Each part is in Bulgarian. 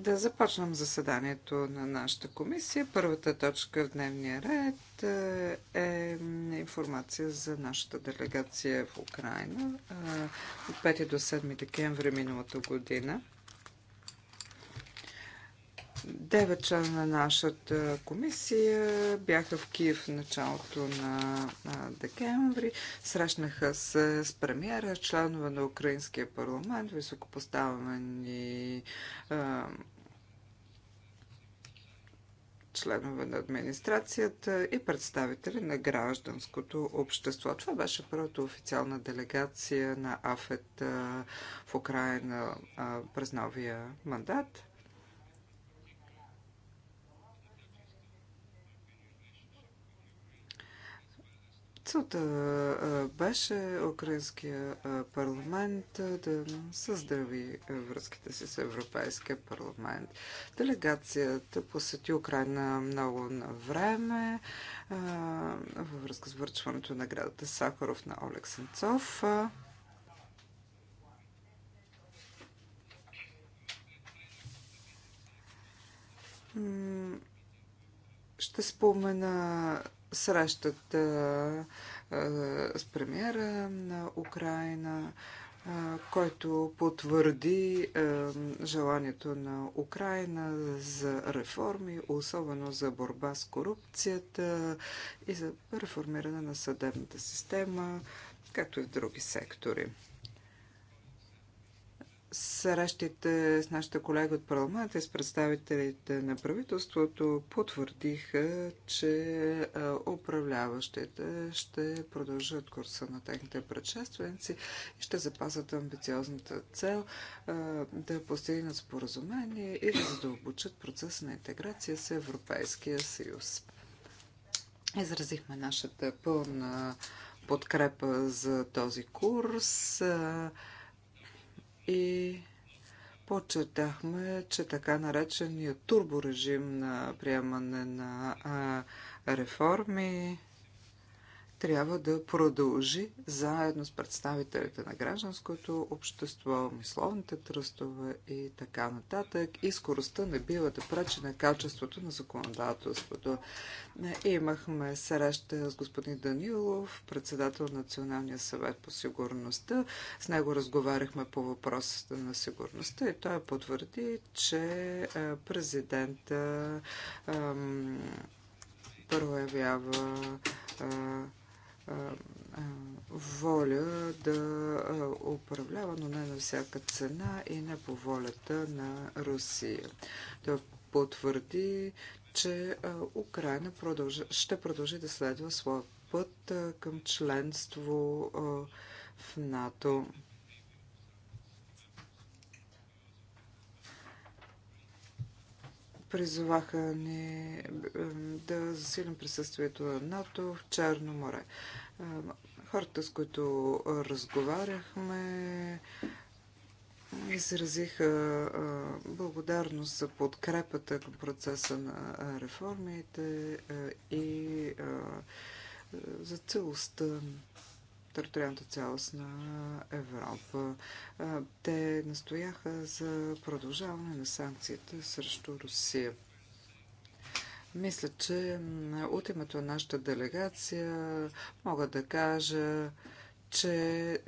да започнем заседанието на нашата комисия. Първата точка в дневния ред е, е информация за нашата делегация в Украина е, от 5 до 7 декември миналата година. Девет члена на нашата комисия бяха в Киев в началото на декември. Срещнаха се с премиера, членове на Украинския парламент, високопоставени е, членове на администрацията и представители на гражданското общество. Това беше първата официална делегация на АФЕТ в Украина през новия мандат. Целта беше украинския парламент да създрави връзките си с Европейския парламент. Делегацията посети Украина много на време във връзка с връчването на градата Сахаров на Олег Сенцов. Ще спомена а, с премиера на Украина, който потвърди желанието на Украина за реформи, особено за борба с корупцията и за реформиране на съдебната система, както и в други сектори. Срещите с нашите колеги от парламента и с представителите на правителството потвърдиха, че управляващите ще продължат курса на техните предшественици и ще запазят амбициозната цел да постигнат споразумение и да задълбочат процеса на интеграция с Европейския съюз. Изразихме нашата пълна подкрепа за този курс и подчертахме, че така наречения турборежим на приемане на реформи трябва да продължи заедно с представителите на гражданското общество, мисловните тръстове и така нататък. И скоростта не бива да пречи на качеството на законодателството. Имахме среща с господин Данилов, председател на Националния съвет по сигурността. С него разговаряхме по въпросите на сигурността и той потвърди, че е, президента проявява а, е, воля да управлява, но не на всяка цена и не по волята на Русия. Той потвърди, че Украина продължа, ще продължи да следва своя път към членство в НАТО. призоваха ни да засилим присъствието на НАТО в Черно море. Хората, с които разговаряхме, изразиха благодарност за подкрепата към процеса на реформите и за целостта териториалната цялост на Европа. Те настояха за продължаване на санкциите срещу Русия. Мисля, че от името на нашата делегация мога да кажа, че е,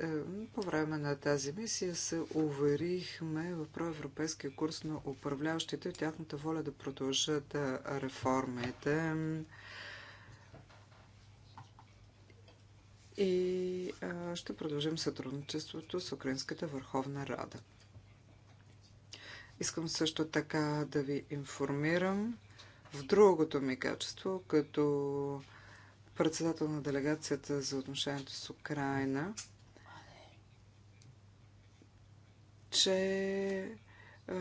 по време на тази мисия се уверихме в проевропейския курс на управляващите и тяхната воля да продължат е, реформите. И е, ще продължим сътрудничеството с Украинската Върховна Рада. Искам също така да ви информирам, в другото ми качество, като председател на делегацията за отношението с Украина, че а,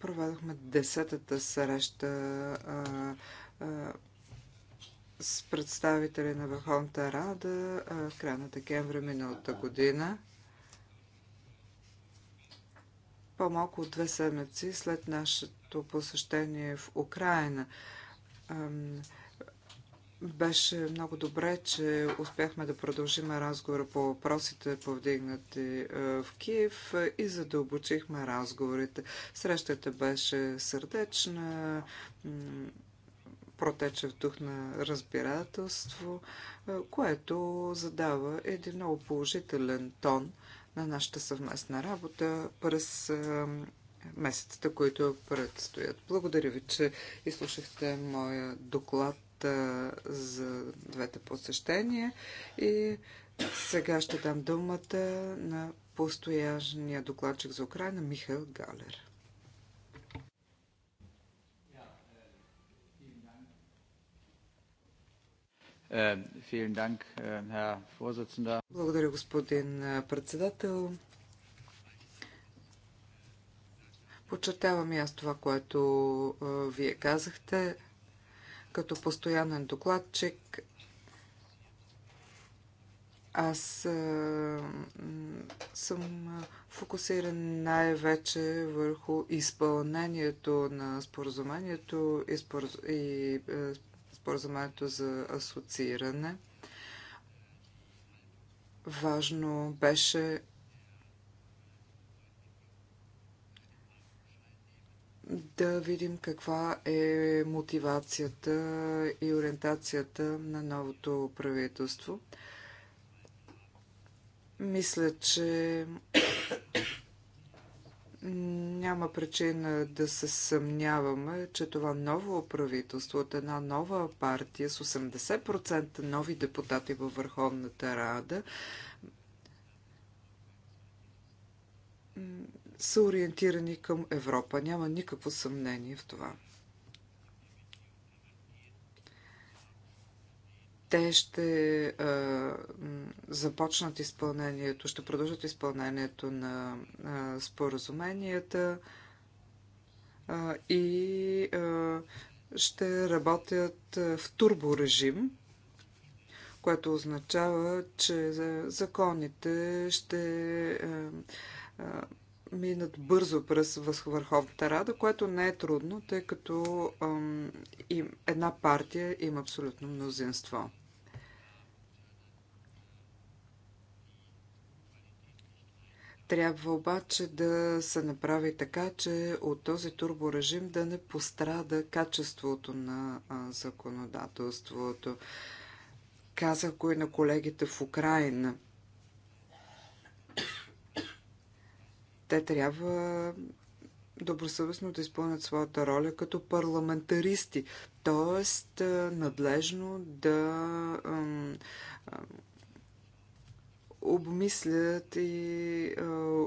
проведохме десетата среща с представители на Върховната Рада в края на декември миналата година. По-малко от две седмици след нашата моето посещение в Украина. Беше много добре, че успяхме да продължим разговора по въпросите, повдигнати е, в Киев и задълбочихме разговорите. Срещата беше сърдечна, протече в дух на разбирателство, е, което задава един много положителен тон на нашата съвместна работа през месеците, които предстоят. Благодаря ви, че изслушахте моя доклад за двете посещения и сега ще дам думата на постоянния докладчик за Украина Михаил Галер. Е, е, Благодаря, господин е, председател. Подчертавам и аз това, което а, вие казахте. Като постоянен докладчик, аз а, съм фокусиран най-вече върху изпълнението на споразумението и, спораз... и а, споразумението за асоцииране. Важно беше да видим каква е мотивацията и ориентацията на новото правителство. Мисля, че няма причина да се съмняваме, че това ново правителство от една нова партия с 80% нови депутати във Върховната Рада са ориентирани към Европа. Няма никакво съмнение в това. те ще а, започнат изпълнението, ще продължат изпълнението на а, споразуменията а, и а, ще работят в турборежим, което означава, че законите ще а, минат бързо през Върховната Рада, което не е трудно, тъй като ам, им, една партия има абсолютно мнозинство. Трябва обаче да се направи така, че от този турборежим да не пострада качеството на а, законодателството. Казах го и на колегите в Украина – Те трябва добросъвестно да изпълнят своята роля като парламентаристи, т.е. надлежно да обмислят и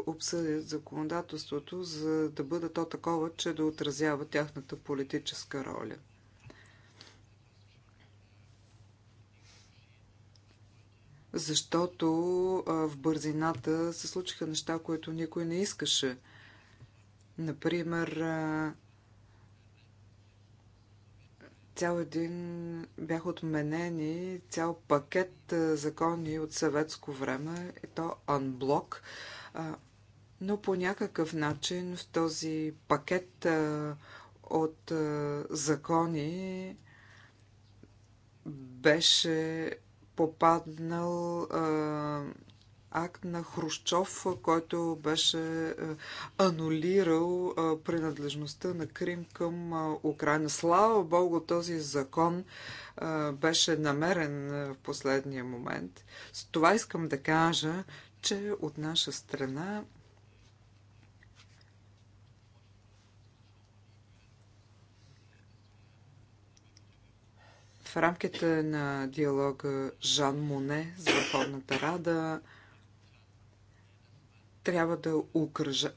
обсъдят законодателството, за да бъде то такова, че да отразява тяхната политическа роля. защото в бързината се случиха неща, които никой не искаше. Например, цял един бяха отменени цял пакет закони от съветско време, и то анблок, но по някакъв начин в този пакет от закони беше попаднал а, акт на Хрущов, който беше анулирал принадлежността на Крим към Украина. Слава Богу, този закон беше намерен в последния момент. С това искам да кажа, че от наша страна В рамките на диалога Жан Моне с Върховната Рада трябва да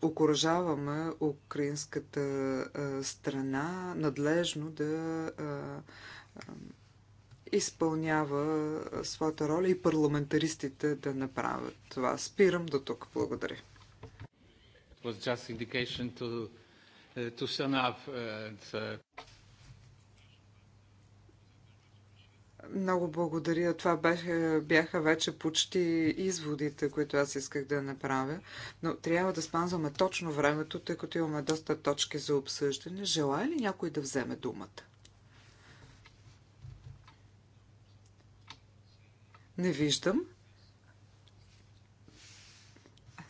окоръжаваме украинската страна надлежно да изпълнява своята роля и парламентаристите да направят това. Спирам до тук. Благодаря. Много благодаря. Това бяха, бяха вече почти изводите, които аз исках да направя. Но трябва да спазваме точно времето, тъй като имаме доста точки за обсъждане. Желая ли някой да вземе думата? Не виждам.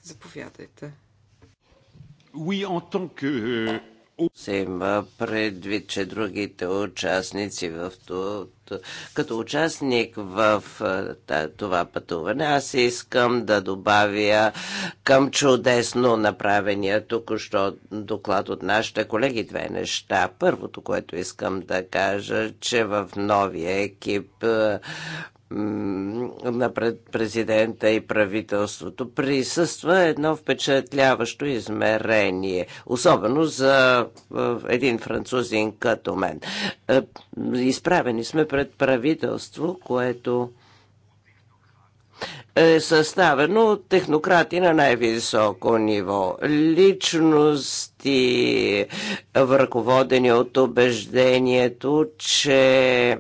Заповядайте. Oui, en tant que euh, се има предвид, че другите участници в това, като участник в това пътуване, аз искам да добавя към чудесно направения току-що доклад от нашите колеги две неща. Първото, което искам да кажа, че в новия екип на президента и правителството присъства едно впечатляващо измерение, особено за е, един французин като мен. Е, изправени сме пред правителство, което е съставено от технократи на най-високо ниво. Личности, ръководени от убеждението, че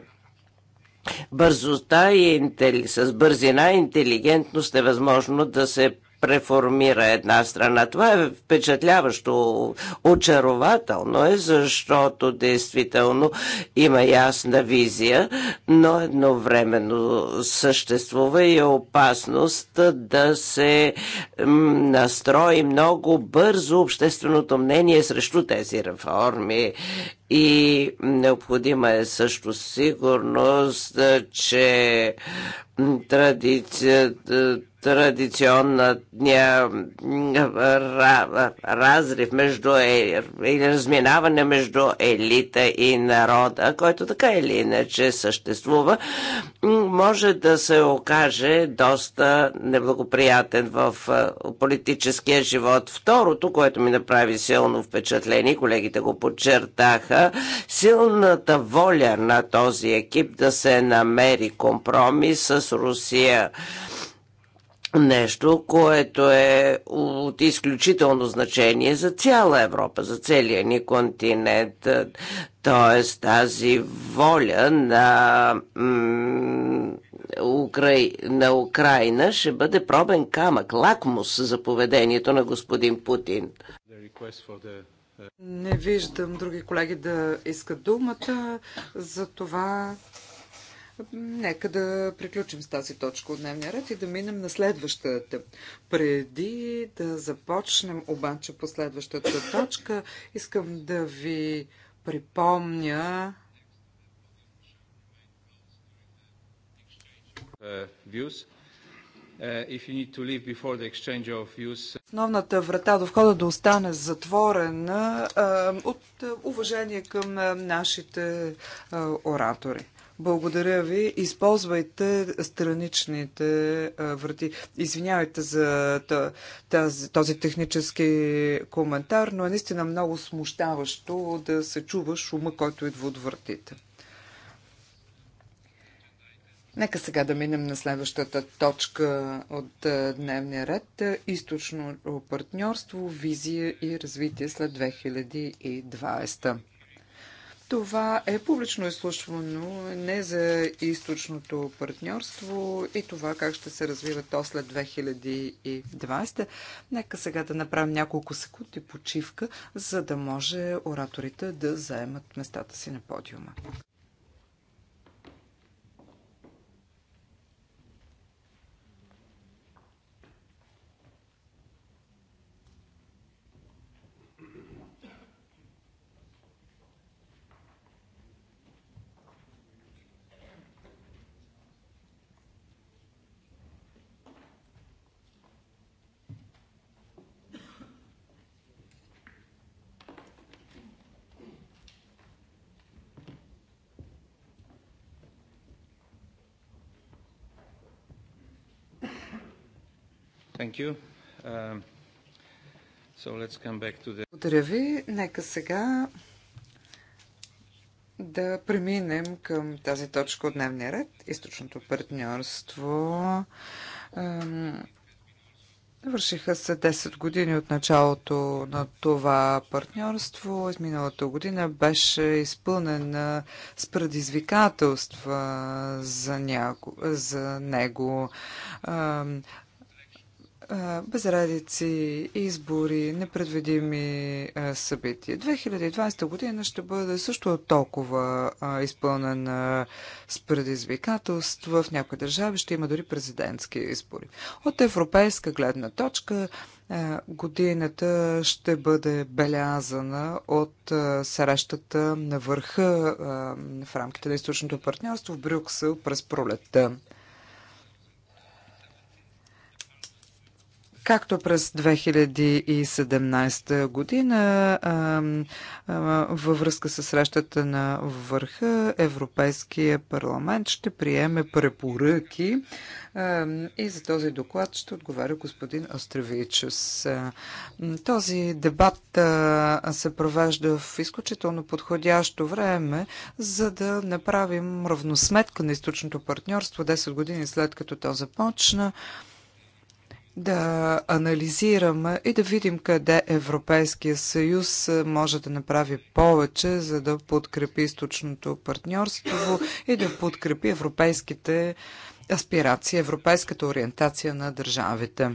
Бързостта и интели... с бързина и интелигентност е възможно да се преформира една страна. Това е впечатляващо, очарователно е, защото действително има ясна визия, но едновременно съществува и опасност да се настрои много бързо общественото мнение срещу тези реформи и необходима е също сигурност, че традицията традиционния разрив между е, или разминаване между елита и народа, който така или иначе съществува, може да се окаже доста неблагоприятен в политическия живот. Второто, което ми направи силно впечатление, колегите го подчертаха, силната воля на този екип да се намери компромис с Русия нещо, което е от изключително значение за цяла Европа, за целия ни континент. Тоест тази воля на, Украй... на Украина ще бъде пробен камък, лакмус за поведението на господин Путин. Не виждам други колеги да искат думата, за това Нека да приключим с тази точка от дневния ред и да минем на следващата. Преди да започнем обаче по следващата точка, искам да ви припомня uh, uh, uh, Основната врата до входа да остане затворена от уважение към нашите оратори. Благодаря ви. Използвайте страничните врати. Извинявайте за тази, този технически коментар, но е наистина много смущаващо да се чува шума, който идва от вратите. Нека сега да минем на следващата точка от дневния ред. Източно партньорство, визия и развитие след 2020. Това е публично изслушвано, не за източното партньорство и това как ще се развива то след 2020. Нека сега да направим няколко секунди почивка, за да може ораторите да заемат местата си на подиума. Thank you. Uh, so let's come back to the... Благодаря ви. Нека сега да преминем към тази точка от дневния ред. Източното партньорство. Вършиха се 10 години от началото на това партньорство. Изминалата година беше изпълнена с предизвикателства за, няко, за него безредици, избори, непредвидими събития. 2020 година ще бъде също толкова изпълнена с предизвикателства. В някои държави ще има дори президентски избори. От европейска гледна точка годината ще бъде белязана от срещата на върха в рамките на източното партньорство в Брюксел през пролетта. Както през 2017 година във връзка с срещата на върха Европейския парламент ще приеме препоръки и за този доклад ще отговаря господин Островичус. Този дебат се провежда в изключително подходящо време, за да направим равносметка на източното партньорство 10 години след като то започна да анализираме и да видим къде Европейския съюз може да направи повече, за да подкрепи източното партньорство и да подкрепи европейските аспирации, европейската ориентация на държавите.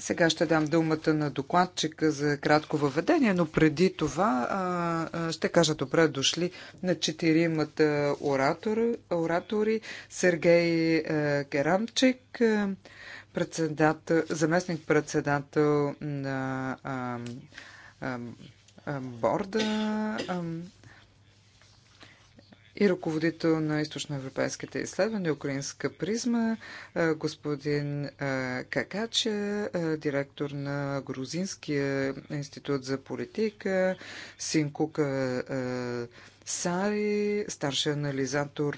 Сега ще дам думата на докладчика за кратко въведение, но преди това а, а, ще кажа добре дошли на четиримата оратори, оратори Сергей а, е, Керамчик, е, заместник-председател на а, а, борда, и ръководител на източноевропейските изследвания, украинска призма, господин Какаче, директор на Грузинския институт за политика, Синкука Сари, старши анализатор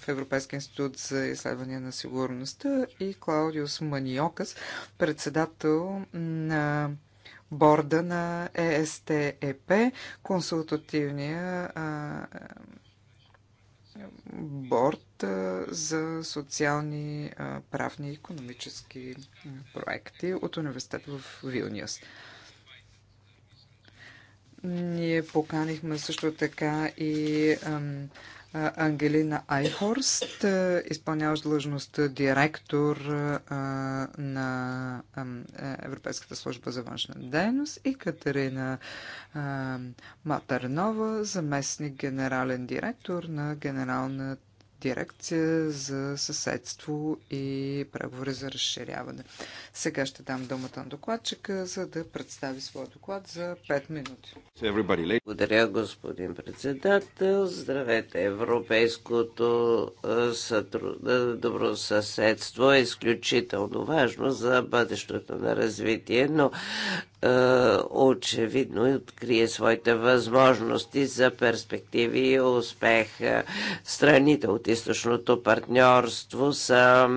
в Европейския институт за изследвания на сигурността и Клаудиус Маниокас, председател на борда на ЕСТЕП, консултативния борт за социални, правни и економически проекти от университета в Вилниус. Ние поканихме също така и Ангелина Айхорст, изпълняваш длъжност директор на е, Европейската служба за външна дейност и Катерина Матернова, заместник генерален директор на Генералната дирекция за съседство и преговори за разширяване. Сега ще дам думата на докладчика, за да представи своя доклад за 5 минути. Благодаря, господин председател. Здравейте, Европейското е, е, добро съседство е изключително важно за бъдещето на развитие, но е, очевидно открие своите възможности за перспективи и успех. Страните от източното партньорство са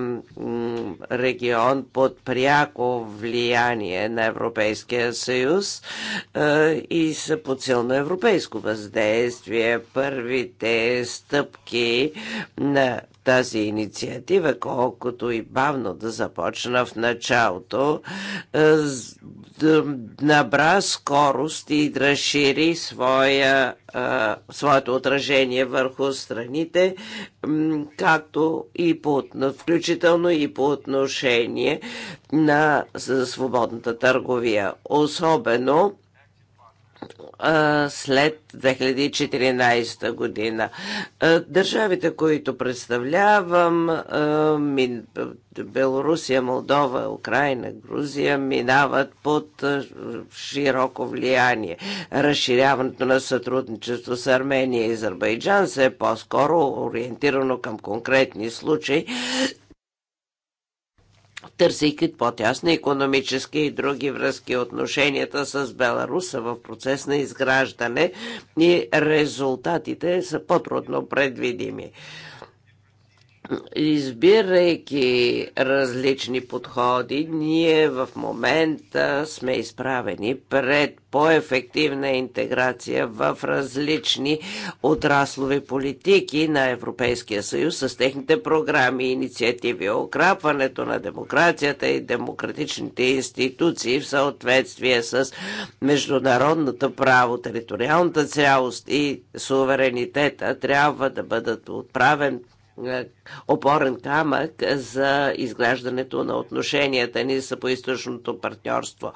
регион под пряко влияние на Европейския съюз е, и са под силно европейско въздействие. Първите стъпки на тази инициатива, колкото и бавно да започна в началото, е, набра скорост и разшири своя, е, своето отражение върху страните, както и по, включително и по отношение на свободната търговия. Особено след 2014 година. Държавите, които представлявам, Белорусия, Молдова, Украина, Грузия, минават под широко влияние. Разширяването на сътрудничество с Армения и Азербайджан се е по-скоро ориентирано към конкретни случаи търсейки по-тясни економически и други връзки. Отношенията с Беларуса са в процес на изграждане и резултатите са по-трудно предвидими. Избирайки различни подходи, ние в момента сме изправени пред по-ефективна интеграция в различни отраслови политики на Европейския съюз с техните програми и инициативи. Окрапването на демокрацията и демократичните институции в съответствие с международното право, териториалната цялост и суверенитета трябва да бъдат отправен е, опорен камък за изграждането на отношенията ни с по източното партньорство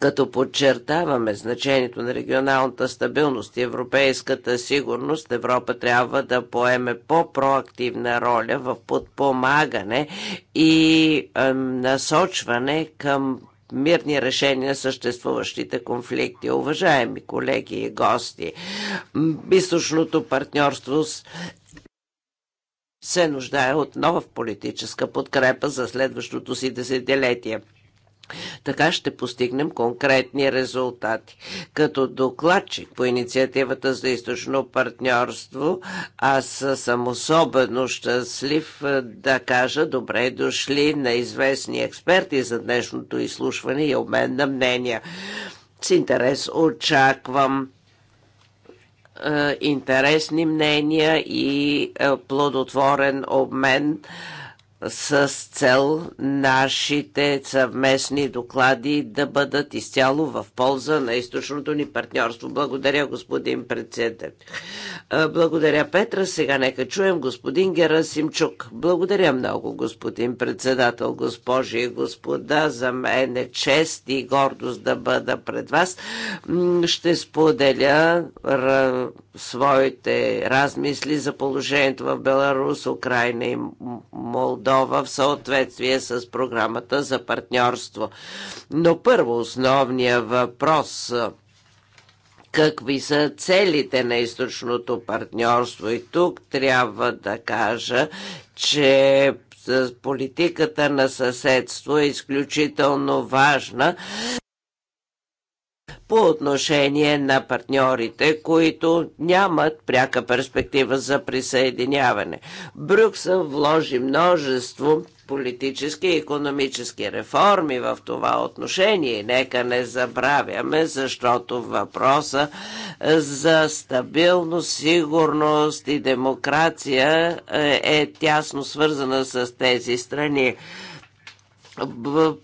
като подчертаваме значението на регионалната стабилност и европейската сигурност, Европа трябва да поеме по-проактивна роля в подпомагане и е, насочване към мирни решения на съществуващите конфликти. Уважаеми колеги и гости, източното партньорство се нуждае от нова политическа подкрепа за следващото си десетилетие. Така ще постигнем конкретни резултати. Като докладчик по инициативата за източно партньорство, аз съм особено щастлив е, да кажа добре дошли на известни експерти за днешното изслушване и обмен на мнения. С интерес очаквам е, интересни мнения и е, плодотворен обмен с цел нашите съвместни доклади да бъдат изцяло в полза на източното ни партньорство. Благодаря, господин председател. Благодаря, Петра. Сега нека чуем господин Герасимчук. Благодаря много, господин председател, госпожи и господа. За мен е чест и гордост да бъда пред вас. Ще споделя своите размисли за положението в Беларус, Украина и Молдова в съответствие с програмата за партньорство. Но първо основният въпрос – какви са целите на източното партньорство. И тук трябва да кажа, че политиката на съседство е изключително важна по отношение на партньорите, които нямат пряка перспектива за присъединяване. Брюксел вложи множество политически и економически реформи в това отношение. Нека не забравяме, защото въпроса за стабилност, сигурност и демокрация е, е тясно свързана с тези страни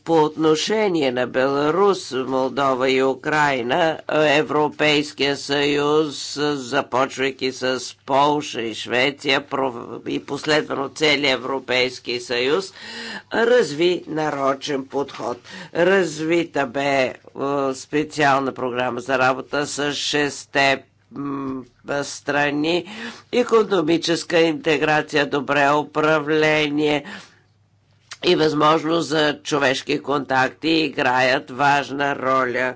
по отношение на Беларус, Молдова и Украина, Европейския съюз, започвайки с Полша и Швеция и последвано целият Европейски съюз, разви нарочен подход. Развита бе е, специална програма за работа с шесте страни, економическа интеграция, добре управление – и възможност за човешки контакти играят важна роля.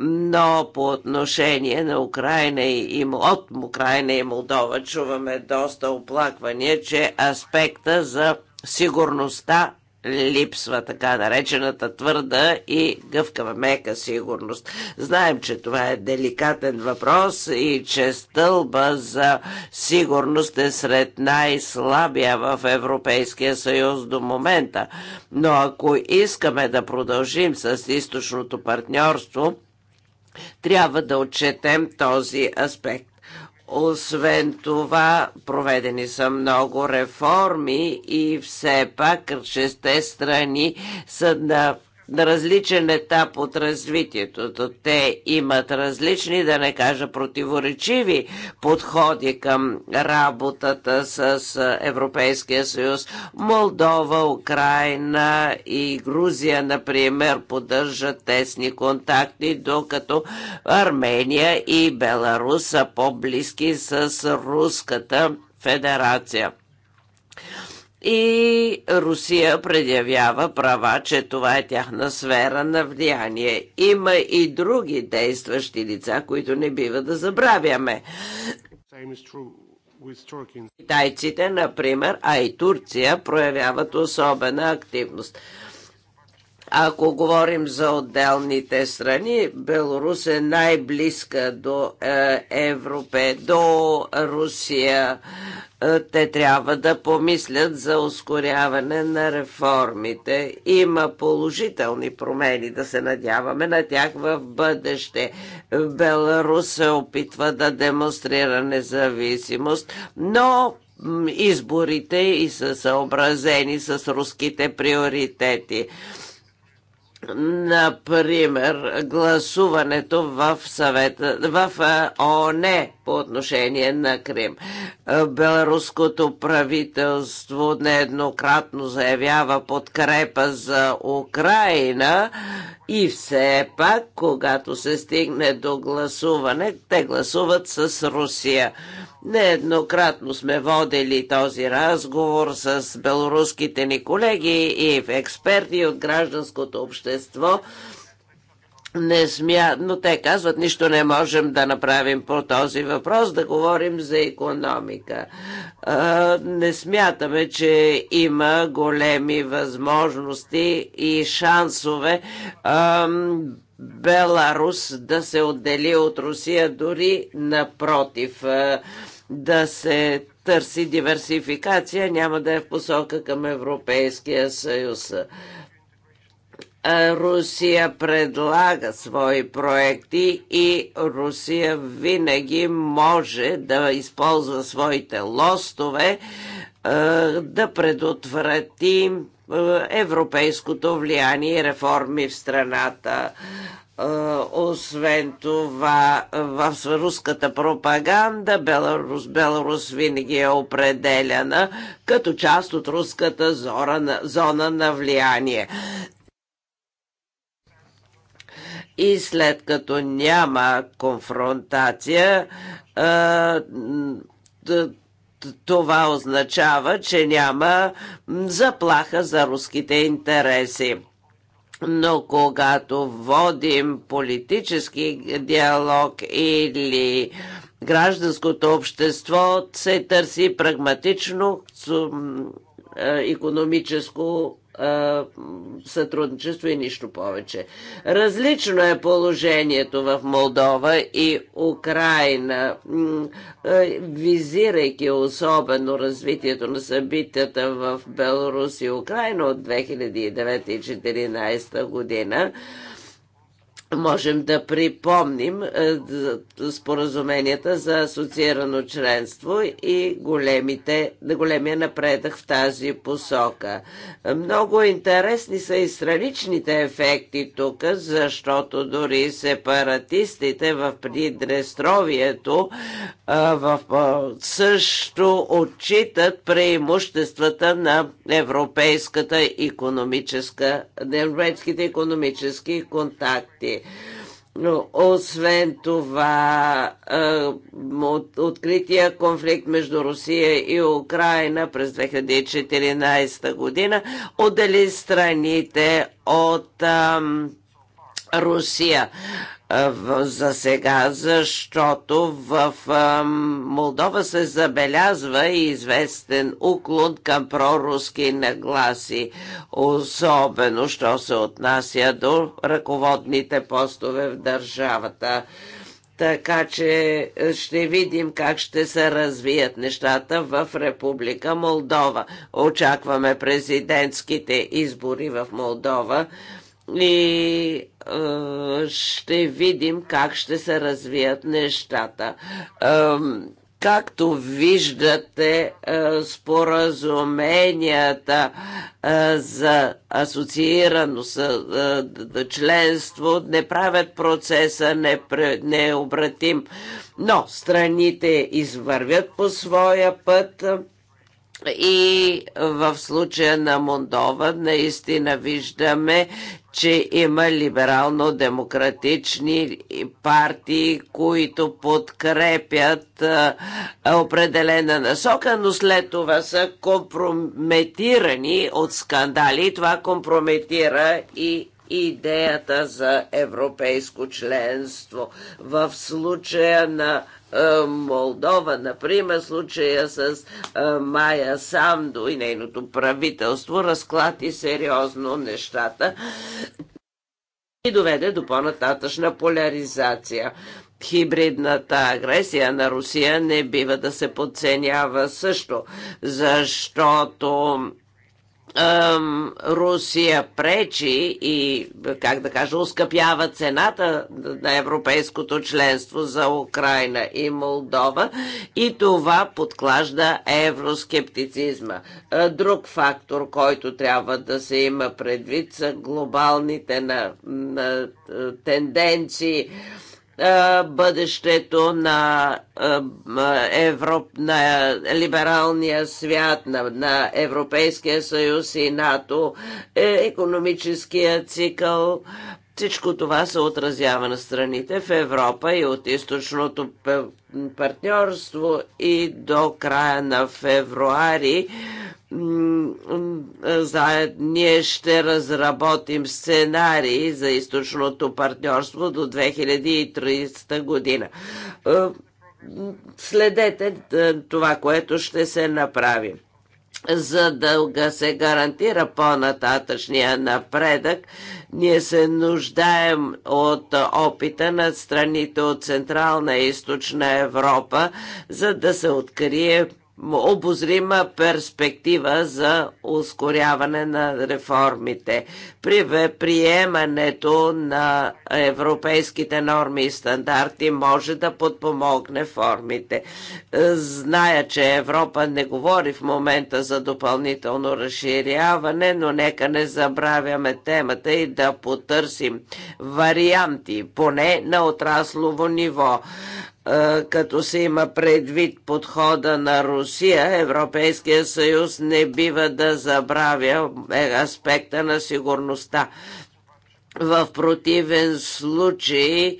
Но по отношение на Украина и от Украина и Молдова чуваме доста оплаквания, че аспекта за сигурността липсва така наречената твърда и гъвкава мека сигурност. Знаем, че това е деликатен въпрос и че стълба за сигурност е сред най-слабия в Европейския съюз до момента. Но ако искаме да продължим с източното партньорство, трябва да отчетем този аспект. Освен това, проведени са много реформи и все пак шесте страни са на на различен етап от развитието. Те имат различни, да не кажа противоречиви подходи към работата с Европейския съюз. Молдова, Украина и Грузия, например, поддържат тесни контакти, докато Армения и Беларус са по-близки с Руската федерация и Русия предявява права, че това е тяхна сфера на влияние. Има и други действащи лица, които не бива да забравяме. Китайците, например, а и Турция проявяват особена активност. Ако говорим за отделните страни, Беларус е най-близка до е, Европе, до Русия. Е, те трябва да помислят за ускоряване на реформите. Има положителни промени, да се надяваме на тях в бъдеще. Беларус се опитва да демонстрира независимост, но изборите и са съобразени с руските приоритети. Например, гласуването в съвета, в ООН по отношение на Крим. Е, Беларуското правителство нееднократно заявява подкрепа за Украина и все пак, когато се стигне до гласуване, те гласуват с Русия. Нееднократно сме водили този разговор с беларуските ни колеги и експерти от гражданското общество не смя, но те казват, нищо не можем да направим по този въпрос, да говорим за економика. не смятаме, че има големи възможности и шансове Беларус да се отдели от Русия, дори напротив, да се търси диверсификация, няма да е в посока към Европейския съюз. Русия предлага свои проекти и Русия винаги може да използва своите лостове да предотврати европейското влияние и реформи в страната. Освен това, в руската пропаганда Беларус, Беларус винаги е определена като част от руската зона на влияние и след като няма конфронтация, това означава, че няма заплаха за руските интереси. Но когато водим политически диалог или гражданското общество, се търси прагматично економическо сътрудничество и нищо повече. Различно е положението в Молдова и Украина, визирайки особено развитието на събитията в Беларус и Украина от 2009-2014 година можем да припомним е, споразуменията за асоциирано членство и големите, големия напредък в тази посока. Много интересни са и страничните ефекти тук, защото дори сепаратистите в Приднестровието е, в, е, също отчитат преимуществата на европейската економическа, европейските економически контакти. Освен това, е, от открития конфликт между Русия и Украина през 2014 година отдели страните от Русия за сега, защото в Молдова се забелязва известен уклон към проруски нагласи, особено що се отнася до ръководните постове в държавата. Така че е, ще видим как ще се развият нещата в Република Молдова. Очакваме президентските избори в Молдова и е, ще видим как ще се развият нещата. Е, Както виждате, споразуменията за асоциирано членство не правят процеса необратим, но страните извървят по своя път и в случая на Мондова наистина виждаме, че има либерално-демократични партии, които подкрепят а, определена насока, но след това са компрометирани от скандали това компрометира и идеята за европейско членство. В случая на е, Молдова, например, случая с е, Майя Самдо и нейното правителство разклати сериозно нещата и доведе до по-нататъчна поляризация. Хибридната агресия на Русия не бива да се подценява също, защото Русия пречи и, как да кажа, ускъпява цената на европейското членство за Украина и Молдова и това подклажда евроскептицизма. Друг фактор, който трябва да се има предвид са глобалните на, на тенденции е, бъдещето на, е, Европ, на либералния свят, на, на Европейския съюз и НАТО, е, економическия цикъл, всичко това се отразява на страните в Европа и от източното партньорство и до края на февруари ние ще разработим сценарии за източното партньорство до 2030 година. Е, следете е, това, което ще се направи за дълга се гарантира по-нататъчния напредък, ние се нуждаем от опита на страните от Централна и Източна Европа, за да се открие обозрима перспектива за ускоряване на реформите. При приемането на европейските норми и стандарти може да подпомогне формите. Е, зная, че Европа не говори в момента за допълнително разширяване, но нека не забравяме темата и да потърсим варианти, поне на отраслово ниво като се има предвид подхода на Русия, Европейския съюз не бива да забравя е, аспекта на сигурността. В противен случай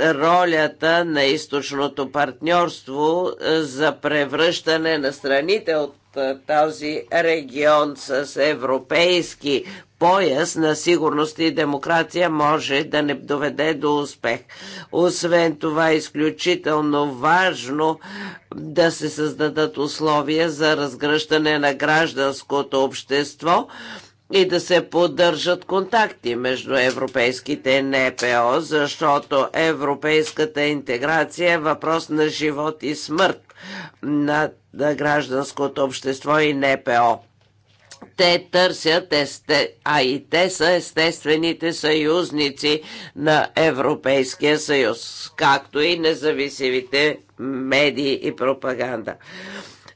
ролята на източното партньорство за превръщане на страните от този регион с европейски пояс на сигурност и демокрация може да не доведе до успех. Освен това е изключително важно да се създадат условия за разгръщане на гражданското общество, и да се поддържат контакти между европейските НПО, защото европейската интеграция е въпрос на живот и смърт на гражданското общество и НПО те търсят, есте, а и те са естествените съюзници на Европейския съюз, както и независимите медии и пропаганда.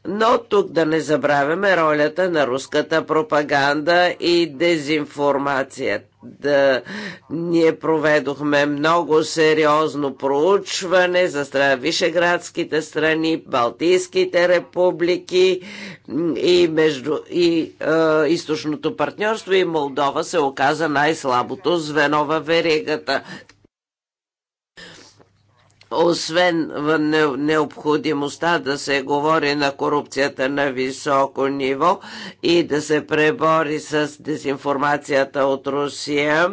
Но тук да не забравяме ролята на руската пропаганда и дезинформация да, ние проведохме много сериозно проучване за страна, вишеградските страни, Балтийските републики и, между, и е, източното партньорство и Молдова се оказа най-слабото звено във веригата. Освен необходимостта да се говори на корупцията на високо ниво и да се пребори с дезинформацията от Русия,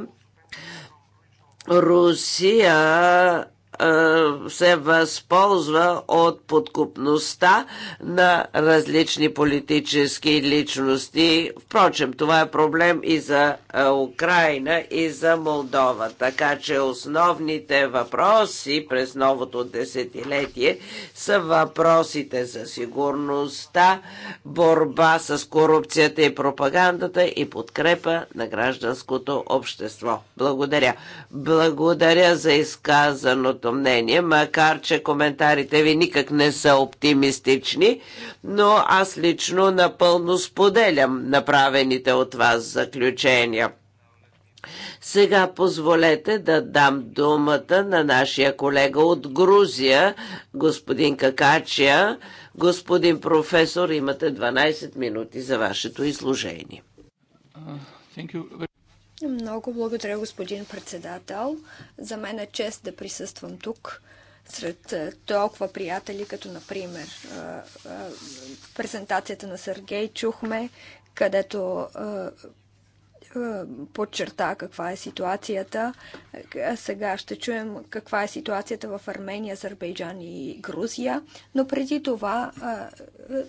Русия е, се възползва от подкупността на различни политически личности. Впрочем, това е проблем и за е, Украина, и за Молдова. Така че основните въпроси през новото десетилетие са въпросите за сигурността, борба с корупцията и пропагандата и подкрепа на гражданското общество. Благодаря. Благодаря за изказаното моето мнение, макар че коментарите ви никак не са оптимистични, но аз лично напълно споделям направените от вас заключения. Сега позволете да дам думата на нашия колега от Грузия, господин Какачия. Господин професор, имате 12 минути за вашето изложение. Uh, много благодаря, господин председател. За мен е чест да присъствам тук сред е, толкова приятели, като например е, е, презентацията на Сергей чухме, където подчерта каква е ситуацията. Сега ще чуем каква е ситуацията в Армения, Азербайджан и Грузия. Но преди това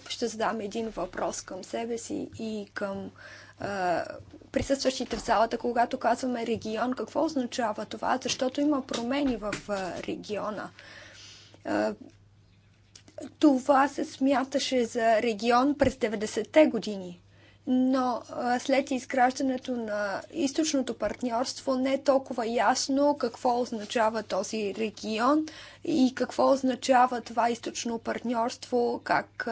ще задам един въпрос към себе си и към присъстващите в залата, когато казваме регион, какво означава това? Защото има промени в региона. Това се смяташе за регион през 90-те години. Но след изграждането на източното партньорство не е толкова ясно какво означава този регион и какво означава това източно партньорство, как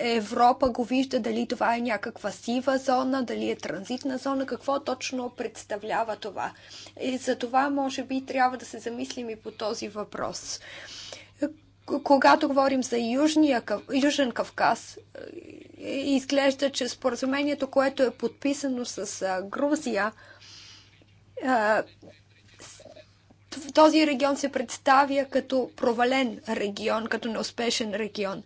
Европа го вижда, дали това е някаква сива зона, дали е транзитна зона, какво точно представлява това. И за това, може би, трябва да се замислим и по този въпрос. Когато говорим за Южния, Южен Кавказ, изглежда, че споразумението, което е подписано с Грузия, този регион се представя като провален регион, като неуспешен регион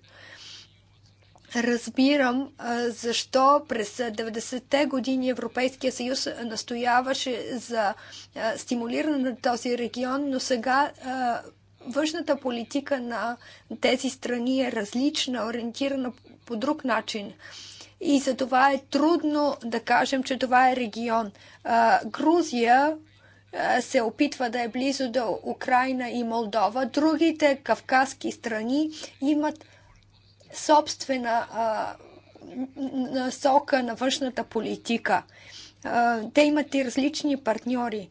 разбирам защо през 90-те години Европейския съюз настояваше за стимулиране на този регион, но сега външната политика на тези страни е различна, ориентирана по друг начин. И за това е трудно да кажем, че това е регион. Грузия се опитва да е близо до Украина и Молдова. Другите кавказски страни имат собствена а, насока на външната политика. А, те имат и различни партньори.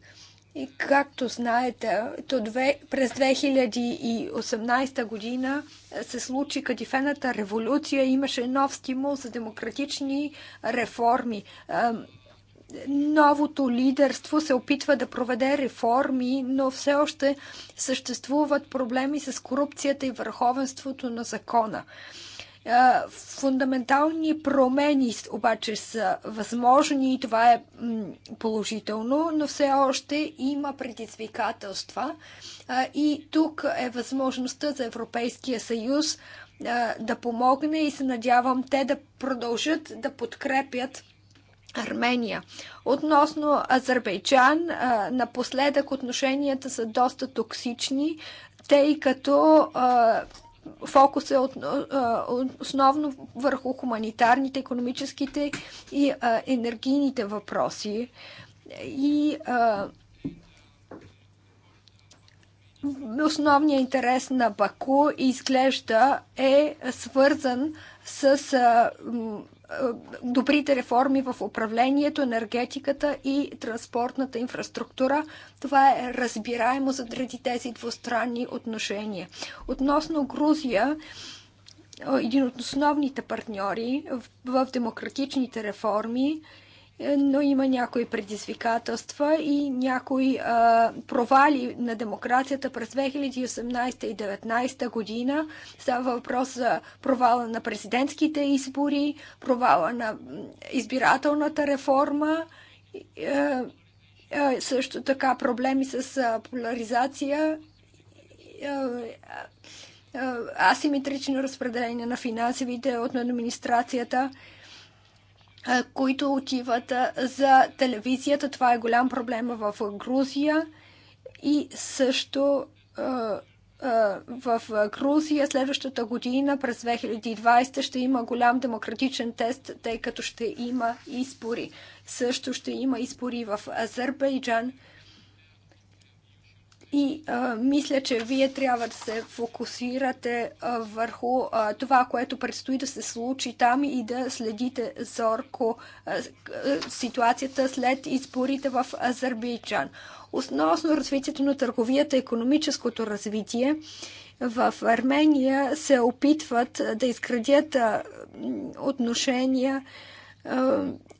И както знаете, то две, през 2018 година се случи кадифената революция, имаше нов стимул за демократични реформи. Новото лидерство се опитва да проведе реформи, но все още съществуват проблеми с корупцията и върховенството на закона. Фундаментални промени обаче са възможни и това е положително, но все още има предизвикателства и тук е възможността за Европейския съюз да помогне и се надявам те да продължат да подкрепят Армения. Относно Азербайджан, напоследък отношенията са доста токсични, тъй като фокус е от, основно върху хуманитарните, економическите и енергийните въпроси. И основният интерес на Баку изглежда е свързан с добрите реформи в управлението, енергетиката и транспортната инфраструктура. Това е разбираемо заради тези двустранни отношения. Относно Грузия, е, един от основните партньори в демократичните реформи но има някои предизвикателства и някои а, провали на демокрацията през 2018 и 2019 година. Става въпрос за провала на президентските избори, провала на избирателната реформа, а, е, а, е, също така проблеми с а, поляризация. А, е, асиметрично разпределение на финансовите от администрацията които отиват за телевизията. Това е голям проблем в Грузия и също в Грузия следващата година, през 2020, ще има голям демократичен тест, тъй като ще има избори. Също ще има избори в Азербайджан и а, мисля, че вие трябва да се фокусирате а, върху а, това, което предстои да се случи там и да следите зорко а, а, ситуацията след изборите в Азербайджан. Основно развитието на търговията, економическото развитие, в Армения се опитват да изградят отношения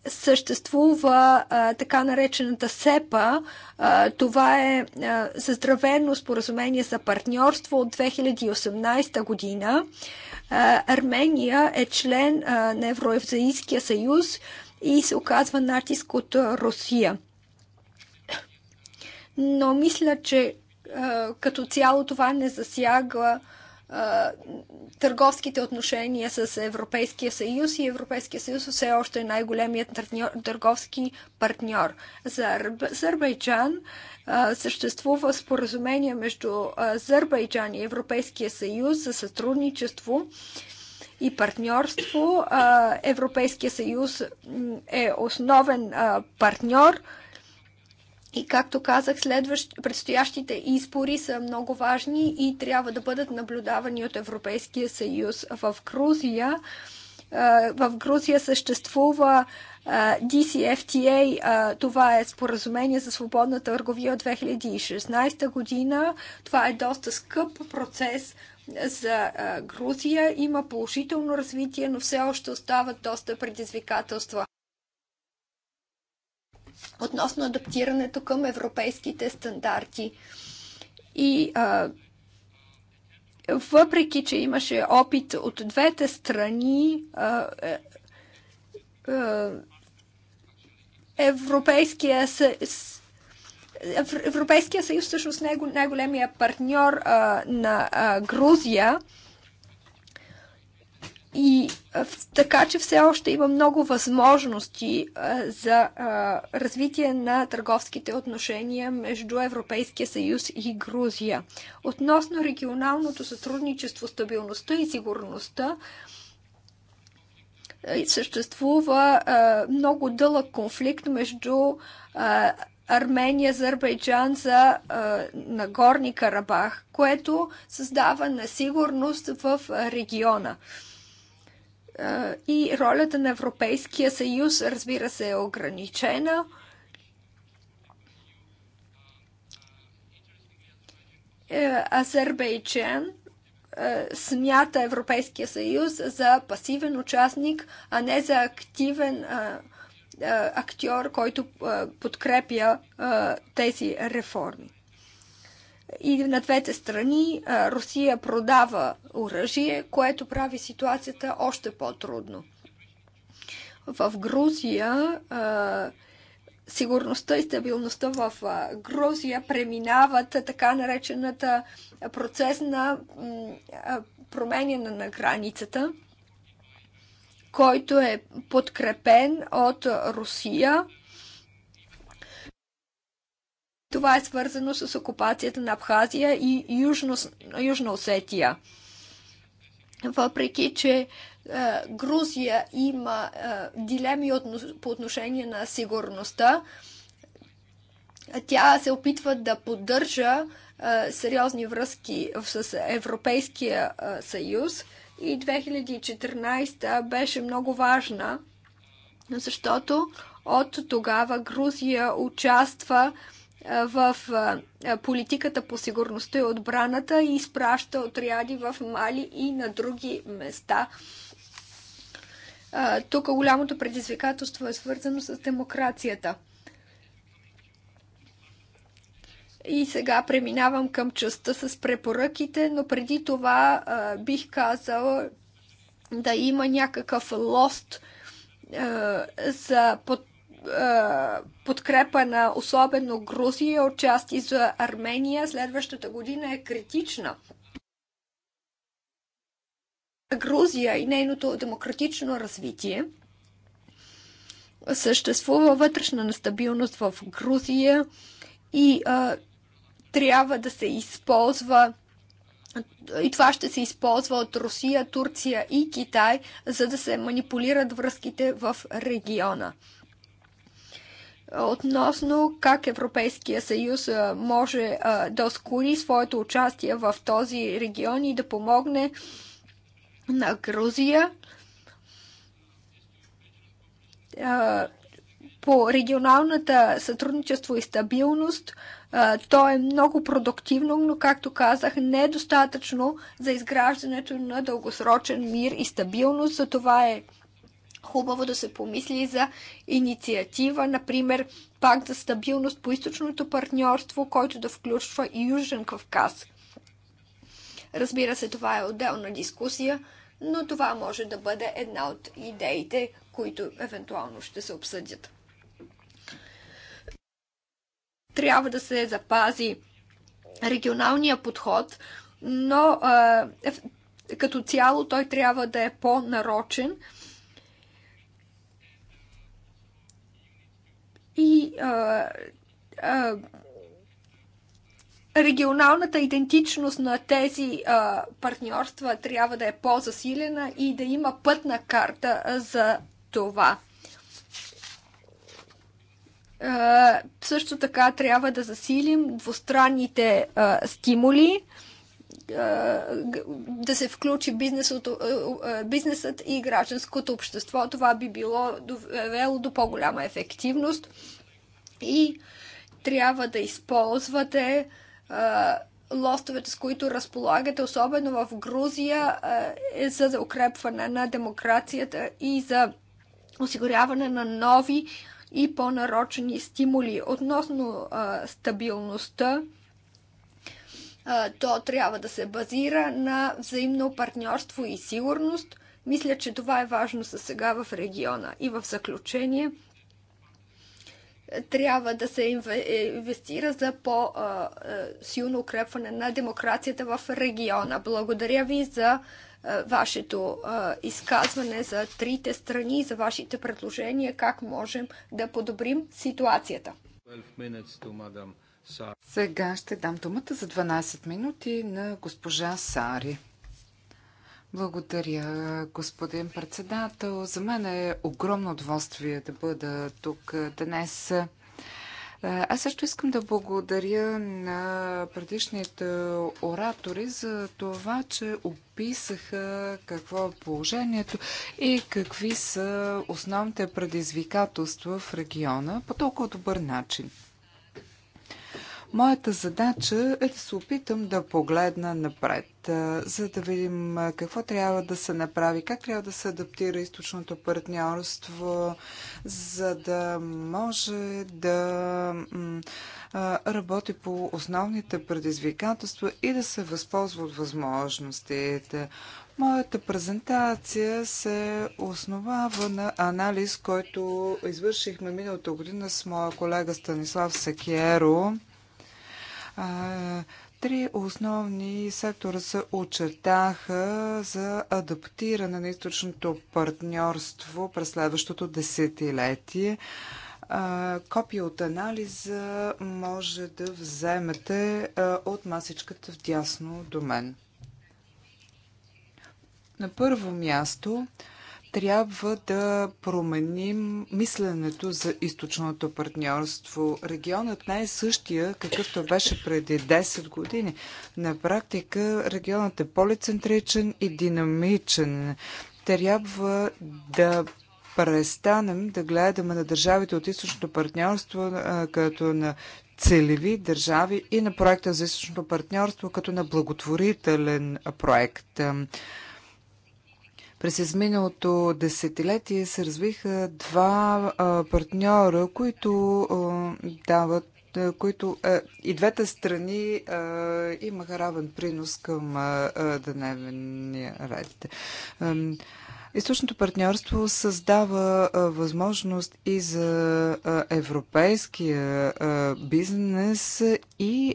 съществува а, така наречената СЕПА. А, това е заздравено споразумение за партньорство от 2018 година. А, Армения е член а, на Евроевзаийския съюз и се оказва натиск от Русия. Но мисля, че а, като цяло това не засяга а, търговските отношения с Европейския съюз и Европейския съюз все още е най-големият търговски партньор. За Азербайджан съществува споразумение между Азербайджан и Европейския съюз за сътрудничество и партньорство. Европейския съюз е основен партньор и както казах, следващ, предстоящите избори са много важни и трябва да бъдат наблюдавани от Европейския съюз. В Грузия, в Грузия съществува DCFTA, това е споразумение за свободна търговия от 2016 година. Това е доста скъп процес, за Грузия има положително развитие, но все още остават доста предизвикателства относно адаптирането към европейските стандарти. И а, въпреки, че имаше опит от двете страни, а, е, а, Европейския съюз Европейския съюз всъщност е най-големия партньор а, на а, Грузия и така, че все още има много възможности за развитие на търговските отношения между Европейския съюз и Грузия. Относно регионалното сътрудничество, стабилността и сигурността, съществува много дълъг конфликт между Армения, Азербайджан за а, Нагорни Карабах, което създава несигурност в региона. И ролята на Европейския съюз, разбира се, е ограничена. Е, Азербайджан е, смята Европейския съюз за пасивен участник, а не за активен е, актьор, който подкрепя тези реформи. И на двете страни Русия продава оръжие, което прави ситуацията още по-трудно. В Грузия сигурността и стабилността в Грузия преминават така наречената процес на променяне на границата, който е подкрепен от Русия това е свързано с окупацията на Абхазия и Южно, Южна Осетия. Въпреки, че е, Грузия има е, дилеми по отношение на сигурността. Тя се опитва да поддържа е, сериозни връзки с Европейския съюз и 2014 беше много важна, защото от тогава Грузия участва е, в политиката по сигурността и отбраната и изпраща отряди в Мали и на други места. Тук голямото предизвикателство е свързано с демокрацията. И сега преминавам към частта с препоръките, но преди това бих казала да има някакъв лост за под е, подкрепа на особено Грузия, отчасти за Армения, следващата година е критична. Грузия и нейното демократично развитие съществува вътрешна нестабилност в Грузия и а, е, трябва да се използва и това ще се използва от Русия, Турция и Китай, за да се манипулират връзките в региона относно как Европейския съюз може да ускори своето участие в този регион и да помогне на Грузия по регионалната сътрудничество и стабилност. То е много продуктивно, но както казах, не е достатъчно за изграждането на дългосрочен мир и стабилност. За това е хубаво да се помисли за инициатива, например, пакт за стабилност по източното партньорство, който да включва и Южен Кавказ. Разбира се, това е отделна дискусия, но това може да бъде една от идеите, които евентуално ще се обсъдят. Трябва да се запази регионалния подход, но е, като цяло той трябва да е по-нарочен, и а, а, регионалната идентичност на тези а, партньорства трябва да е по-засилена и да има пътна карта за това. А, също така трябва да засилим двустранните а, стимули. А, да се включи бизнесът и гражданското общество. Това би било довело до по-голяма ефективност и трябва да използвате лостовете, с които разполагате, особено в Грузия, е за укрепване на демокрацията и за осигуряване на нови и по-нарочени стимули относно стабилността то трябва да се базира на взаимно партньорство и сигурност. Мисля, че това е важно за сега в региона. И в заключение, трябва да се е, инвестира за по-силно укрепване на демокрацията в региона. Благодаря ви за вашето изказване за трите страни и за вашите предложения как можем да подобрим ситуацията. Сега ще дам думата за 12 минути на госпожа Сари. Благодаря, господин председател. За мен е огромно удоволствие да бъда тук днес. Аз също искам да благодаря на предишните оратори за това, че описаха какво е положението и какви са основните предизвикателства в региона по толкова добър начин. Моята задача е да се опитам да погледна напред, за да видим какво трябва да се направи, как трябва да се адаптира източното партньорство, за да може да работи по основните предизвикателства и да се възползва от възможностите. Моята презентация се основава на анализ, който извършихме миналата година с моя колега Станислав Секиеро Три основни сектора се очертаха за адаптиране на източното партньорство през следващото десетилетие. Копия от анализа може да вземете от масичката вдясно до мен. На първо място трябва да променим мисленето за източното партньорство. Регионът не е същия, какъвто беше преди 10 години. На практика регионът е полицентричен и динамичен. Трябва да престанем да гледаме на държавите от източното партньорство като на целеви държави и на проекта за източното партньорство като на благотворителен проект. През изминалото десетилетие се развиха два партньора, които дават които е, и двете страни е, имаха равен принос към е, дневния ред. Е, Източното партньорство създава възможност и за европейския бизнес и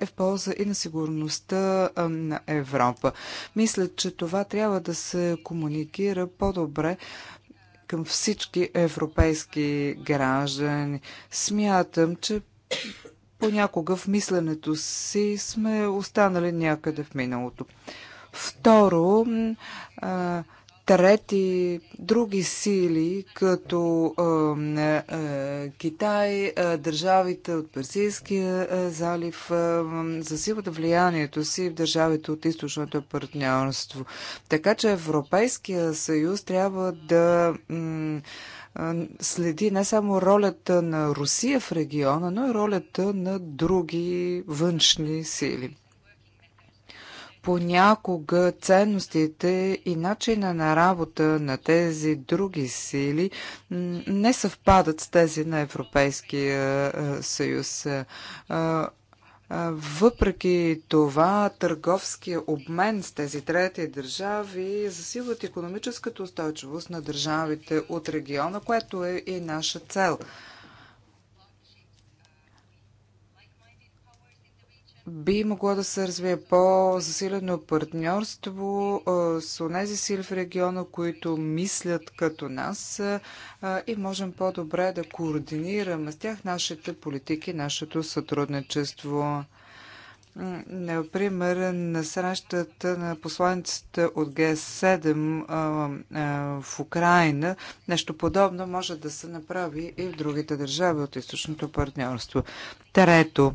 е в полза и на сигурността на Европа. Мисля, че това трябва да се комуникира по-добре към всички европейски граждани. Смятам, че понякога в мисленето си сме останали някъде в миналото. Второ, а, трети, други сили, като а, а, Китай, а, държавите от Персийския а, залив, а, засилват влиянието си в държавите от източното партньорство. Така че Европейския съюз трябва да следи не само ролята на Русия в региона, но и ролята на други външни сили понякога ценностите и начина на работа на тези други сили не съвпадат с тези на Европейския е, съюз. Е, е, въпреки това, търговския обмен с тези трети държави засилват економическата устойчивост на държавите от региона, което е и наша цел. би могло да се развие по-засилено партньорство с онези сили в региона, които мислят като нас и можем по-добре да координираме с тях нашите политики, нашето сътрудничество. Например, на срещата на посланиците от Г7 в Украина, нещо подобно може да се направи и в другите държави от източното партньорство. Трето,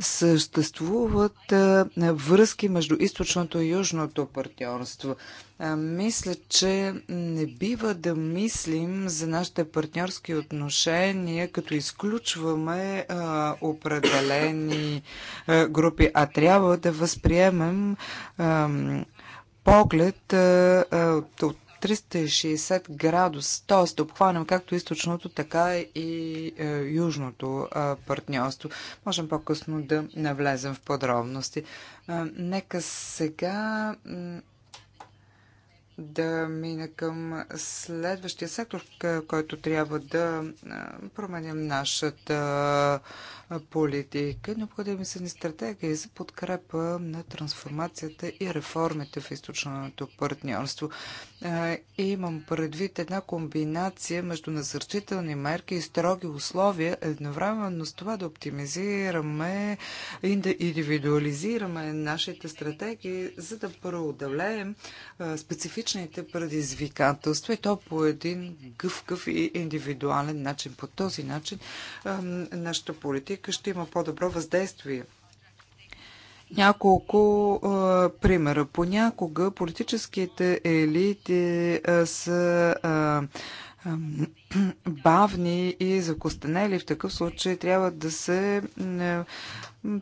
съществуват връзки между източното и южното партньорство. Мисля, че не бива да мислим за нашите партньорски отношения, като изключваме определени групи, а трябва да възприемем поглед от 360 градус, т.е. да обхванем както източното, така и е, южното е, партньорство. Можем по-късно да навлезем в подробности. Е, нека сега да мина към следващия сектор, е, който трябва да е, променим нашата политика. Необходими са ни стратегии за подкрепа на трансформацията и реформите в източното партньорство. Имам предвид една комбинация между насърчителни мерки и строги условия, едновременно с това да оптимизираме и да индивидуализираме нашите стратегии, за да преодолеем специфичните предизвикателства и то по един гъвкав и индивидуален начин. По този начин нашата политика политика ще има по-добро въздействие. Няколко а, примера. Понякога политическите елити а, са а, а, бавни и закостенели. В такъв случай трябва да се а,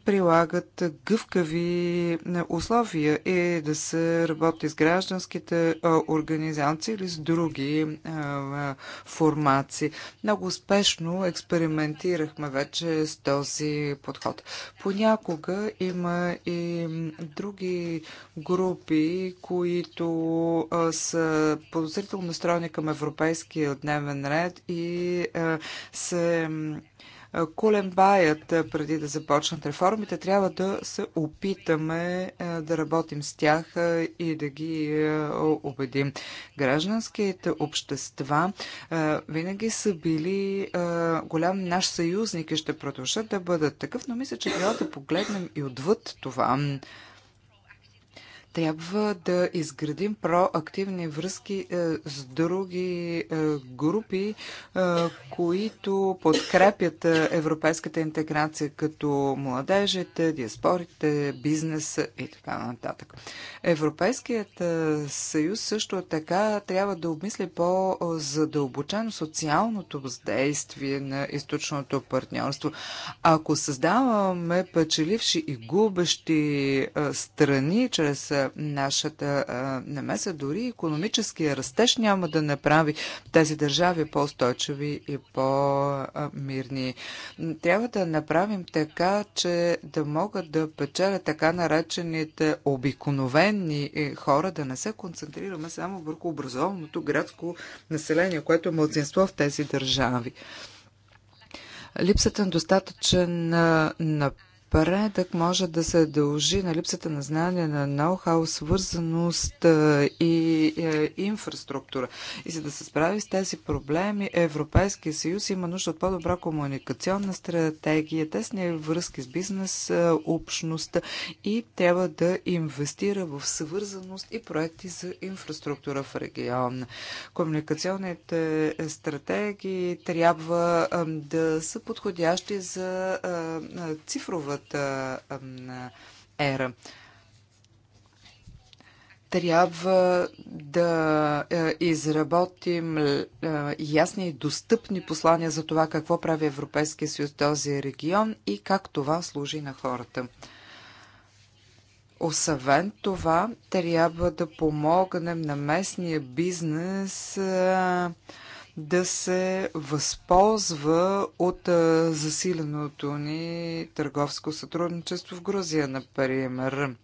прилагат гъвкави условия и да се работи с гражданските организации или с други формации. Много успешно експериментирахме вече с този подход. Понякога има и други групи, които са подозрително настроени към европейския дневен ред и се Колен баят преди да започнат реформите. Трябва да се опитаме да работим с тях и да ги убедим. Гражданските общества винаги са били голям наш съюзник и ще продължат да бъдат такъв, но мисля, че трябва да погледнем и отвъд това. Трябва да изградим проактивни връзки е, с други е, групи, е, които подкрепят европейската интеграция, като младежите, диаспорите, бизнеса и така нататък. Европейският съюз също така трябва да обмисли по-задълбочено социалното въздействие на източното партньорство. Ако създаваме печеливши и губещи страни чрез нашата намеса, дори економическия растеж няма да направи тези държави по-устойчиви и по-мирни. Трябва да направим така, че да могат да печелят така наречените обикновени е, хора, да не се концентрираме само върху образованото градско население, което е младсинство в тези държави липсата на достатъчен на напредък може да се дължи на липсата на знание, на ноу-хау, свързаност и е, инфраструктура. И за да се справи с тези проблеми, Европейския съюз има нужда от по-добра комуникационна стратегия, тесни връзки с бизнес общността и трябва да инвестира в свързаност и проекти за инфраструктура в региона. Комуникационните стратегии трябва да са подходящи за цифрова новата ера трябва да е, изработим е, ясни и достъпни послания за това какво прави Европейския съюз този регион и как това служи на хората. Освен това, трябва да помогнем на местния бизнес е, да се възползва от засиленото ни търговско сътрудничество в Грузия, например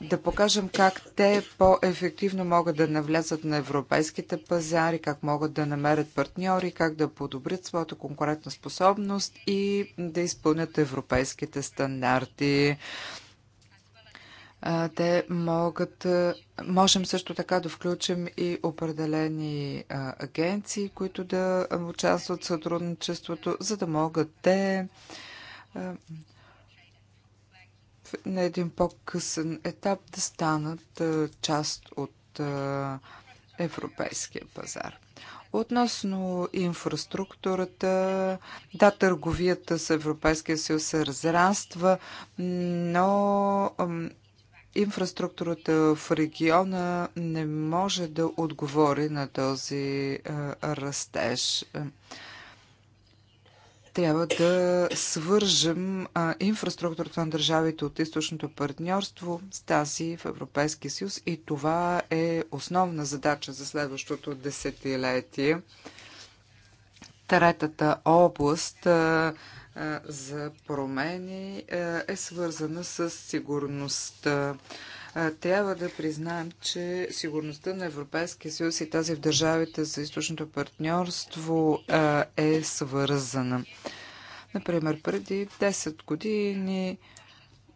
да покажем как те по-ефективно могат да навлязат на европейските пазари, как могат да намерят партньори, как да подобрят своята конкурентна способност и да изпълнят европейските стандарти те могат. Можем също така да включим и определени агенции, които да участват в сътрудничеството, за да могат те на един по-късен етап да станат част от европейския пазар. Относно инфраструктурата, да, търговията с Европейския съюз се разраства, но инфраструктурата в региона не може да отговори на този е, растеж. Трябва да свържем е, инфраструктурата на държавите от източното партньорство с тази в Европейския съюз и това е основна задача за следващото десетилетие. Третата област е, за промени е свързана с сигурността. Трябва да признаем, че сигурността на Европейския съюз и тази в държавите за източното партньорство е свързана. Например, преди 10 години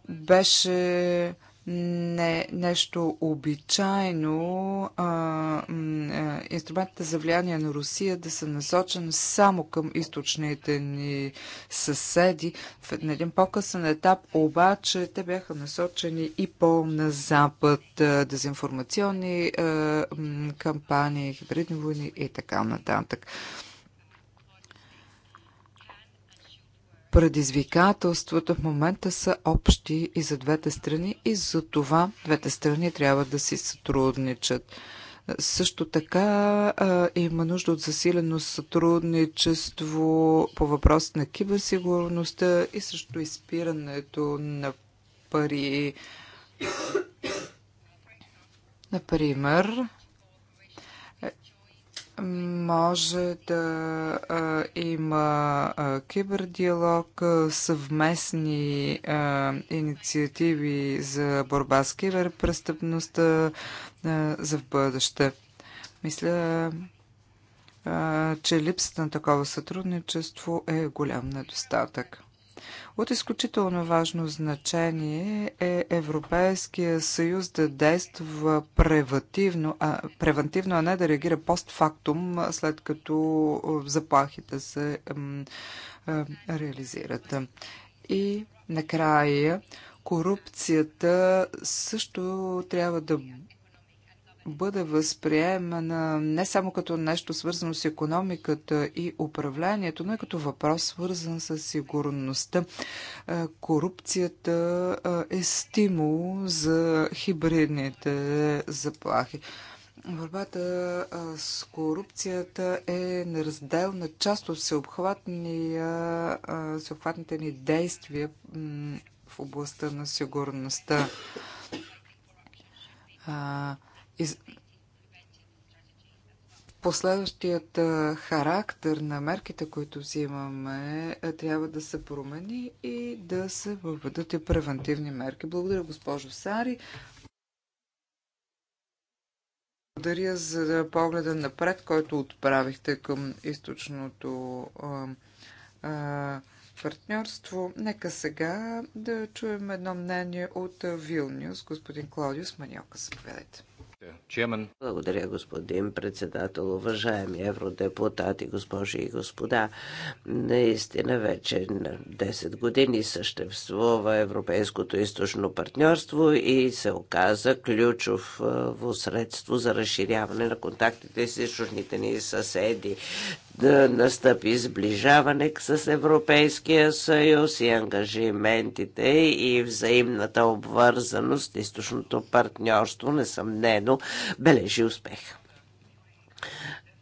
беше не нещо обичайно а, а, инструментите за влияние на Русия да са насочени само към източните ни съседи. В един по-късен етап обаче те бяха насочени и по-на запад, дезинформационни а, кампании, хибридни войни и така нататък. Предизвикателствата в момента са общи и за двете страни и за това двете страни трябва да си сътрудничат. Също така има нужда от засилено сътрудничество по въпрос на киберсигурността и също изпирането на пари. Например, може да а, има а, кибердиалог, съвместни а, инициативи за борба с киберпрестъпността а, за в бъдеще. Мисля, а, че липсата на такова сътрудничество е голям недостатък. От изключително важно значение е Европейския съюз да действа превативно, а, превентивно, а не да реагира постфактум, след като заплахите се реализират. И накрая корупцията също трябва да бъде възприемана не само като нещо свързано с економиката и управлението, но и като въпрос свързан с сигурността. Корупцията е стимул за хибридните заплахи. Борбата с корупцията е неразделна част от всеобхватните ни действия в областта на сигурността последващият характер на мерките, които взимаме, е, трябва да се промени и да се въведат и превентивни мерки. Благодаря, госпожо Сари. Благодаря за погледа напред, който отправихте към източното а, а, партньорство. Нека сега да чуем едно мнение от Вилнюс. Господин Клаудиус Маниока, заповядайте. Благодаря, господин председател. Уважаеми евродепутати, госпожи и господа, наистина вече на 10 години съществува Европейското източно партньорство и се оказа ключов средство за разширяване на контактите с източните ни съседи да настъпи сближаване с Европейския съюз и ангажиментите и взаимната обвързаност, източното партньорство, несъмнено, бележи успех.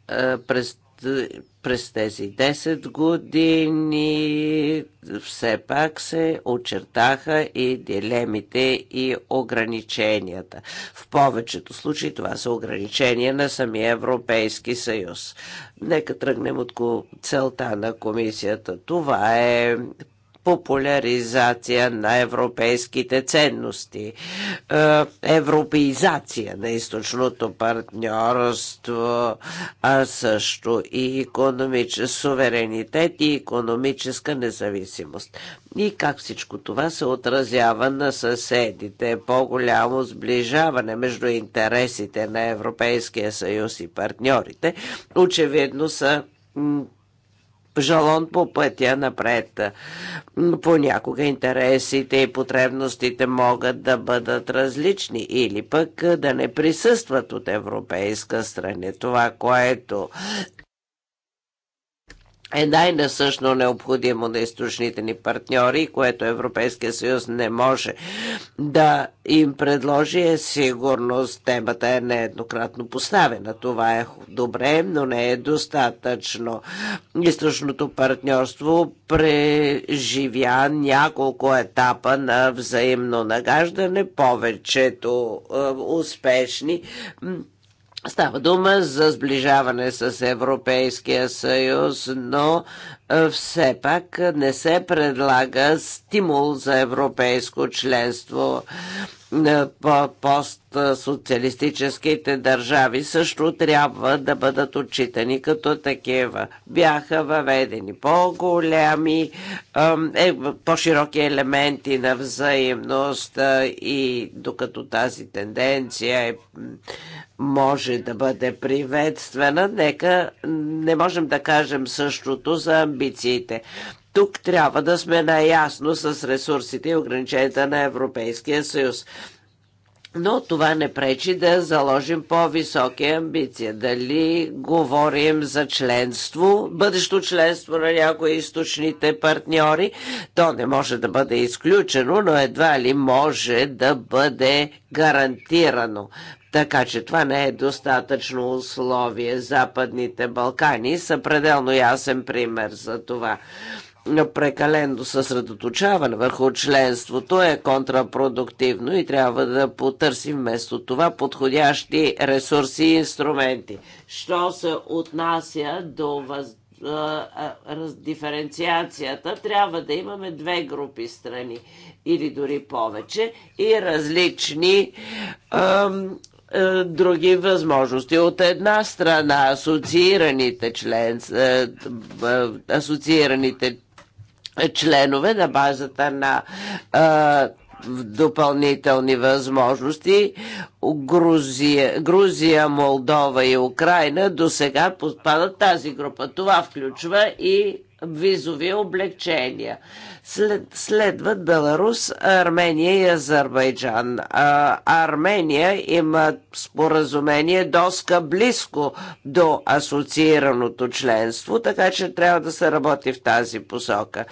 Е, през през тези 10 години все пак се очертаха и дилемите и ограниченията. В повечето случаи това са ограничения на самия Европейски съюз. Нека тръгнем от целта на комисията. Това е популяризация на европейските ценности, е, европеизация на източното партньорство, а също и економич... суверенитет и економическа независимост. И как всичко това се отразява на съседите, по-голямо сближаване между интересите на Европейския съюз и партньорите, очевидно са жалон по пътя напред. Понякога интересите и потребностите могат да бъдат различни или пък да не присъстват от европейска страна. Това, което е най-насъщно необходимо на източните ни партньори, което Европейския съюз не може да им предложи, е сигурност. Темата е нееднократно поставена. Това е добре, но не е достатъчно. Източното партньорство преживя няколко етапа на взаимно нагаждане, повечето е, успешни Става дума за сближаване с Европейския съюз, но е, все пак не се предлага стимул за европейско членство. Е, постсоциалистическите държави също трябва да бъдат отчитани като такива. Бяха въведени по-голями, е, по-широки елементи на взаимност и докато тази тенденция е може да бъде приветствена, нека не можем да кажем същото за амбициите. Тук трябва да сме наясно с ресурсите и ограниченията на Европейския съюз. Но това не пречи да заложим по-високи амбиции. Дали говорим за членство, бъдещо членство на някои източните партньори, то не може да бъде изключено, но едва ли може да бъде гарантирано. Така че това не е достатъчно условие. Западните Балкани са пределно ясен пример за това прекалено съсредоточаване върху членството е контрапродуктивно и трябва да потърсим вместо това подходящи ресурси и инструменти. Що се отнася до въз... диференциацията, трябва да имаме две групи страни или дори повече и различни ам, други възможности. От една страна асоциираните член, асоциираните членове на базата на а, допълнителни възможности. Грузия, Грузия, Молдова и Украина до сега подпадат тази група. Това включва и визови облегчения. След, следват Беларус, Армения и Азербайджан. А, Армения има споразумение доста близко до асоциираното членство, така че трябва да се работи в тази посока.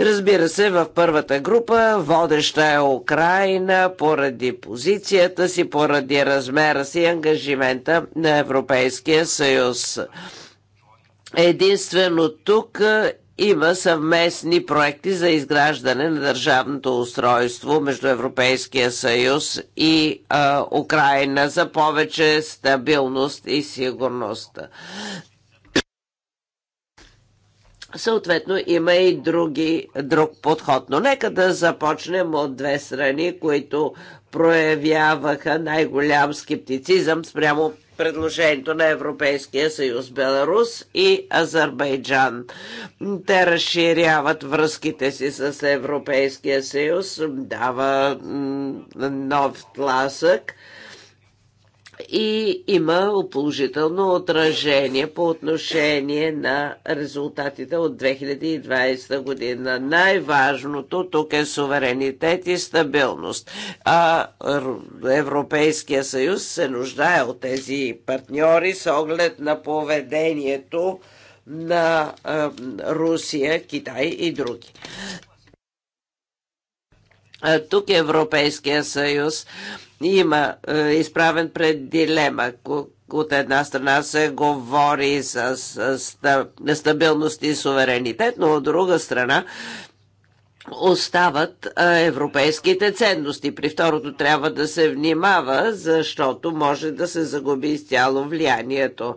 Разбира се, в първата група водеща е Украина поради позицията си, поради размера си и ангажимента на Европейския съюз. Единствено тук има съвместни проекти за изграждане на държавното устройство между Европейския съюз и а, Украина за повече стабилност и сигурност. Съответно, има и други, друг подход. Но нека да започнем от две страни, които проявяваха най-голям скептицизъм спрямо предложението на Европейския съюз, Беларус и Азербайджан. Те разширяват връзките си с Европейския съюз, дава нов тласък и има положително отражение по отношение на резултатите от 2020 година. Най-важното тук е суверенитет и стабилност. А Европейския съюз се нуждае от тези партньори с оглед на поведението на Русия, Китай и други. Тук Европейския съюз има е, изправен пред дилема. От една страна се говори с, с, с стабилност и суверенитет, но от друга страна остават е, европейските ценности. При второто трябва да се внимава, защото може да се загуби изцяло влиянието.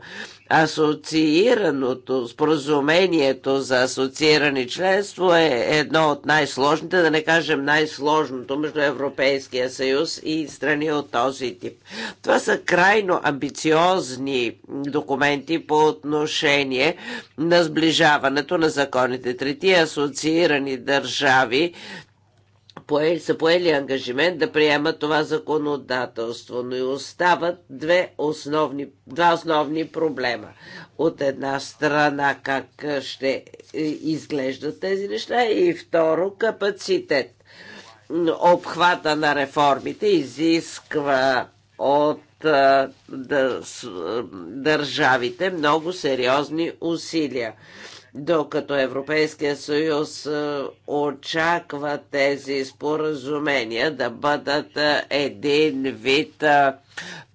Асоциираното споразумението за асоцииране членство е едно от най-сложните, да не кажем най-сложното между Европейския съюз и страни от този тип. Това са крайно амбициозни документи по отношение на сближаването на законите. Трети асоциирани държави са поели ангажимент да приемат това законодателство, но и остават две основни, два основни проблема. От една страна как е, ще е, изглеждат тези неща и второ капацитет. Обхвата на реформите изисква от е, държавите много сериозни усилия докато Европейския съюз е, очаква тези споразумения да бъдат е, един вид е,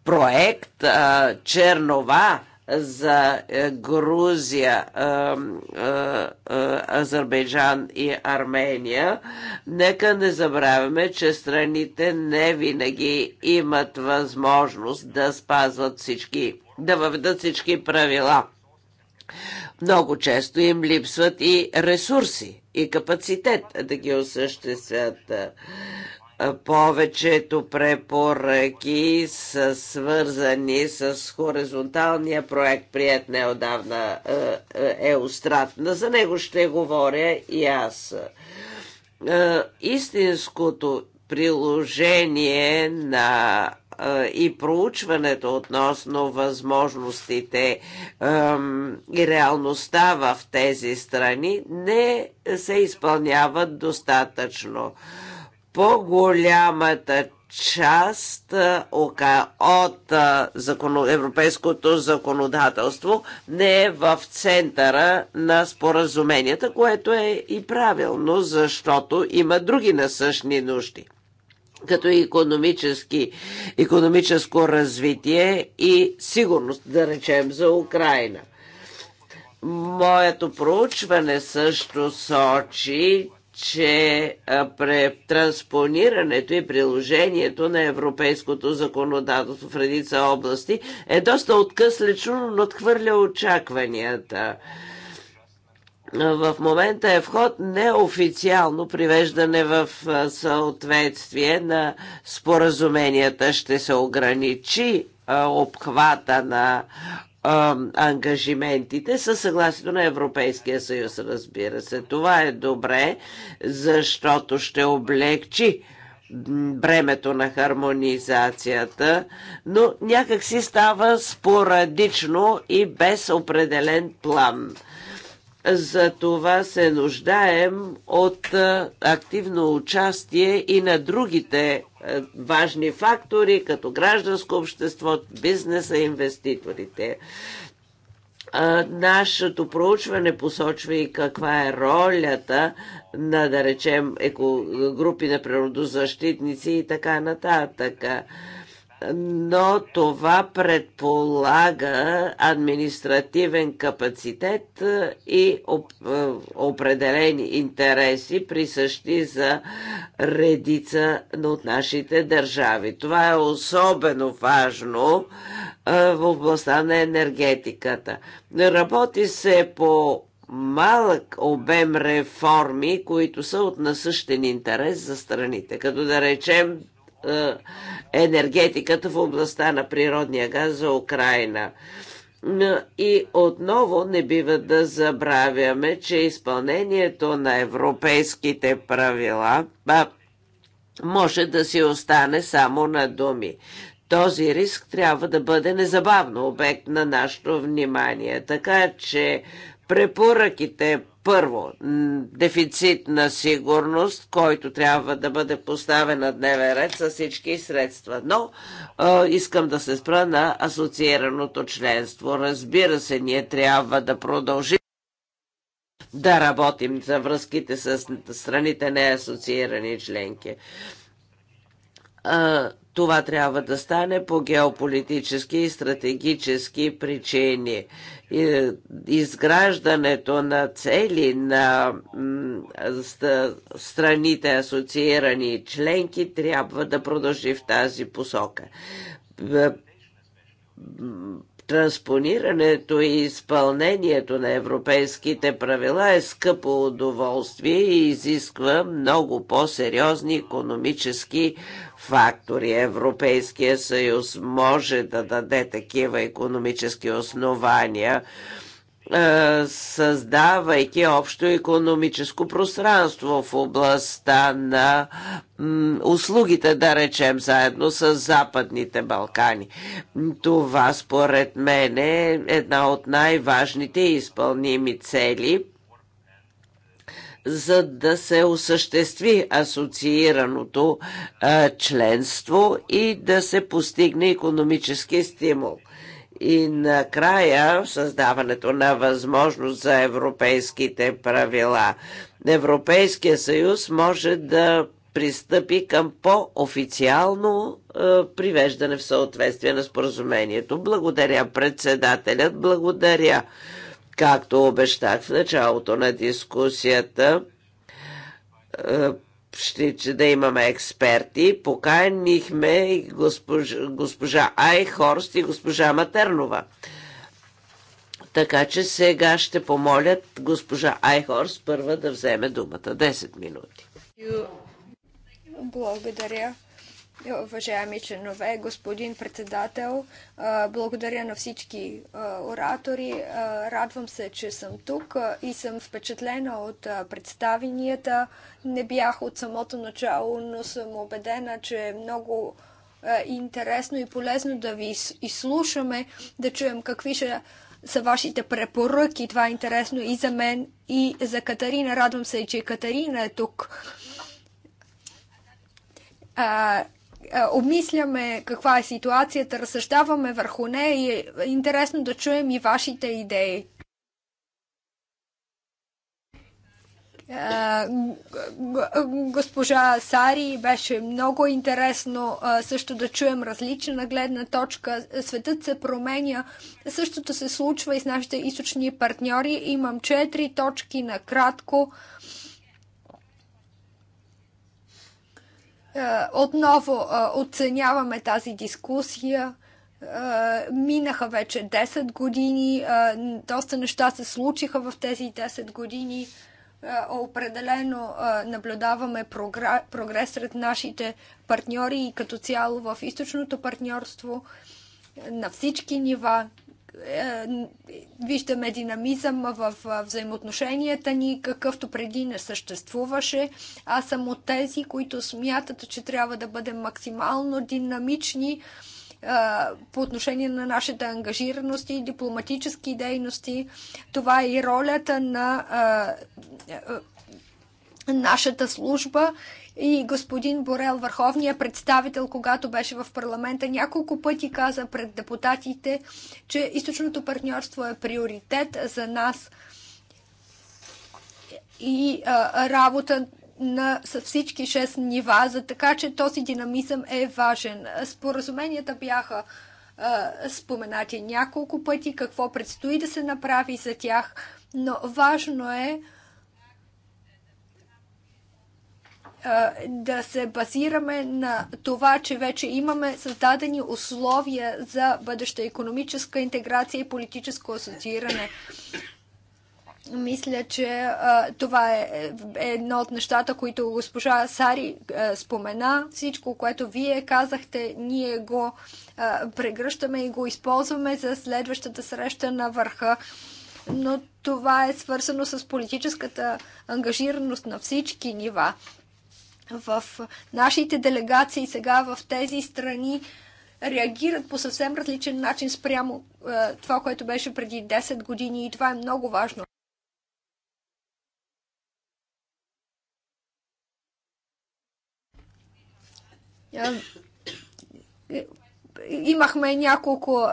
проект чернова за Грузия, Азербайджан и Армения. Нека не забравяме, че страните не винаги имат възможност да спазват всички, да въведат всички правила. Много често им липсват и ресурси, и капацитет да ги осъществят. Повечето препоръки са свързани с хоризонталния проект, прият неодавна Еустрат. За него ще говоря и аз. Истинското приложение на и проучването относно възможностите и реалността в тези страни не се изпълняват достатъчно. По-голямата част от европейското законодателство не е в центъра на споразуменията, което е и правилно, защото има други насъщни нужди като економически, економическо развитие и сигурност, да речем, за Украина. Моето проучване също сочи, че транспонирането и приложението на европейското законодателство в редица области е доста откъслечно, но отхвърля очакванията в момента е вход неофициално привеждане в съответствие на споразуменията. Ще се ограничи обхвата на ангажиментите със съгласието на Европейския съюз, разбира се. Това е добре, защото ще облегчи бремето на хармонизацията, но някак си става спорадично и без определен план – за това се нуждаем от активно участие и на другите важни фактори, като гражданско общество, бизнеса, и инвеститорите. Нашето проучване посочва и каква е ролята на, да речем, еко, групи на природозащитници и така нататък но това предполага административен капацитет е, и е, определени интереси, присъщи за редица от нашите държави. Това е особено важно е, в областта на енергетиката. Работи се по малък обем реформи, които са от насъщен интерес за страните, като да речем е, енергетиката в областта на природния газ за Украина. И отново не бива да забравяме, че изпълнението на европейските правила може да си остане само на думи. Този риск трябва да бъде незабавно обект на нашето внимание. Така че Препоръките първо, дефицит на сигурност, който трябва да бъде поставен на дневен ред с всички средства. Но е, искам да се спра на асоциираното членство. Разбира се, ние трябва да продължим да работим за връзките с страните не асоциирани членки. Е, това трябва да стане по геополитически и стратегически причини изграждането на цели на страните асоциирани членки трябва да продължи в тази посока. Транспонирането и изпълнението на европейските правила е скъпо удоволствие и изисква много по-сериозни економически фактори. Европейския съюз може да даде такива економически основания, е, създавайки общо економическо пространство в областта на услугите, да речем, заедно с Западните Балкани. Това, според мен, е една от най-важните изпълними цели – за да се осъществи асоциираното а, членство и да се постигне економически стимул. И накрая създаването на възможност за европейските правила. Европейския съюз може да пристъпи към по-официално е, привеждане в съответствие на споразумението. Благодаря председателят, благодаря Както обещах в началото на дискусията, е, ще, че да имаме експерти, поканихме и госпожа, госпожа Айхорст и госпожа Матернова. Така че сега ще помолят госпожа Айхорст първа да вземе думата. 10 минути. Благодаря. Уважаеми членове, господин председател, благодаря на всички оратори. Радвам се, че съм тук и съм впечатлена от представенията. Не бях от самото начало, но съм убедена, че е много интересно и полезно да ви изслушаме, да чуем какви ще са вашите препоръки. Това е интересно и за мен, и за Катарина. Радвам се, че и Катарина е тук. Е, обмисляме каква е ситуацията, разсъждаваме върху нея и е интересно да чуем и вашите идеи. Е, госпожа Сари беше много интересно е, също да чуем различна гледна точка. Светът се променя. Същото се случва и с нашите източни партньори. Имам четири точки на кратко Е, отново е, оценяваме тази дискусия. Е, минаха вече 10 години. Доста неща се случиха в тези 10 години. Определено наблюдаваме прогрес сред нашите партньори и като цяло в източното партньорство на всички нива. Е, виждаме динамизъм в взаимоотношенията ни, какъвто преди не съществуваше. Аз съм от тези, които смятат, че трябва да бъдем максимално динамични по отношение на нашите ангажираности и дипломатически дейности. Това е и ролята на нашата служба и господин Борел, върховният представител, когато беше в парламента, няколко пъти каза пред депутатите, че източното партньорство е приоритет за нас и а, работа на всички 6 нива, за така че този динамизъм е важен. Споразуменията бяха а, споменати няколко пъти, какво предстои да се направи за тях, но важно е а, да се базираме на това, че вече имаме създадени условия за бъдеща економическа интеграция и политическо асоцииране. Мисля, че а, това е, е едно от нещата, които госпожа Сари а, спомена. Всичко, което вие казахте, ние го а, прегръщаме и го използваме за следващата среща на върха. Но това е свързано с политическата ангажираност на всички нива в нашите делегации сега в тези страни реагират по съвсем различен начин спрямо е, това, което беше преди 10 години и това е много важно. Е, имахме няколко е,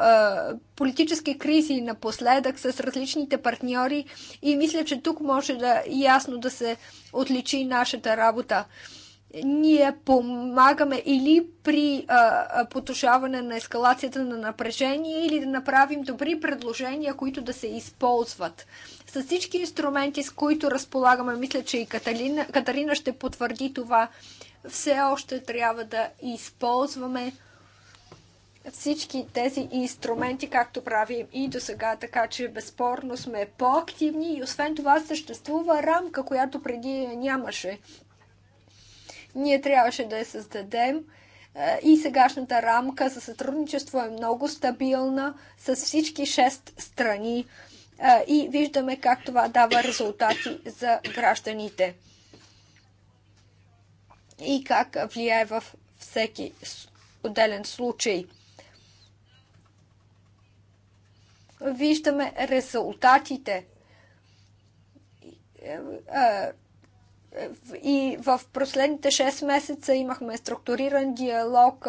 политически кризи напоследък с различните партньори и мисля, че тук може да ясно да се отличи нашата работа. Е, ние помагаме или при а, потушаване на ескалацията на напрежение, или да направим добри предложения, които да се използват. С всички инструменти, с които разполагаме, мисля, че и Каталина, Катарина ще потвърди това, все още трябва да използваме всички тези инструменти, както правим и до сега, така че безспорно сме по-активни и освен това съществува рамка, която преди нямаше. Ние трябваше да я създадем е, и сегашната рамка за сътрудничество е много стабилна с всички шест страни е, и виждаме как това дава резултати за гражданите и как влияе в всеки отделен случай. Виждаме резултатите е, и в последните 6 месеца имахме структуриран диалог,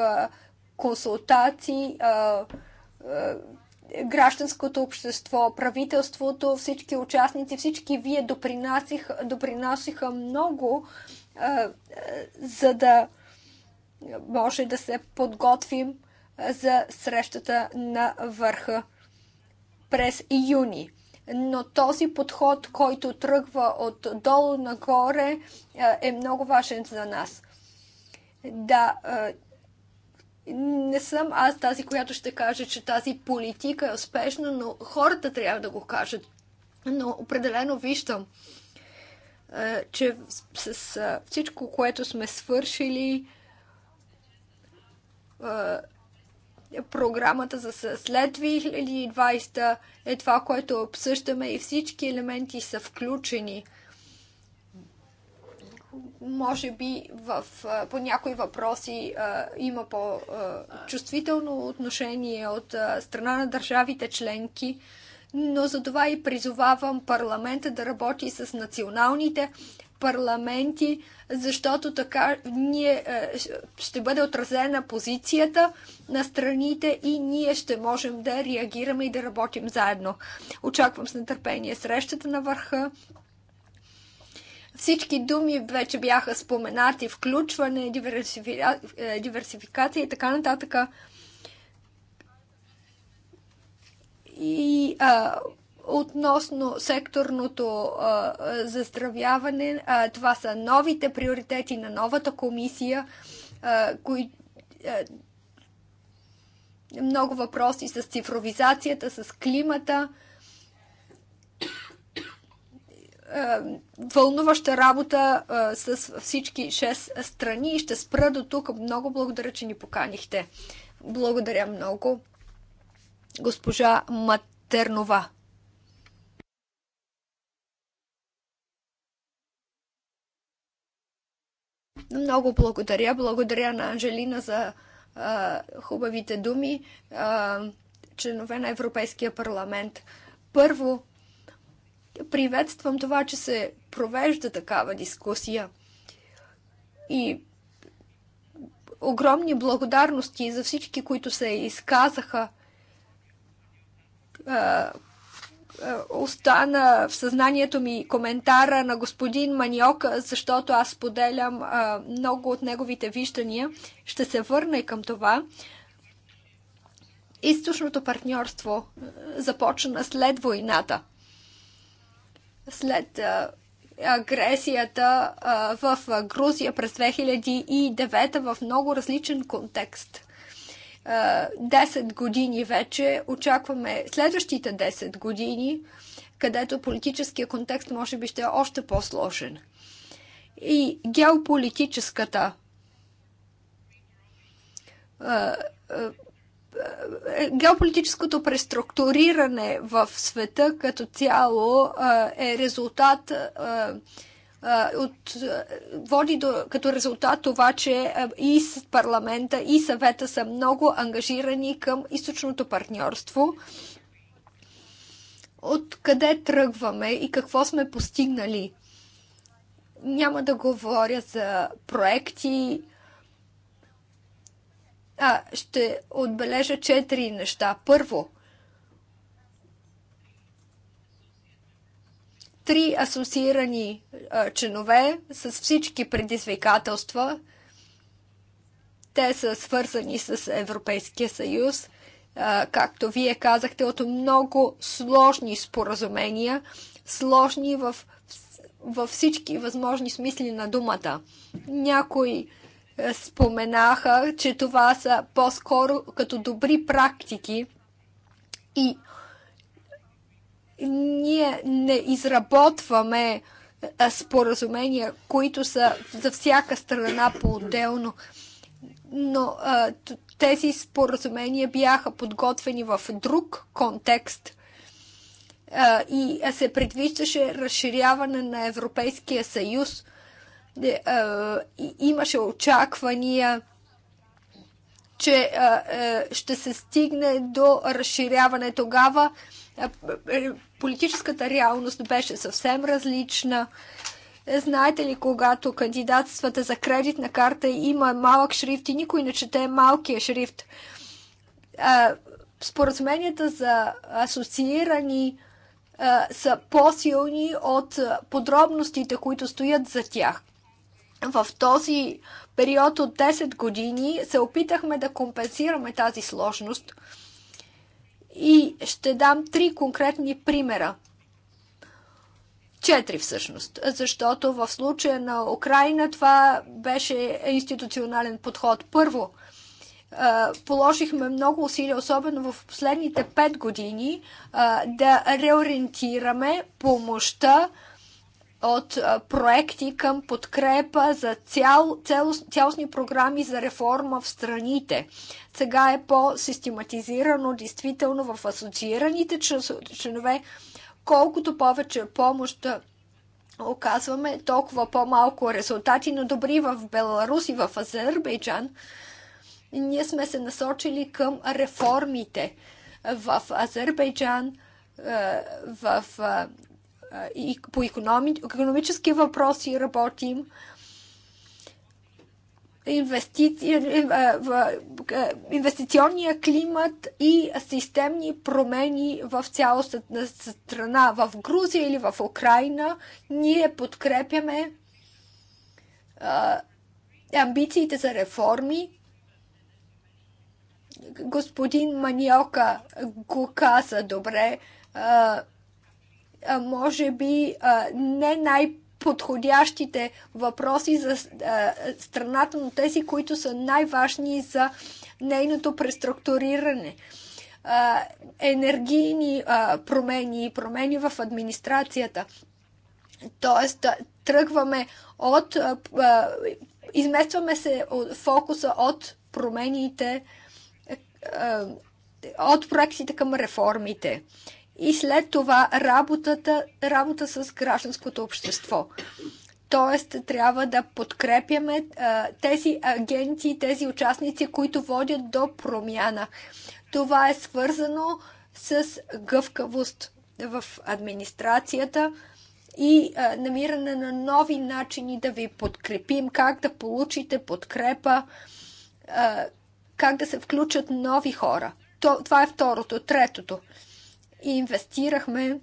консултации, гражданското общество, правителството, всички участници, всички вие допринасих, допринасиха много, за да може да се подготвим за срещата на върха през июни но този подход, който тръгва от долу нагоре, е, е много важен за нас. Да, е, не съм аз тази, която ще каже, че тази политика е успешна, но хората трябва да го кажат. Но определено виждам, е, че с всичко, което сме свършили, програмата за след 2020 е това, което обсъждаме и всички елементи са включени. Може би в, по някои въпроси има по-чувствително отношение от страна на държавите членки, но за това и призовавам парламента да работи с националните парламенти, защото така ние е, ще бъде отразена позицията на страните и ние ще можем да реагираме и да работим заедно. Очаквам с нетърпение срещата на върха. Всички думи вече бяха споменати включване, е, диверсификация и така нататък. И а, Относно секторното а, заздравяване, а, това са новите приоритети на новата комисия, които много въпроси с цифровизацията, с климата. Вълнуваща работа с всички 6 страни и ще спра до тук. Много благодаря, че ни поканихте. Благодаря много. Госпожа Матернова. Много благодаря. Благодаря на Анжелина за а, хубавите думи. А, членове на Европейския парламент. Първо, приветствам това, че се провежда такава дискусия. И огромни благодарности за всички, които се изказаха е, остана в съзнанието ми коментара на господин Маниок, защото аз поделям е, много от неговите виждания. Ще се върна и към това. Източното партньорство е, започна след войната. След агресията в Грузия през 2009 в много различен контекст – 10 години вече, очакваме следващите 10 години, където политическия контекст може би ще е още по-сложен. И геополитическата геополитическото преструктуриране в света като цяло е резултат от, води до, като резултат това, че и с парламента, и съвета са много ангажирани към източното партньорство. Откъде тръгваме и какво сме постигнали? Няма да говоря за проекти. А, ще отбележа четири неща. Първо, три асоциирани а, чинове с всички предизвикателства. Те са свързани с Европейския съюз, а, както вие казахте, от много сложни споразумения, сложни в, във всички възможни смисли на думата. Някои е, споменаха, че това са по-скоро като добри практики и ние не изработваме споразумения, които са за всяка страна по-отделно. Но а, тези споразумения бяха подготвени в друг контекст а, и се предвиждаше разширяване на Европейския съюз. А, имаше очаквания че ще се стигне до разширяване тогава политическата реалност беше съвсем различна. Знаете ли, когато кандидатствате за кредитна карта има малък шрифт и никой не чете малкия шрифт? Споразуменията за асоциирани са по-силни от подробностите, които стоят за тях. В този период от 10 години се опитахме да компенсираме тази сложност – и ще дам три конкретни примера. Четири всъщност, защото в случая на Украина това беше институционален подход. Първо, е, положихме много усилия, особено в последните пет години, е, да реориентираме помощта от проекти към подкрепа за цял, цял, цялостни програми за реформа в страните. Сега е по-систематизирано, действително, в асоциираните членове. Колкото повече помощ оказваме, толкова по-малко резултати, но добри в Беларус и в Азербайджан. Ние сме се насочили към реформите в Азербайджан, в и по економи, економически въпроси работим. инвестиционния климат и системни промени в цялостната страна. В Грузия или в Украина ние подкрепяме а, амбициите за реформи. Господин Маниока го каза добре. А, може би не най- подходящите въпроси за страната, но тези, които са най-важни за нейното преструктуриране. Енергийни промени и промени в администрацията. Тоест, тръгваме от. Изместваме се от фокуса от промените, от проектите към реформите и след това работата, работа с гражданското общество. Тоест, трябва да подкрепяме а, е, тези агенти, тези участници, които водят до промяна. Това е свързано с гъвкавост в администрацията и а, е, намиране на нови начини да ви подкрепим, как да получите подкрепа, а, е, как да се включат нови хора. То, това е второто. Третото и инвестирахме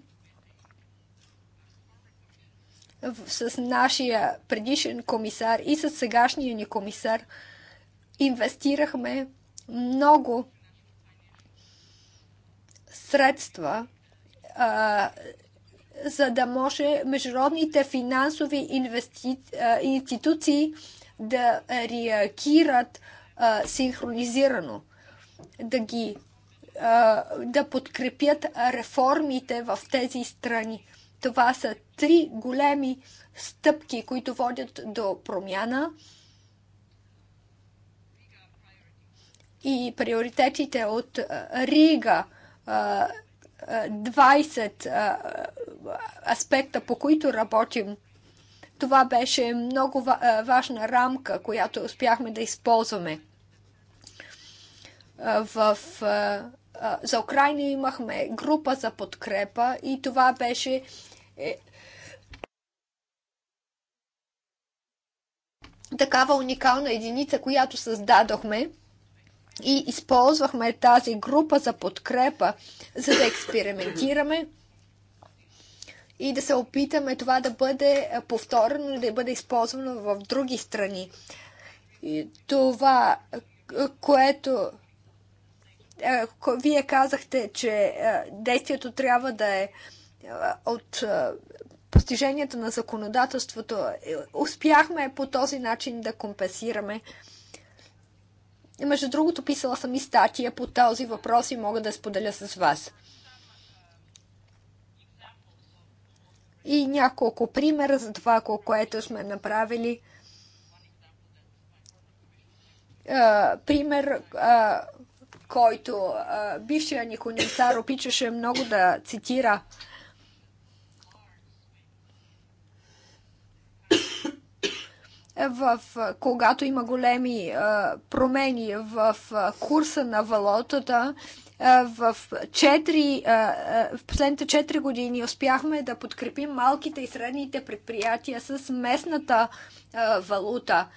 с нашия предишен комисар и с сегашния ни комисар. Инвестирахме много средства, а, за да може международните финансови инвести... институции да реагират а, синхронизирано, да ги да подкрепят реформите в тези страни. Това са три големи стъпки, които водят до промяна. И приоритетите от Рига 20 аспекта, по които работим. Това беше много важна рамка, която успяхме да използваме в за Украина имахме група за подкрепа и това беше е, такава уникална единица, която създадохме и използвахме тази група за подкрепа, за да експериментираме и да се опитаме това да бъде е, повторено, и да бъде използвано в други страни. И това, е, което е, вие казахте, че е, действието трябва да е, е от постиженията на законодателството. Успяхме по този начин да компенсираме. Между другото, писала съм и статия по този въпрос и мога да споделя с вас. И няколко примера за това, което сме направили. пример, който а, бившия ни коментар опичаше много да цитира. В, когато има големи а, промени в а, курса на валутата, в, в последните 4 години успяхме да подкрепим малките и средните предприятия с местната валута.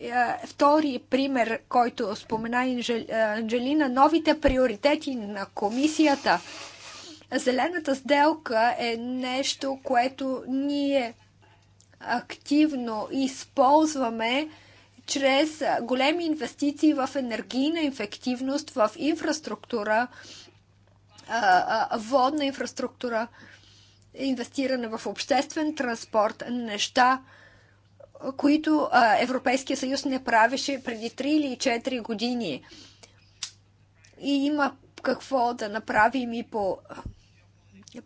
Е, втори пример, който спомена е, Анджелина, новите приоритети на комисията. Зелената сделка е нещо, което ние активно използваме чрез големи инвестиции в енергийна ефективност, в инфраструктура, водна инфраструктура, инвестиране в обществен транспорт, неща, които Европейския съюз не правеше преди 3 или 4 години. И има какво да направим и по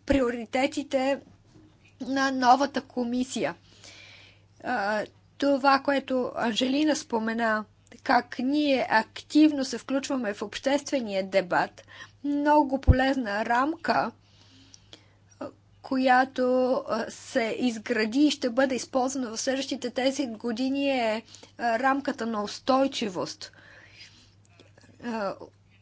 приоритетите на новата комисия. Това, което Анжелина спомена, как ние активно се включваме в обществения дебат, много полезна рамка която се изгради и ще бъде използвана в следващите тези години е рамката на устойчивост.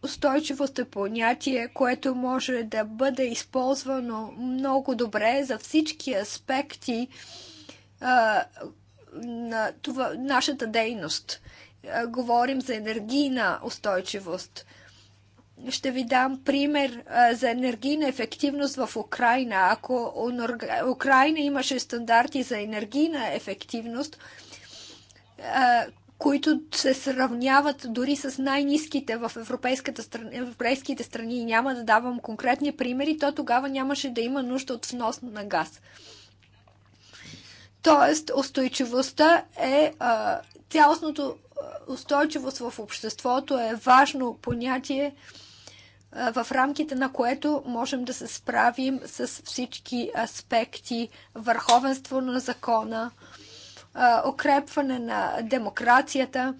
Устойчивост е понятие, което може да бъде използвано много добре за всички аспекти на това, нашата дейност. Говорим за енергийна устойчивост – ще ви дам пример за енергийна ефективност в Украина. Ако Украина имаше стандарти за енергийна ефективност, които се сравняват дори с най-низките в европейските страни, и няма да давам конкретни примери, то тогава нямаше да има нужда от внос на газ. Тоест, устойчивостта е цялостното устойчивост в обществото е важно понятие, в рамките на което можем да се справим с всички аспекти, върховенство на закона, укрепване на демокрацията.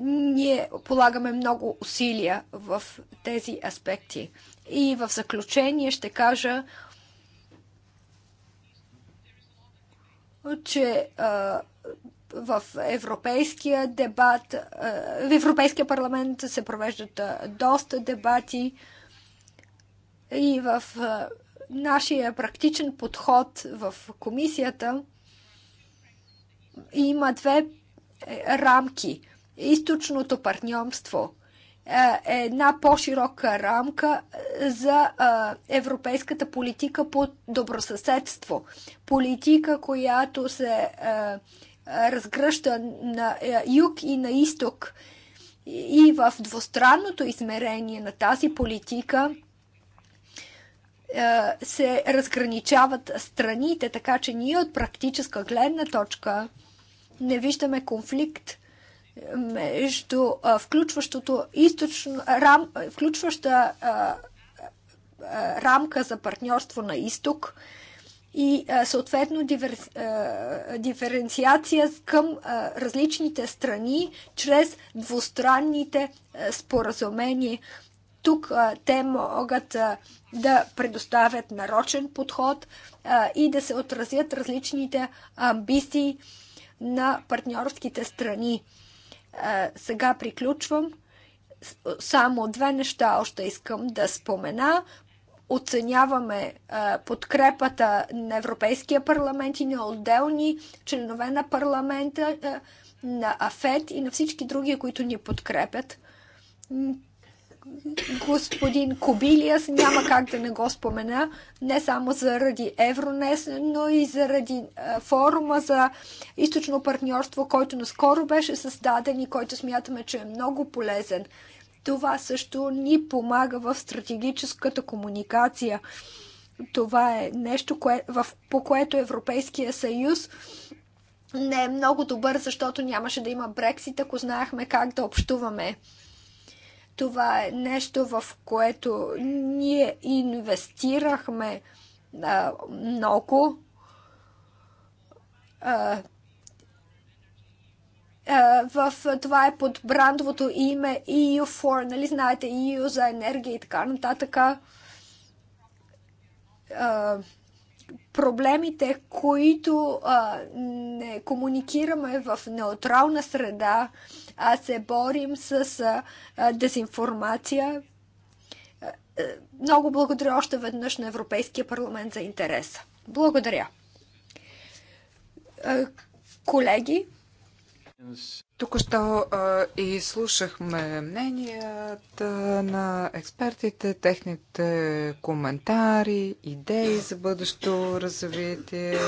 Ние полагаме много усилия в тези аспекти. И в заключение ще кажа, че в европейския дебат, е, в Европейския парламент се провеждат е, доста дебати и в е, нашия практичен подход в комисията има две рамки. Източното партньомство е една по-широка рамка за европейската политика по добросъседство. Политика, която се е, разгръща на е, юг и на изток. И в двустранното измерение на тази политика се разграничават страните, така че ние от практическа гледна точка не виждаме конфликт между включващото източно, рам, включваща а, а, рамка за партньорство на изток и съответно дивер, диференциация към различните страни чрез двустранните споразумения. Тук те могат да предоставят нарочен подход и да се отразят различните амбиции на партньорските страни. Сега приключвам. Само две неща още искам да спомена оценяваме е, подкрепата на Европейския парламент и на отделни членове на парламента, е, на АФЕД и на всички други, които ни подкрепят. Господин Кобилиас няма как да не го спомена, не само заради Евронес, но и заради е, форума за източно партньорство, който наскоро беше създаден и който смятаме, че е много полезен. Това също ни помага в стратегическата комуникация. Това е нещо, кое, в, по което Европейския съюз не е много добър, защото нямаше да има Брексит, ако знаехме как да общуваме. Това е нещо, в което ние инвестирахме а, много. А, е, в това е под брандовото име EU4, нали знаете, EU за енергия и така нататък. Е, проблемите, които е, не комуникираме в неутрална среда, а се борим с дезинформация. Много благодаря още веднъж на Европейския парламент за интереса. Благодаря. Колеги, Току-що и слушахме мненията на експертите, техните коментари, идеи за бъдещо развитие.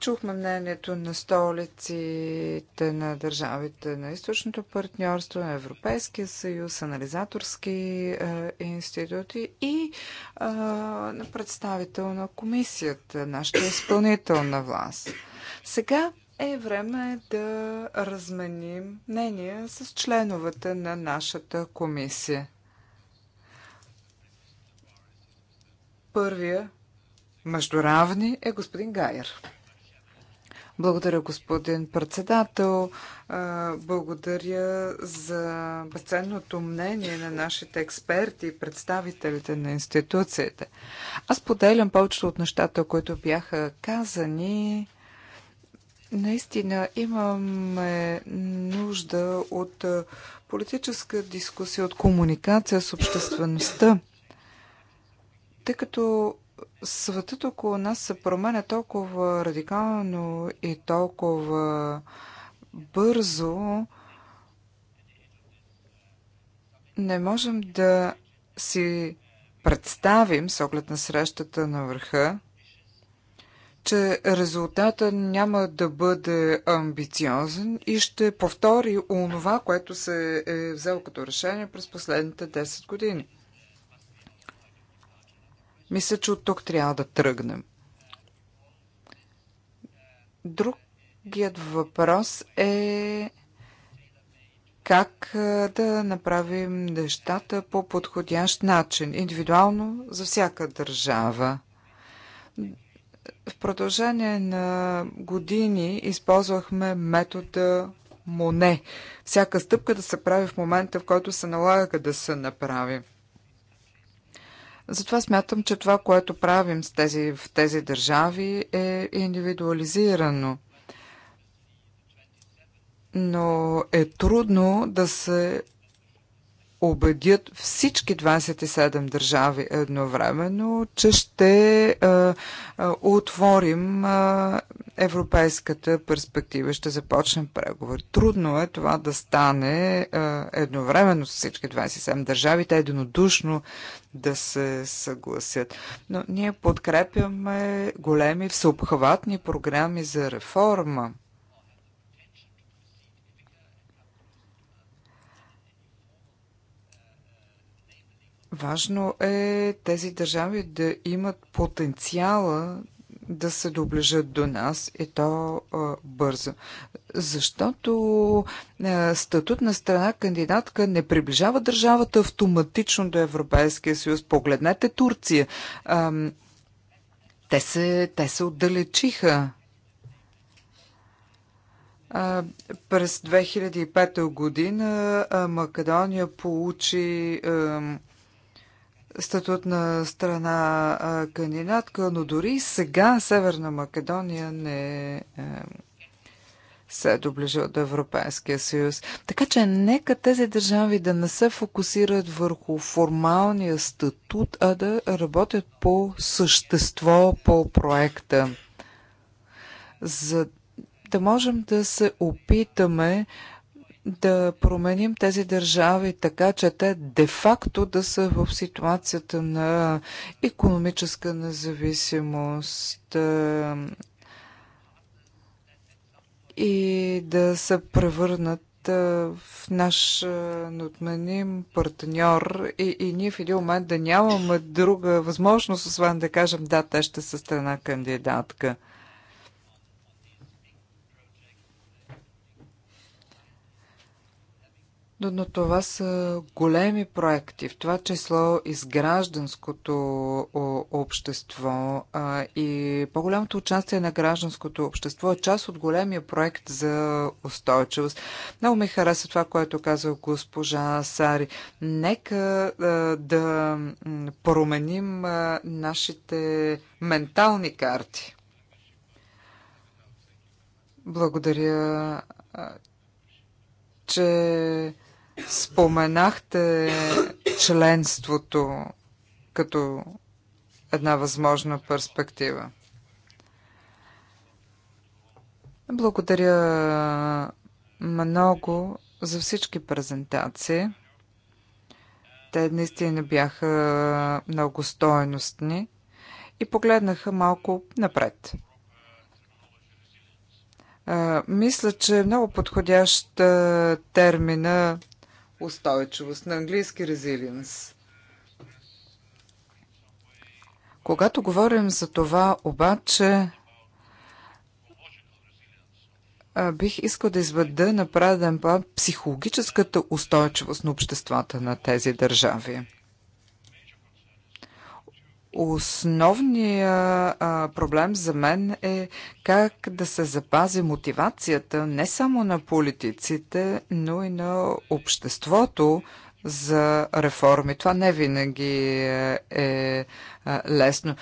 Чухме мнението на столиците на държавите на източното партньорство, на Европейския съюз, анализаторски е, институти и е, на представител на комисията, нашата изпълнителна власт. Сега е време да разменим мнения с членовете на нашата комисия. Първия между равни е господин Гайер. Благодаря, господин председател. Благодаря за безценното мнение на нашите експерти и представителите на институциите. Аз поделям повечето от нещата, които бяха казани. Наистина имаме нужда от политическа дискусия, от комуникация с обществеността, тъй като светът около нас се променя толкова радикално и толкова бързо, не можем да си представим, с оглед на срещата на върха, че резултата няма да бъде амбициозен и ще повтори онова, което се е взел като решение през последните 10 години. Мисля, че от тук трябва да тръгнем. Другият въпрос е как да направим нещата по подходящ начин, индивидуално за всяка държава. В продължение на години използвахме метода Моне. Всяка стъпка да се прави в момента, в който се налага да се направи. Затова смятам, че това, което правим с тези, в тези държави е индивидуализирано. Но е трудно да се убедят всички 27 държави едновременно, че ще е, е, отворим е, европейската перспектива, ще започнем преговори. Трудно е това да стане едновременно с всички 27 държави, те единодушно да се съгласят. Но ние подкрепяме големи всеобхватни програми за реформа Важно е тези държави да имат потенциала да се доближат до нас и то а, бързо. Защото а, статут на страна кандидатка не приближава държавата автоматично до Европейския съюз. Погледнете Турция. А, те, се, те се отдалечиха. През 2005 година Македония получи статут на страна кандидатка, но дори сега Северна Македония не е, се е доближила до Европейския съюз. Така че нека тези държави да не се фокусират върху формалния статут, а да работят по същество, по проекта. За да можем да се опитаме да променим тези държави така, че те де-факто да са в ситуацията на економическа независимост е, и да се превърнат е, в наш е, неотменим партньор и, и ние в един момент да нямаме друга възможност, освен да кажем да, те ще са страна кандидатка. но, но това са големи проекти, в това число и с гражданското общество а, и по-голямото участие на гражданското общество е част от големия проект за устойчивост. Много ми хареса това, което каза госпожа Сари. Нека а, да променим а, нашите ментални карти. Благодаря, че Споменахте членството като една възможна перспектива. Благодаря много за всички презентации. Те наистина бяха много стоеностни и погледнаха малко напред. мисля, че е много подходящ термина устойчивост, на английски резилиенс. Когато говорим за това, обаче, бих искал да изведа на праден план психологическата устойчивост на обществата на тези държави. Основният проблем за мен е как да се запази мотивацията не само на политиците, но и на обществото за реформи. Това не винаги е, е лесно.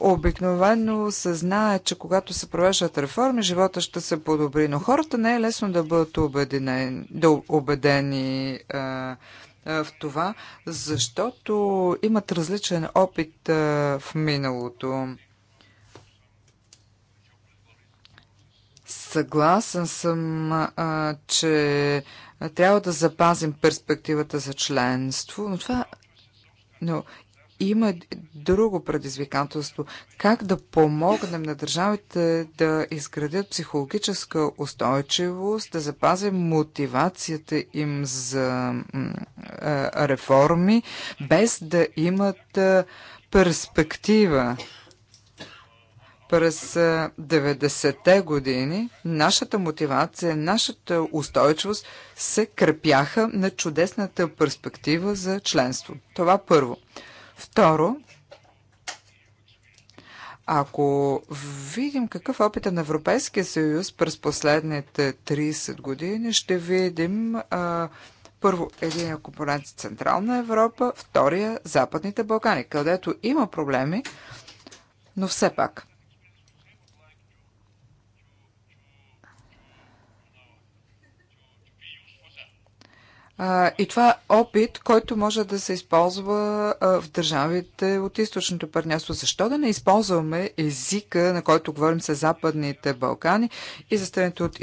Обикновено се знае, че когато се провеждат реформи, живота ще се подобри, но хората не е лесно да бъдат убедени, да убедени в това, защото имат различен опит в миналото. Съгласен съм, че трябва да запазим перспективата за членство, но това но има друго предизвикателство. Как да помогнем на държавите да изградят психологическа устойчивост, да запазим мотивацията им за реформи, без да имат перспектива. През 90-те години нашата мотивация, нашата устойчивост се крепяха на чудесната перспектива за членство. Това първо. Второ, ако видим какъв опит е на Европейския съюз през последните 30 години, ще видим а, първо един компонент Централна Европа, втория Западните Балкани, където има проблеми, но все пак. И това е опит, който може да се използва в държавите от източното партньорство. Защо да не използваме езика, на който говорим с Западните Балкани и за страните от,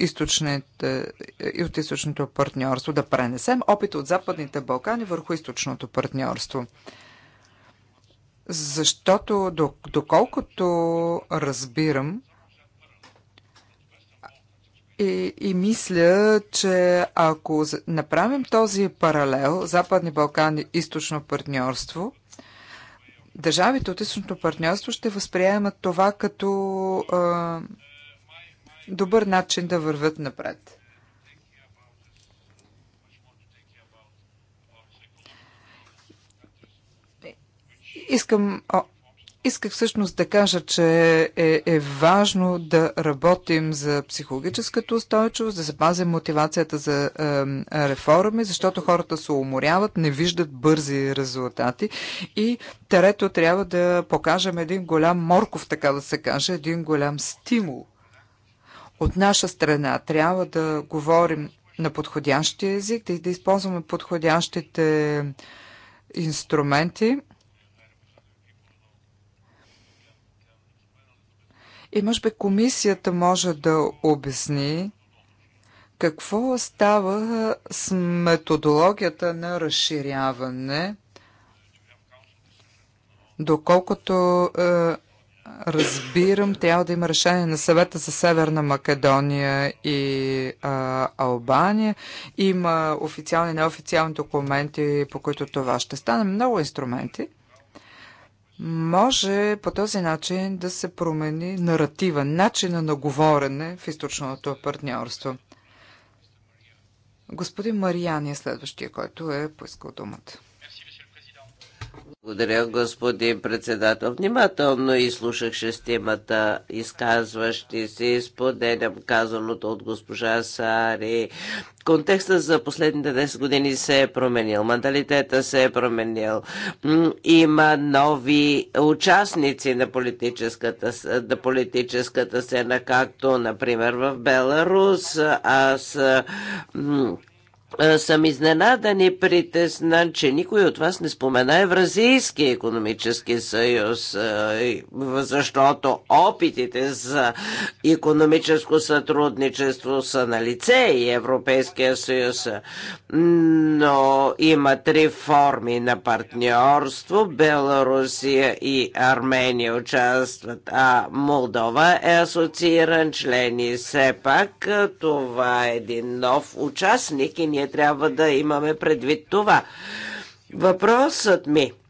и от източното партньорство? Да пренесем опит от Западните Балкани върху източното партньорство. Защото, доколкото разбирам, и, и мисля, че ако направим този паралел Западни Балкани източно партньорство, държавите от източното партньорство ще възприемат това като а, добър начин да вървят напред. Искам Исках всъщност да кажа, че е, е важно да работим за психологическата устойчивост, да запазим мотивацията за е, реформи, защото хората се уморяват, не виждат бързи резултати. И трето, трябва да покажем един голям морков, така да се каже, един голям стимул. От наша страна трябва да говорим на подходящия език, да, да използваме подходящите инструменти И може би комисията може да обясни какво става с методологията на разширяване, доколкото е, разбирам, трябва да има решение на съвета за Северна Македония и е, Албания. Има официални и неофициални документи, по които това ще стане. Много инструменти може по този начин да се промени наратива, начина на говорене в източното партньорство. Господин Мариян е следващия, който е поискал думата. Благодаря, господин председател. Внимателно изслушах шестимата изказващи се Споделям казаното от госпожа Сари. Контекстът за последните 10 години се е променил. Менталитета се е променил. Има нови участници на политическата, на политическата сцена, както, например, в Беларус. Аз съм изненадан и притеснан, че никой от вас не спомена Евразийския економически съюз, защото опитите за економическо сътрудничество са на лице и Европейския съюз, но има три форми на партньорство. Белорусия и Армения участват, а Молдова е асоцииран член и все пак това е един нов участник и ни. Ние трябва да имаме предвид това. Въпросът ми –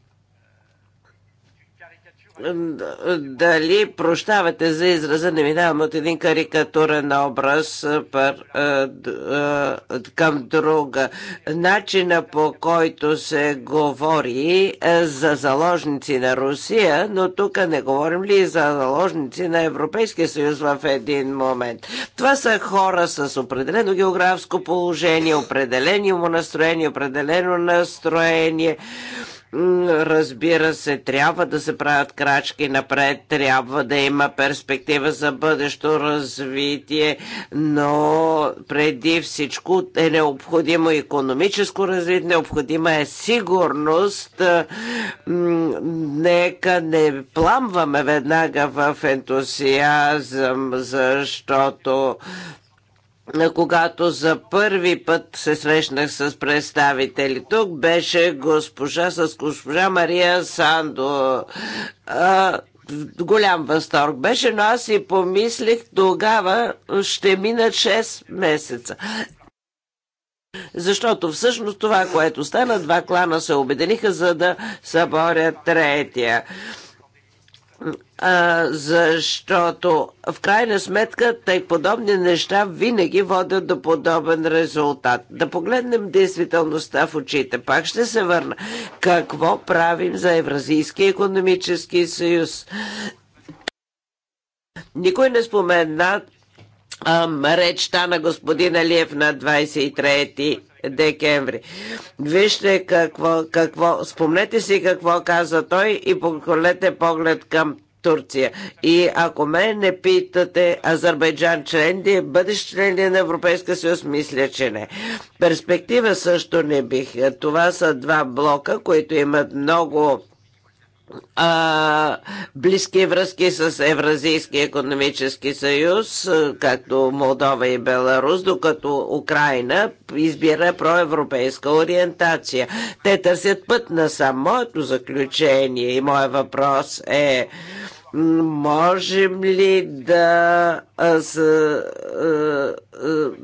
дали прощавате за израза, не минавам от един карикатурен образ пър, а, а, към друга. Начина по който се говори за заложници на Русия, но тук не говорим ли за заложници на Европейския съюз в един момент. Това са хора с определено географско положение, определено му настроение, определено настроение. Разбира се, трябва да се правят крачки напред, трябва да има перспектива за бъдещо развитие, но преди всичко е необходимо економическо развитие, необходима е сигурност. Нека не пламваме веднага в ентусиазъм, защото когато за първи път се срещнах с представители. Тук беше госпожа с госпожа Мария Сандо. А, голям възторг беше, но аз и помислих тогава ще минат 6 месеца. Защото всъщност това, което стана, два клана се обединиха, за да съборят третия защото в крайна сметка тъй подобни неща винаги водят до подобен резултат. Да погледнем действителността в очите. Пак ще се върна. Какво правим за Евразийския економически съюз? Никой не спомена речта на господин Алиев на 23 декември. Вижте какво, какво, спомнете си какво каза той и поколете поглед към Турция. И ако ме не питате, Азербайджан член ли е, бъдещ член ли е на Европейска съюз, мисля, че не. Перспектива също не бих. Това са два блока, които имат много а, близки връзки с Евразийския економически съюз, както Молдова и Беларус, докато Украина избира проевропейска ориентация. Те търсят път на самото заключение и моят въпрос е можем ли да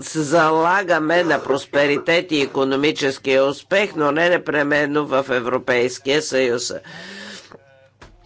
се залагаме на просперитет и економическия успех, но не непременно в Европейския съюз.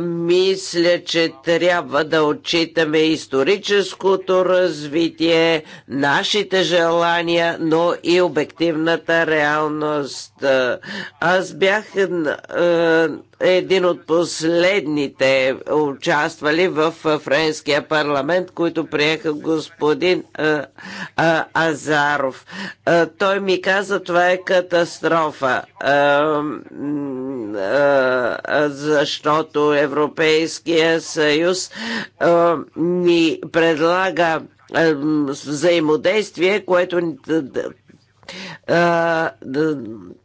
мисля, че трябва да отчитаме историческото развитие, нашите желания, но и обективната реалност. Аз бях един от последните участвали в Френския парламент, които приеха господин а, а, Азаров. А, той ми каза, това е катастрофа, а, а, защото като Европейския съюз ни предлага взаимодействие, което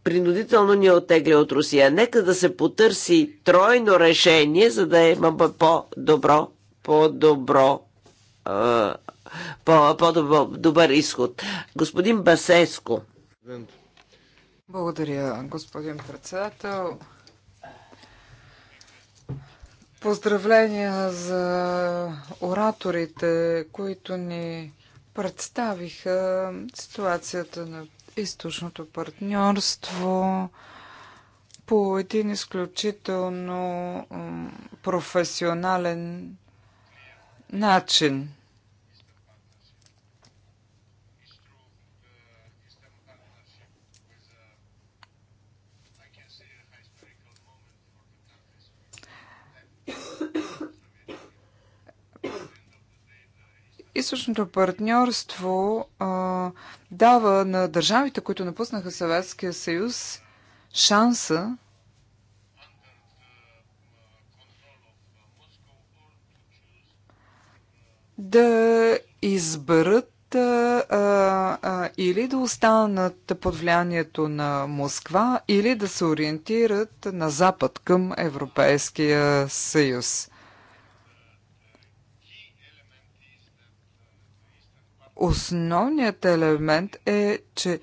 принудително ни отегля от Русия. Нека да се потърси тройно решение, за да имаме по-добро, по-добро по-добър изход. Господин Басеско. Благодаря, господин председател. Поздравления за ораторите, които ни представиха ситуацията на източното партньорство по един изключително професионален начин. източното партньорство а, дава на държавите, които напуснаха Съветския съюз, шанса да изберат а, а, или да останат под влиянието на Москва, или да се ориентират на Запад към Европейския съюз. Основният елемент е, че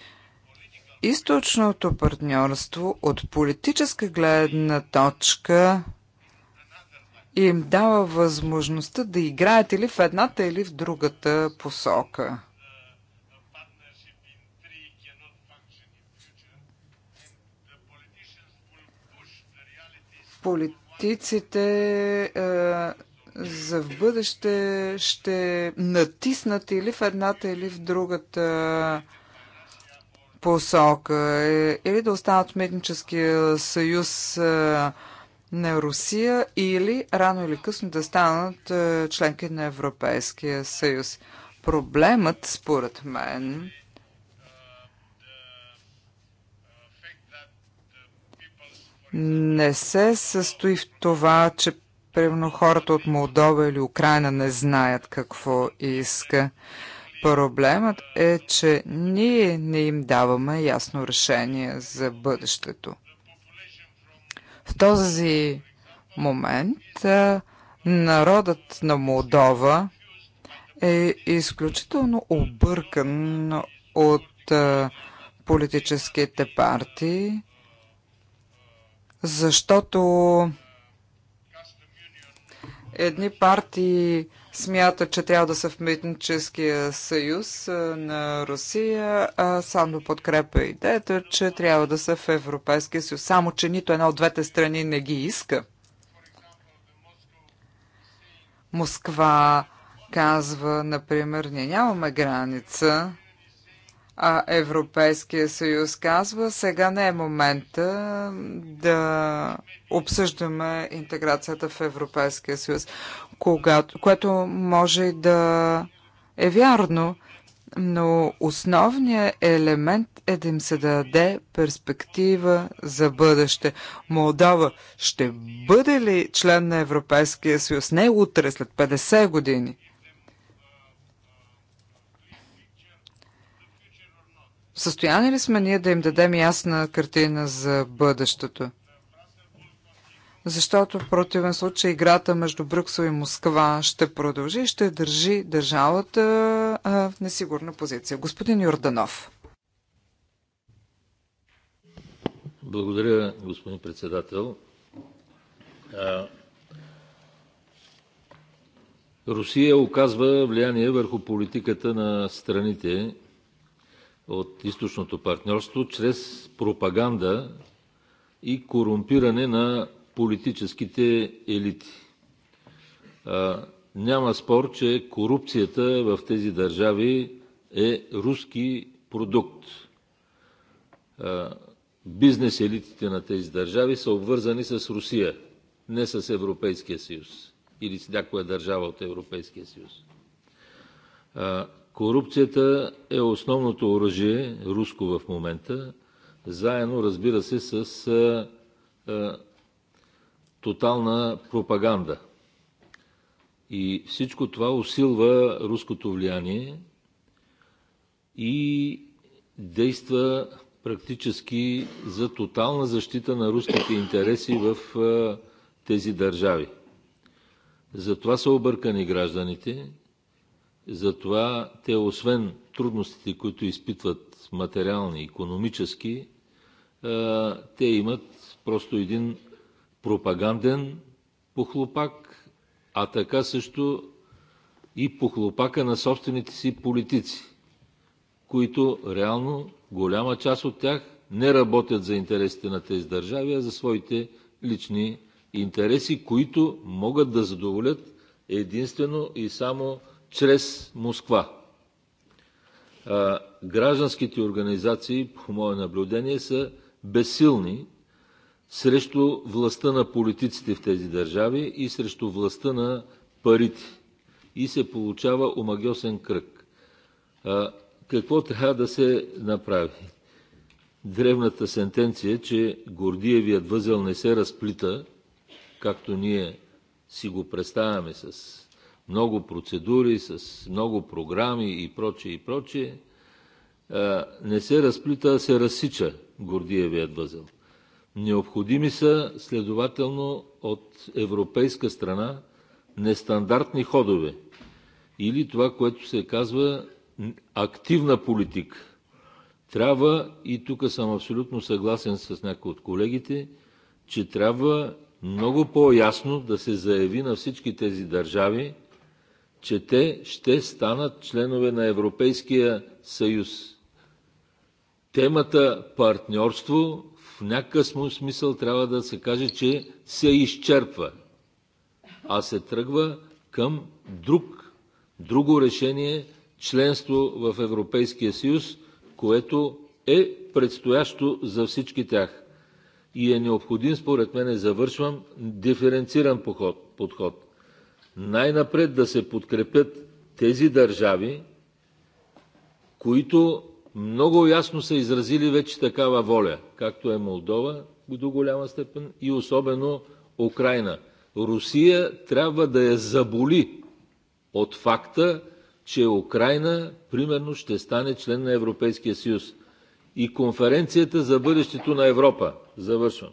източното партньорство от политическа гледна точка им дава възможността да играят или в едната, или в другата посока. Политиците е, за в бъдеще ще натиснат или в едната, или в другата посока. Е, или да останат в Митническия съюз е, на Русия, или рано или късно да станат е, членки на Европейския съюз. Проблемът, според мен, не се състои в това, че Примерно хората от Молдова или Украина не знаят какво иска. Проблемът е, че ние не им даваме ясно решение за бъдещето. В този момент народът на Молдова е изключително объркан от политическите партии, защото Едни партии смятат, че трябва да са в митническия съюз на Русия, а само подкрепа идеята, че трябва да са в Европейския съюз. Само, че нито една от двете страни не ги иска. Москва казва, например, ние нямаме граница а Европейския съюз казва, сега не е момента да обсъждаме интеграцията в Европейския съюз, когато, което може да е вярно, но основният елемент е да им се даде перспектива за бъдеще. Молдова ще бъде ли член на Европейския съюз? Не утре, след 50 години. В състояние ли сме ние да им дадем ясна картина за бъдещето? Защото в противен случай играта между Брюксел и Москва ще продължи и ще държи държавата в несигурна позиция. Господин Йорданов. Благодаря, господин председател. Русия оказва влияние върху политиката на страните от източното партньорство чрез пропаганда и корумпиране на политическите елити. Няма спор, че корупцията в тези държави е руски продукт. Бизнес елитите на тези държави са обвързани с Русия, не с Европейския съюз или с някоя държава от Европейския съюз. Корупцията е основното оръжие, руско в момента, заедно, разбира се, с тотална пропаганда. И всичко това усилва руското влияние и действа практически за тотална защита на руските интереси в тези държави. Затова са объркани гражданите, затова те, освен трудностите, които изпитват материални, економически, те имат просто един пропаганден похлопак, а така също и похлопака на собствените си политици, които реално голяма част от тях не работят за интересите на тези държави, а за своите лични интереси, които могат да задоволят единствено и само чрез Москва. гражданските организации, по мое наблюдение, са безсилни срещу властта на политиците в тези държави и срещу властта на парите. И се получава омагиосен кръг. какво трябва да се направи? Древната сентенция, е, че Гордиевият възел не се разплита, както ние си го представяме с много процедури, с много програми и прочее, и прочее, не се разплита, а се разсича Гордиевият възел. Необходими са, следователно, от европейска страна нестандартни ходове или това, което се казва активна политика. Трябва, и тук съм абсолютно съгласен с някои от колегите, че трябва много по-ясно да се заяви на всички тези държави, че те ще станат членове на Европейския съюз. Темата партньорство в някакъв смисъл трябва да се каже, че се изчерпва, а се тръгва към друг, друго решение членство в Европейския съюз, което е предстоящо за всички тях. И е необходим, според мен, е завършвам, диференциран подход най-напред да се подкрепят тези държави, които много ясно са изразили вече такава воля, както е Молдова до голяма степен и особено Украина. Русия трябва да я заболи от факта, че Украина, примерно, ще стане член на Европейския съюз. И конференцията за бъдещето на Европа, завършвам,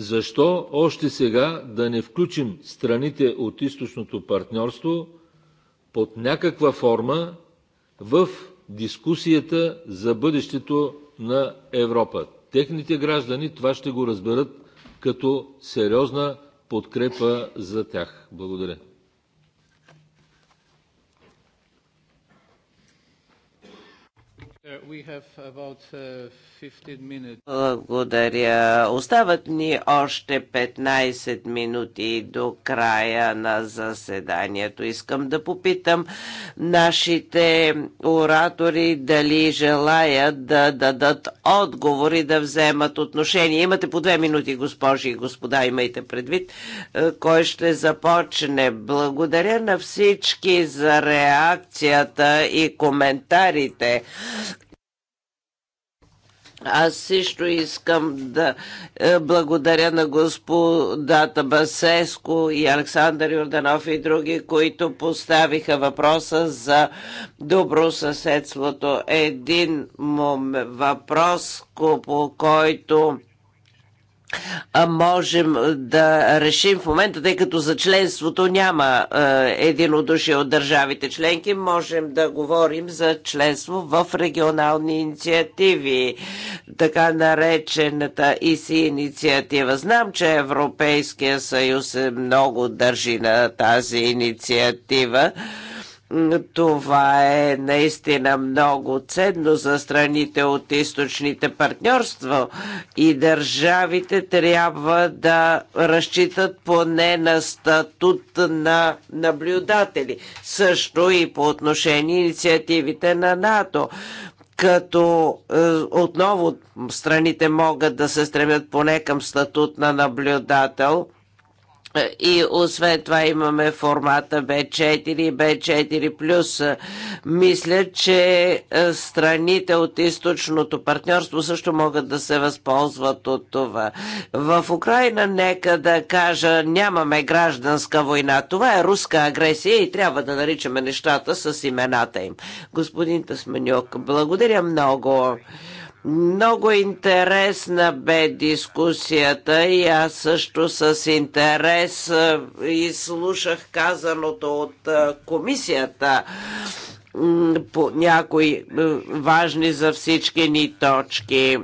защо още сега да не включим страните от източното партньорство под някаква форма в дискусията за бъдещето на Европа? Техните граждани това ще го разберат като сериозна подкрепа за тях. Благодаря. Uh, uh, Благодаря. Остават ни още 15 минути до края на заседанието. Искам да попитам нашите оратори дали желаят да дадат отговори, да вземат отношение. Имате по две минути, госпожи и господа, имайте предвид. Е, кой ще започне? Благодаря на всички за реакцията и коментарите. Аз също искам да е, благодаря на господата Басеско и Александър Йорданов и други, които поставиха въпроса за добросъседството. Един въпрос, по който можем да решим в момента, тъй като за членството няма единодушие от държавите членки, можем да говорим за членство в регионални инициативи, така наречената ИСИ инициатива. Знам, че Европейския съюз е много държи на тази инициатива. Това е наистина много ценно за страните от източните партньорства и държавите трябва да разчитат поне на статут на наблюдатели. Също и по отношение инициативите на НАТО като е, отново страните могат да се стремят поне към статут на наблюдател – е, и освен това имаме формата B4, B4+. Е, мисля, че е, страните от източното партньорство също могат да се възползват от това. В Украина, нека да кажа, нямаме гражданска война. Това е руска агресия и трябва да наричаме нещата с имената им. Господин Тасманюк, благодаря много. Много интересна бе дискусията и аз също с интерес изслушах казаното от комисията по някои важни за всички ни точки.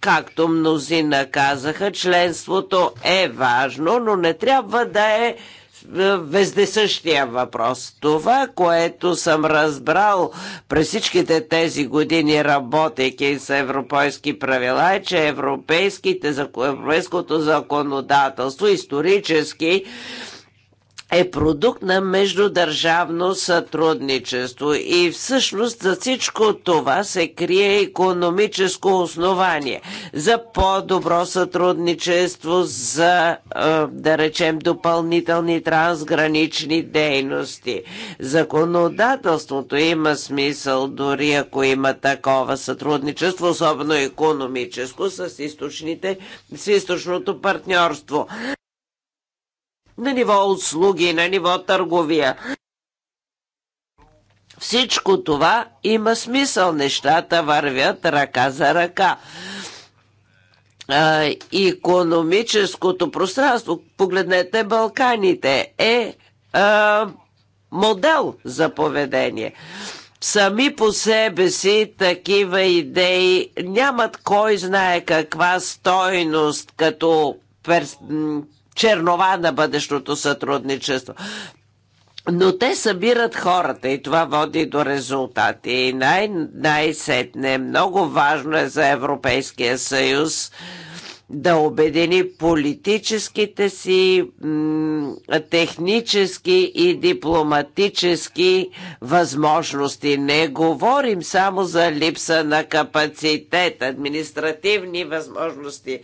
Както мнозина казаха, членството е важно, но не трябва да е вездесъщия въпрос. Това, което съм разбрал през всичките тези години, работейки с европейски правила, е, че европейските, европейското законодателство исторически е продукт на междудържавно сътрудничество и всъщност за всичко това се крие економическо основание за по-добро сътрудничество, за е, да речем допълнителни трансгранични дейности. Законодателството има смисъл дори ако има такова сътрудничество, особено економическо с, източните, с източното партньорство на ниво услуги, на ниво търговия. Всичко това има смисъл. Нещата вървят ръка за ръка. Икономическото пространство, погледнете Балканите, е а, модел за поведение. Сами по себе си такива идеи нямат кой знае каква стойност като чернова на бъдещото сътрудничество. Но те събират хората и това води до резултати. И най- най-сетне, много важно е за Европейския съюз да обедини политическите си, технически и дипломатически възможности. Не говорим само за липса на капацитет, административни възможности,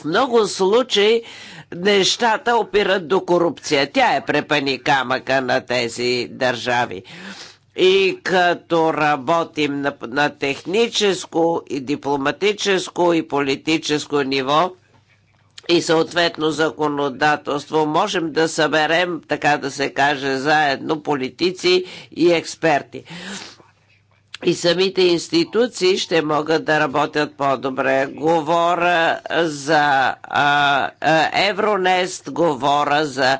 в много случаи нещата опират до корупция. Тя е препани камъка на тези държави. И като работим на, на техническо и дипломатическо и политическо ниво, и съответно законодателство, можем да съберем, така да се каже, заедно политици и експерти и самите институции ще могат да работят по-добре. Говоря за Евронест, говоря за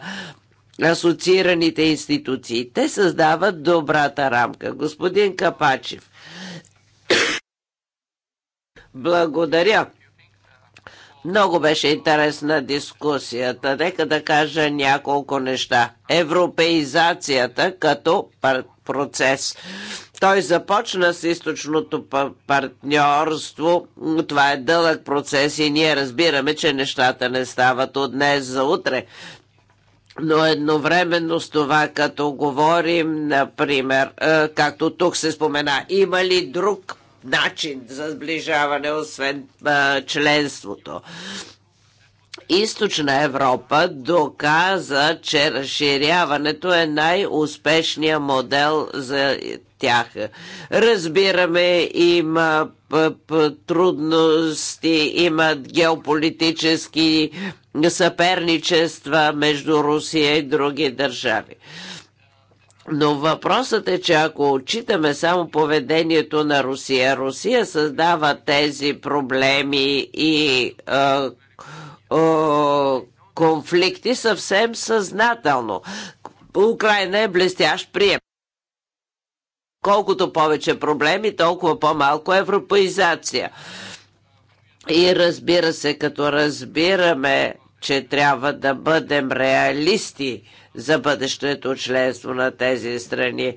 асоциираните институции. Те създават добрата рамка. Господин Капачев, благодаря. Много беше интересна дискусията. Нека да кажа няколко неща. Европеизацията като процес той започна с източното партньорство. Това е дълъг процес и ние разбираме, че нещата не стават от днес за утре. Но едновременно с това, като говорим, например, е, както тук се спомена, има ли друг начин за сближаване, освен е, членството. Източна Европа доказа, че разширяването е най-успешният модел за тях. Разбираме, има трудности, имат геополитически съперничества между Русия и други държави. Но въпросът е, че ако отчитаме само поведението на Русия, Русия създава тези проблеми и конфликти съвсем съзнателно. Украина е блестящ прием. Колкото повече проблеми, толкова по-малко европеизация. И разбира се, като разбираме, че трябва да бъдем реалисти за бъдещето членство на тези страни,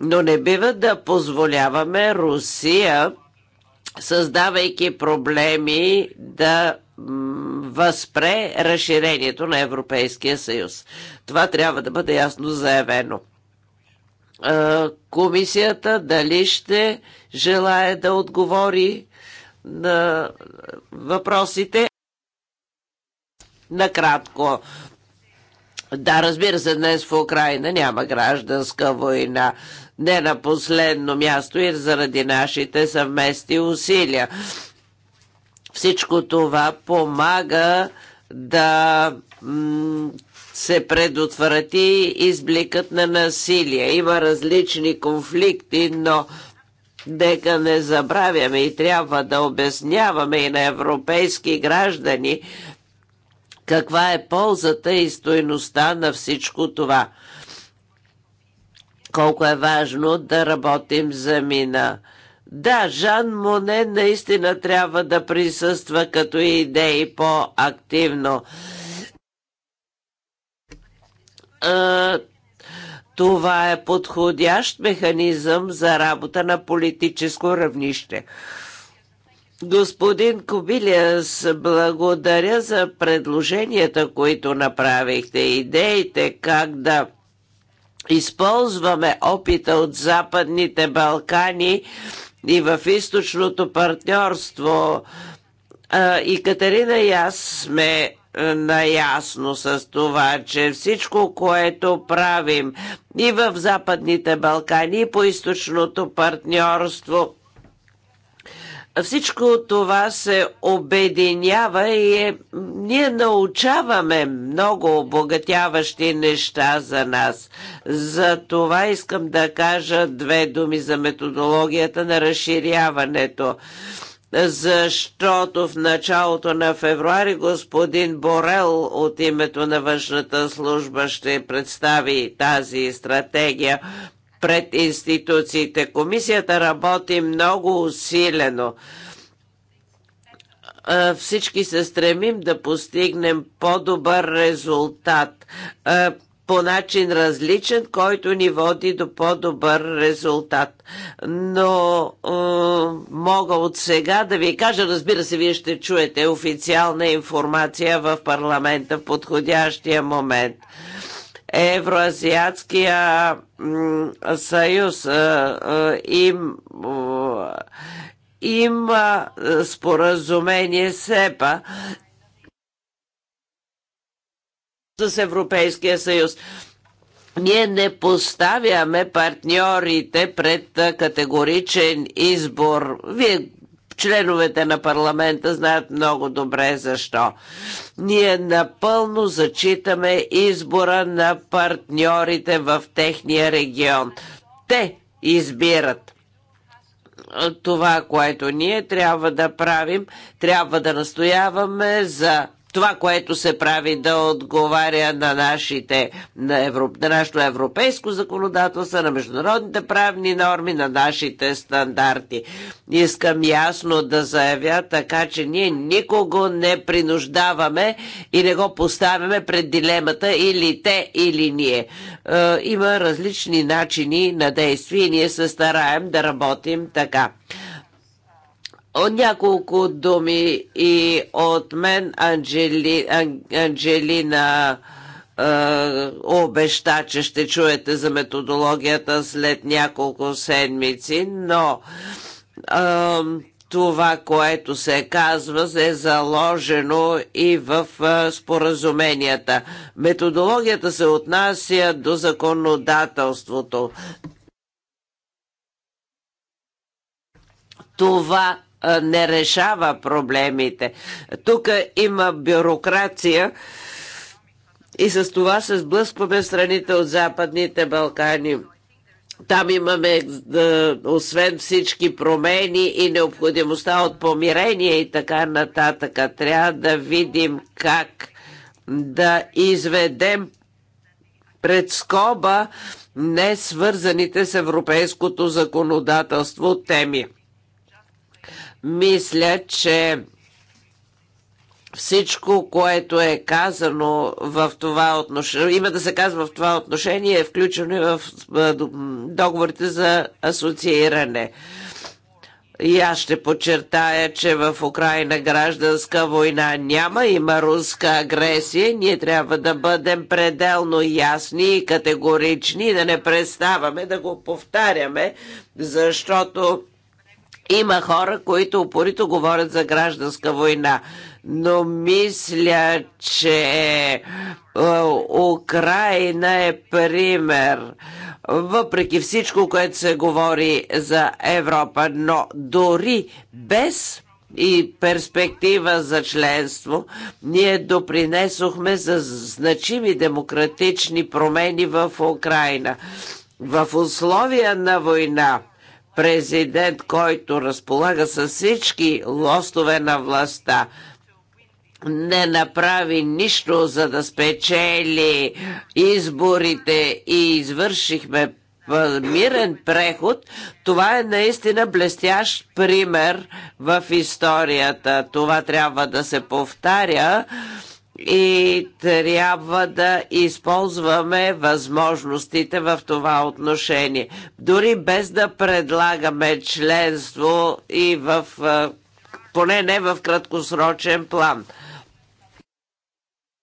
но не бива да позволяваме Русия, създавайки проблеми, да възпре разширението на Европейския съюз. Това трябва да бъде ясно заявено. Комисията дали ще желая да отговори на въпросите? Накратко. Да, разбира се, днес в Украина няма гражданска война. Не на последно място и заради нашите съвместни усилия. Всичко това помага да се предотврати избликът на насилие. Има различни конфликти, но Нека не забравяме и трябва да обясняваме и на европейски граждани каква е ползата и стойността на всичко това. Колко е важно да работим за мина. Да, Жан Моне наистина трябва да присъства като идеи по-активно. Това е подходящ механизъм за работа на политическо равнище. Господин Кобилиас, благодаря за предложенията, които направихте, идеите как да използваме опита от Западните Балкани и в източното партньорство. И Катерина и аз сме наясно с това, че всичко, което правим и в Западните Балкани, и по източното партньорство, всичко това се обединява и е, ние научаваме много обогатяващи неща за нас. За това искам да кажа две думи за методологията на разширяването защото в началото на февруари господин Борел от името на външната служба ще представи тази стратегия пред институциите. Комисията работи много усилено всички се стремим да постигнем по-добър резултат по начин различен, който ни води до по-добър резултат. Но е, мога от сега да ви кажа, разбира се, вие ще чуете официална информация в парламента в подходящия момент. Е, Евроазиатския съюз им има споразумение СЕПА с Европейския съюз. Ние не поставяме партньорите пред категоричен избор. Вие Членовете на парламента знаят много добре защо. Ние напълно зачитаме избора на партньорите в техния регион. Те избират това, което ние трябва да правим, трябва да настояваме за това, което се прави да отговаря на, нашите, на, евро, на нашето европейско законодателство, на международните правни норми, на нашите стандарти. Искам ясно да заявя, така че ние никого не принуждаваме и не го поставяме пред дилемата или те, или ние. Е, има различни начини на действие и ние се стараем да работим така. От няколко думи и от мен Анджели, Анджелина обеща, че ще чуете за методологията след няколко седмици, но е, това, което се казва, е заложено и в е, споразуменията. Методологията се отнася до законодателството. Това не решава проблемите. Тук има бюрокрация и с това се сблъскваме страните от Западните Балкани. Там имаме, освен всички промени и необходимостта от помирение и така нататък, трябва да видим как да изведем пред скоба не свързаните с европейското законодателство теми. Мисля, че всичко, което е казано в това отношение, има да се казва в това отношение, е включено и в договорите за асоцииране. И аз ще подчертая, че в Украина гражданска война няма, има руска агресия. Ние трябва да бъдем пределно ясни и категорични, да не преставаме да го повтаряме, защото има хора, които упорито говорят за гражданска война, но мисля, че е, Украина е пример. Въпреки всичко, което се говори за Европа, но дори без и перспектива за членство, ние допринесохме за значими демократични промени в Украина. В условия на война президент, който разполага с всички лостове на властта, не направи нищо, за да спечели изборите и извършихме мирен преход, това е наистина блестящ пример в историята. Това трябва да се повтаря и трябва да използваме възможностите в това отношение. Дори без да предлагаме членство и в, поне не в краткосрочен план.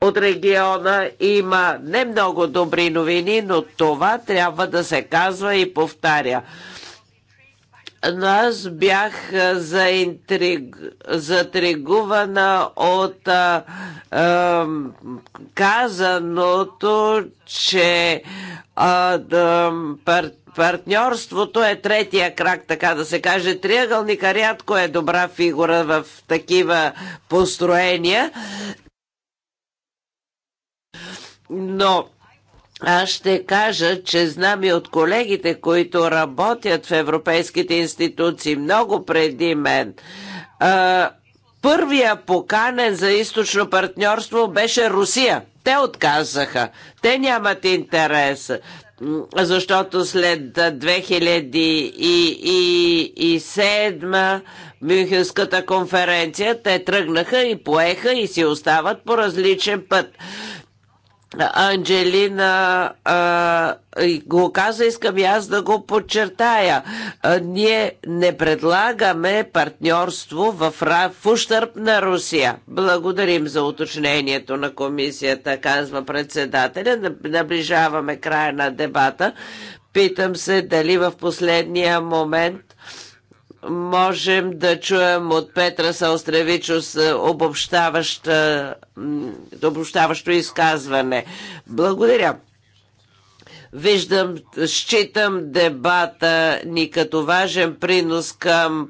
От региона има не много добри новини, но това трябва да се казва и повтаря но аз бях заинтриг... затригувана от а, а, казаното, че а, да, пар... партньорството е третия крак, така да се каже. Триъгълника рядко е добра фигура в такива построения. Но аз ще кажа, че знам и от колегите, които работят в европейските институции много преди мен. първия поканен за източно партньорство беше Русия. Те отказаха. Те нямат интерес защото след 2007 Мюнхенската конференция те тръгнаха и поеха и си остават по различен път. Анджелина а, го каза, искам и аз да го подчертая. А, ние не предлагаме партньорство в, в ущърп на Русия. Благодарим за уточнението на комисията, казва председателя. Наближаваме края на дебата. Питам се дали в последния момент можем да чуем от Петра Саустревичус е, обобщаващо изказване. Благодаря. Виждам, считам дебата ни като важен принос към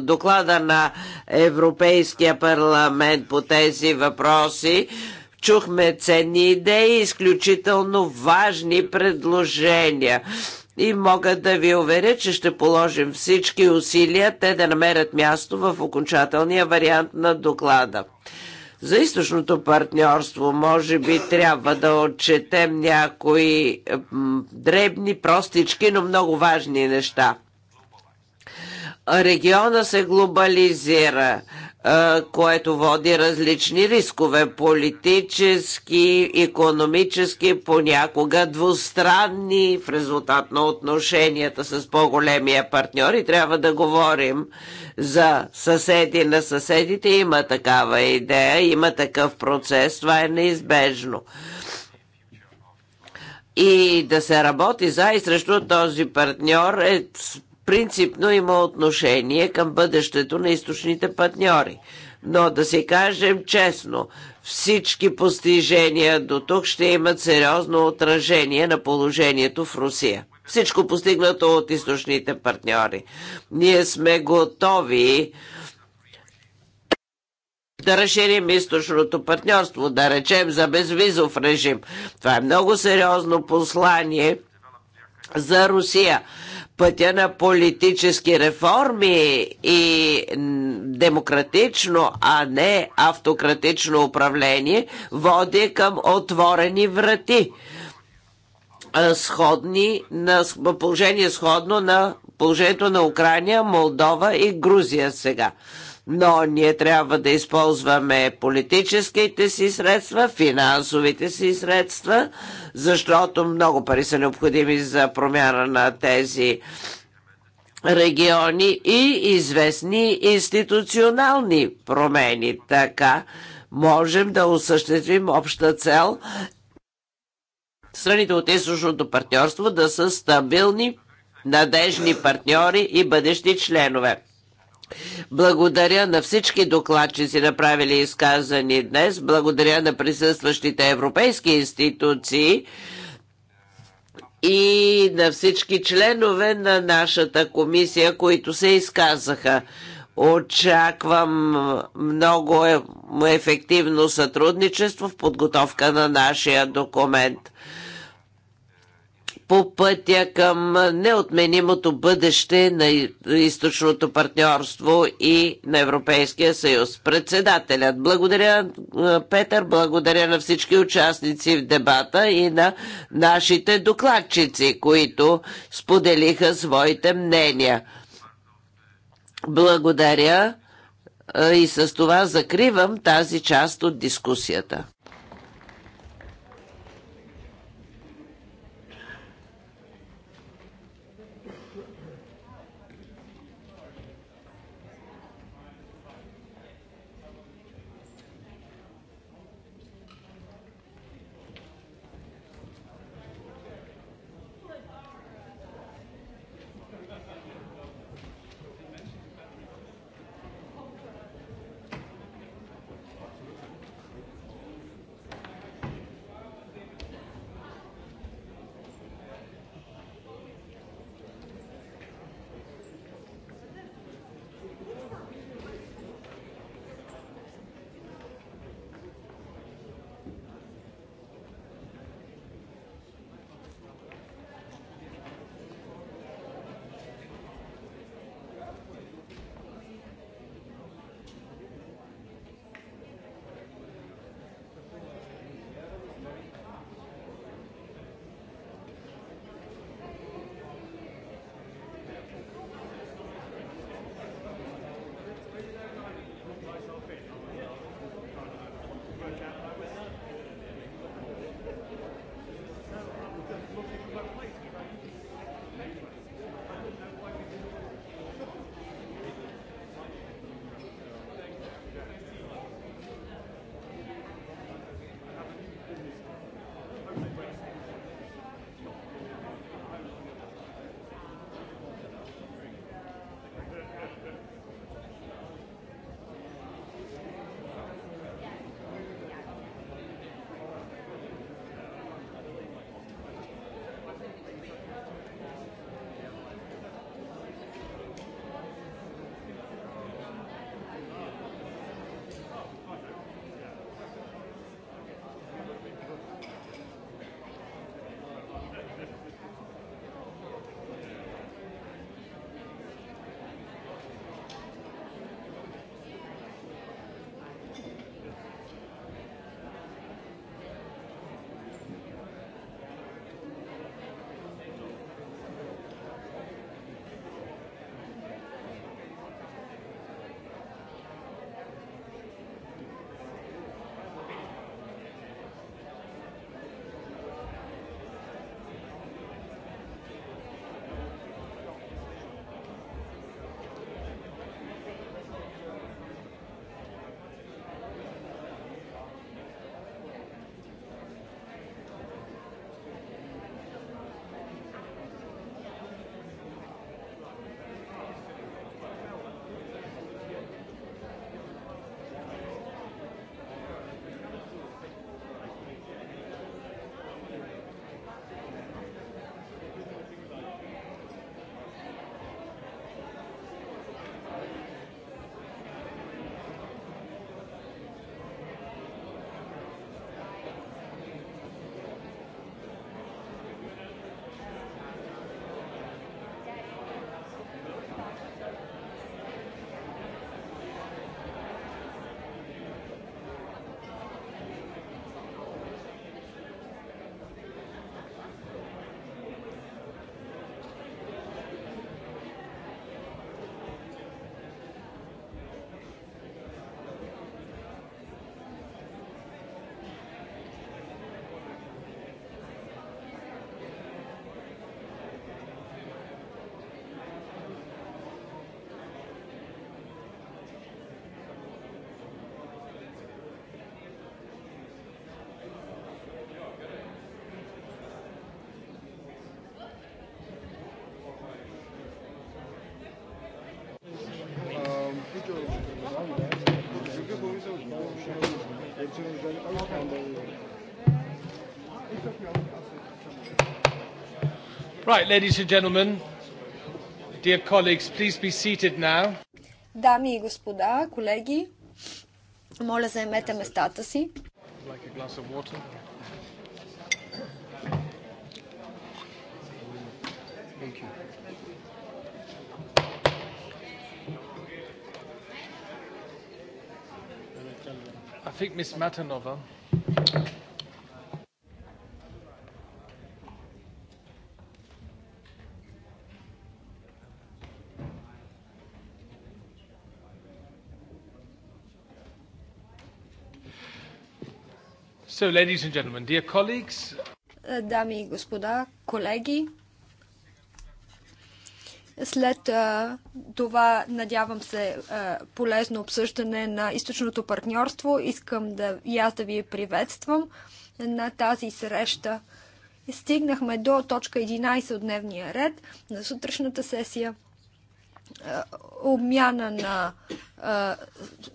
доклада на Европейския парламент по тези въпроси. Чухме ценни идеи, изключително важни предложения и мога да ви уверя, че ще положим всички усилия те да намерят място в окончателния вариант на доклада. За източното партньорство може би трябва да отчетем някои дребни, простички, но много важни неща. Региона се глобализира което води различни рискове политически, економически, понякога двустранни в резултат на отношенията с по-големия партньор и трябва да говорим за съседи на съседите. Има такава идея, има такъв процес, това е неизбежно и да се работи за и срещу този партньор е принципно има отношение към бъдещето на източните партньори. Но да си кажем честно, всички постижения до тук ще имат сериозно отражение на положението в Русия. Всичко постигнато от източните партньори. Ние сме готови да разширим източното партньорство, да речем за безвизов режим. Това е много сериозно послание за Русия пътя на политически реформи и демократично, а не автократично управление, води към отворени врати. Сходни на положение сходно на положението на Украина, Молдова и Грузия сега но ние трябва да използваме политическите си средства, финансовите си средства, защото много пари са необходими за промяна на тези региони и известни институционални промени. Така можем да осъществим обща цел страните от източното партньорство да са стабилни, надежни партньори и бъдещи членове. Благодаря на всички докладчици, направили изказани днес. Благодаря на присъстващите европейски институции и на всички членове на нашата комисия, които се изказаха. Очаквам много ефективно сътрудничество в подготовка на нашия документ по пътя към неотменимото бъдеще на източното партньорство и на Европейския съюз. Председателят, благодаря Петър, благодаря на всички участници в дебата и на нашите докладчици, които споделиха своите мнения. Благодаря и с това закривам тази част от дискусията. Right, ladies and gentlemen, dear colleagues, please be seated now. Дами и господа, колеги, моля заемете местата си. Like a glass of water. I think Miss Matanova. So, ladies and gentlemen, dear colleagues. Дами и господа, колеги, след това, надявам се, полезно обсъждане на източното партньорство, искам да и аз да ви приветствам на тази среща. Стигнахме до точка 11 от дневния ред на сутрешната сесия. Обмяна на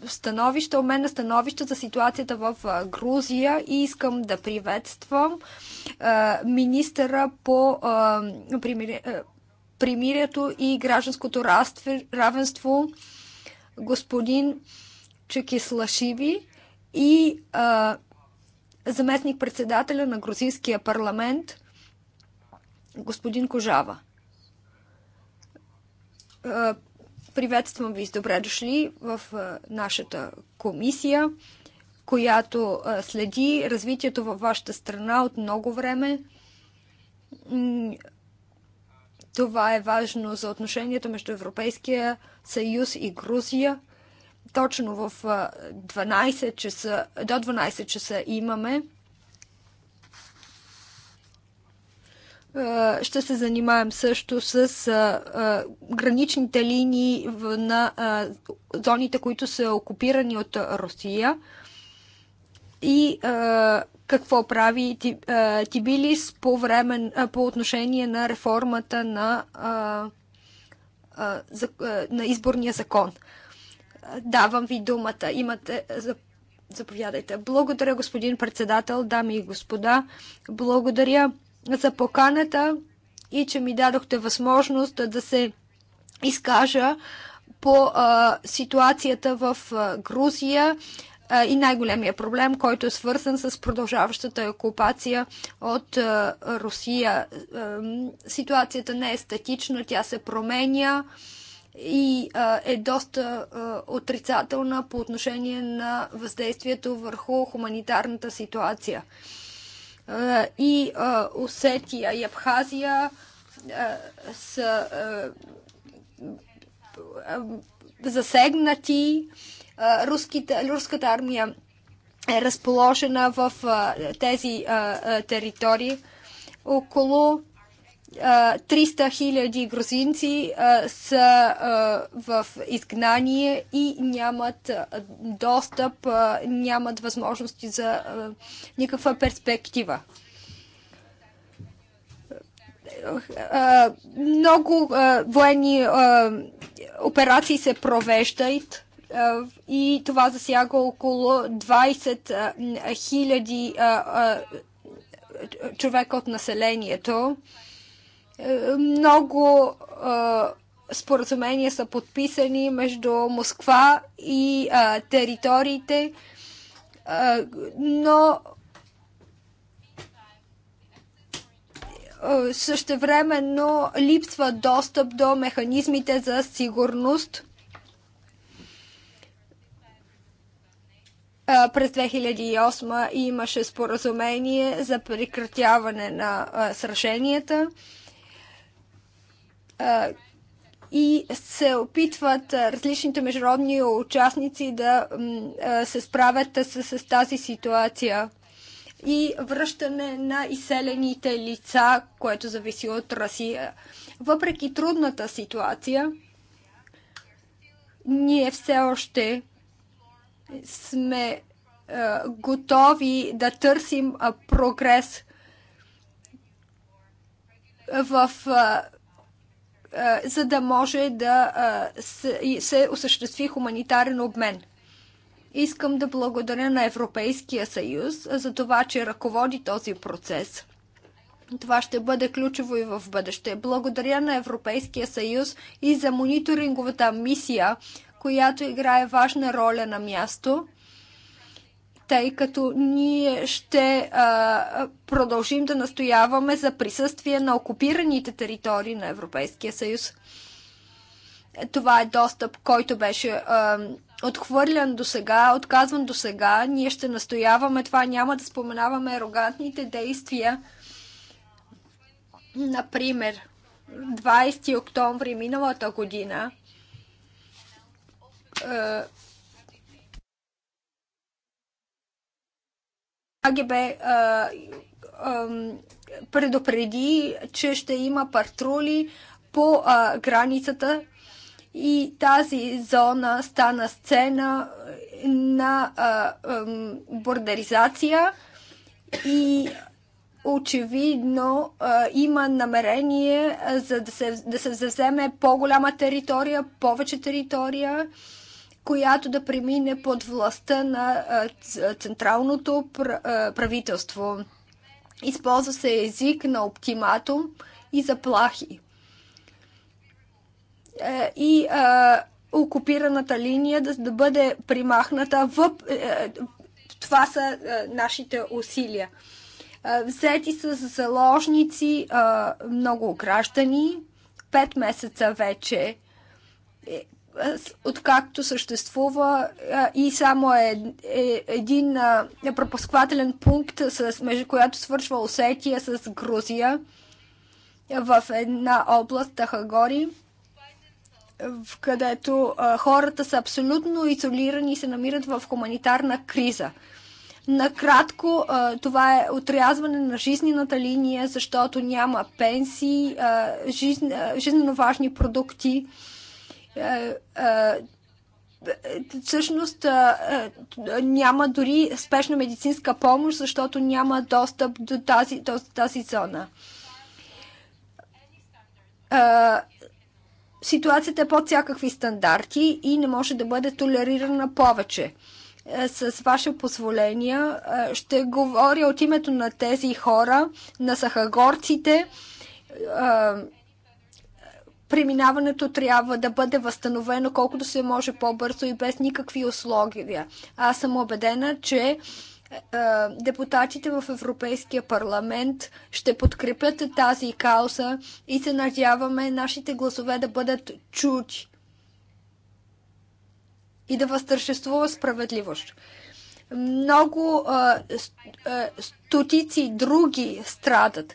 становища, обмен на становища за ситуацията в Грузия и искам да приветствам министъра по примирието и гражданското равенство господин Чекислашиви и а, заместник председателя на грузинския парламент господин Кожава. А, приветствам ви с добре дошли в а, нашата комисия, която а, следи развитието във вашата страна от много време това е важно за отношението между Европейския съюз и Грузия. Точно в 12 часа, до 12 часа имаме. Ще се занимаем също с граничните линии на зоните, които са окупирани от Русия и какво прави Тибилис по, време, по отношение на реформата на, на изборния закон. Давам ви думата. Имате, заповядайте. Благодаря, господин председател, дами и господа. Благодаря за поканата и че ми дадохте възможност да се изкажа по а, ситуацията в а, Грузия и най-големия проблем, който е свързан с продължаващата окупация от Русия. Ситуацията не е статична, тя се променя и е доста отрицателна по отношение на въздействието върху хуманитарната ситуация. И Осетия и Абхазия са засегнати руските, руската армия е разположена в тези територии. Около 300 хиляди грузинци са в изгнание и нямат достъп, нямат възможности за никаква перспектива много военни операции се провеждат и това засяга около 20 хиляди човека от населението. Е, много споразумения са подписани между Москва и териториите, но но времено липсва достъп до механизмите за сигурност През 2008 имаше споразумение за прекратяване на сраженията и се опитват различните международни участници да се справят с, с тази ситуация и връщане на изселените лица, което зависи от Русия. Въпреки трудната ситуация, ние все още сме е, готови да търсим е, прогрес в е, за да може да се осъществи хуманитарен обмен. Искам да благодаря на Европейския съюз за това, че ръководи този процес. Това ще бъде ключово и в бъдеще. Благодаря на Европейския съюз и за мониторинговата мисия която играе важна роля на място, тъй като ние ще а, продължим да настояваме за присъствие на окупираните територии на Европейския съюз. Това е достъп, който беше а, отхвърлян до сега, отказван до сега. Ние ще настояваме това, няма да споменаваме арогантните действия. Например, 20 октомври миналата година АГБ предупреди, че ще има патрули по а, границата и тази зона стана сцена на а, а, бордеризация и очевидно а, има намерение за да се, да се вземе по-голяма територия, повече територия. А, която да премине под властта на централното правителство. Използва се език на оптиматум и заплахи. Е, и окупираната линия да, да бъде примахната. в... Е, е, това са нашите усилия. Взети са заложници много граждани. Пет месеца вече е, откакто съществува е, и само е, е един е, пропусквателен пункт, с, между която свършва Осетия с Грузия в една област Тахагори, в където е, хората са абсолютно изолирани и се намират в хуманитарна криза. Накратко, това е отрязване на жизнената линия, защото няма пенсии, жизненно важни продукти, всъщност няма дори спешна медицинска помощ, защото няма достъп до тази, до тази зона. Ситуацията е под всякакви стандарти и не може да бъде толерирана повече. С ваше позволение ще говоря от името на тези хора, на сахагорците, преминаването трябва да бъде възстановено колкото се може по-бързо и без никакви условия. Аз съм убедена, че е, депутатите в Европейския парламент ще подкрепят тази кауза и се надяваме нашите гласове да бъдат чути и да възтържествува справедливост. Много е, е, стотици други страдат.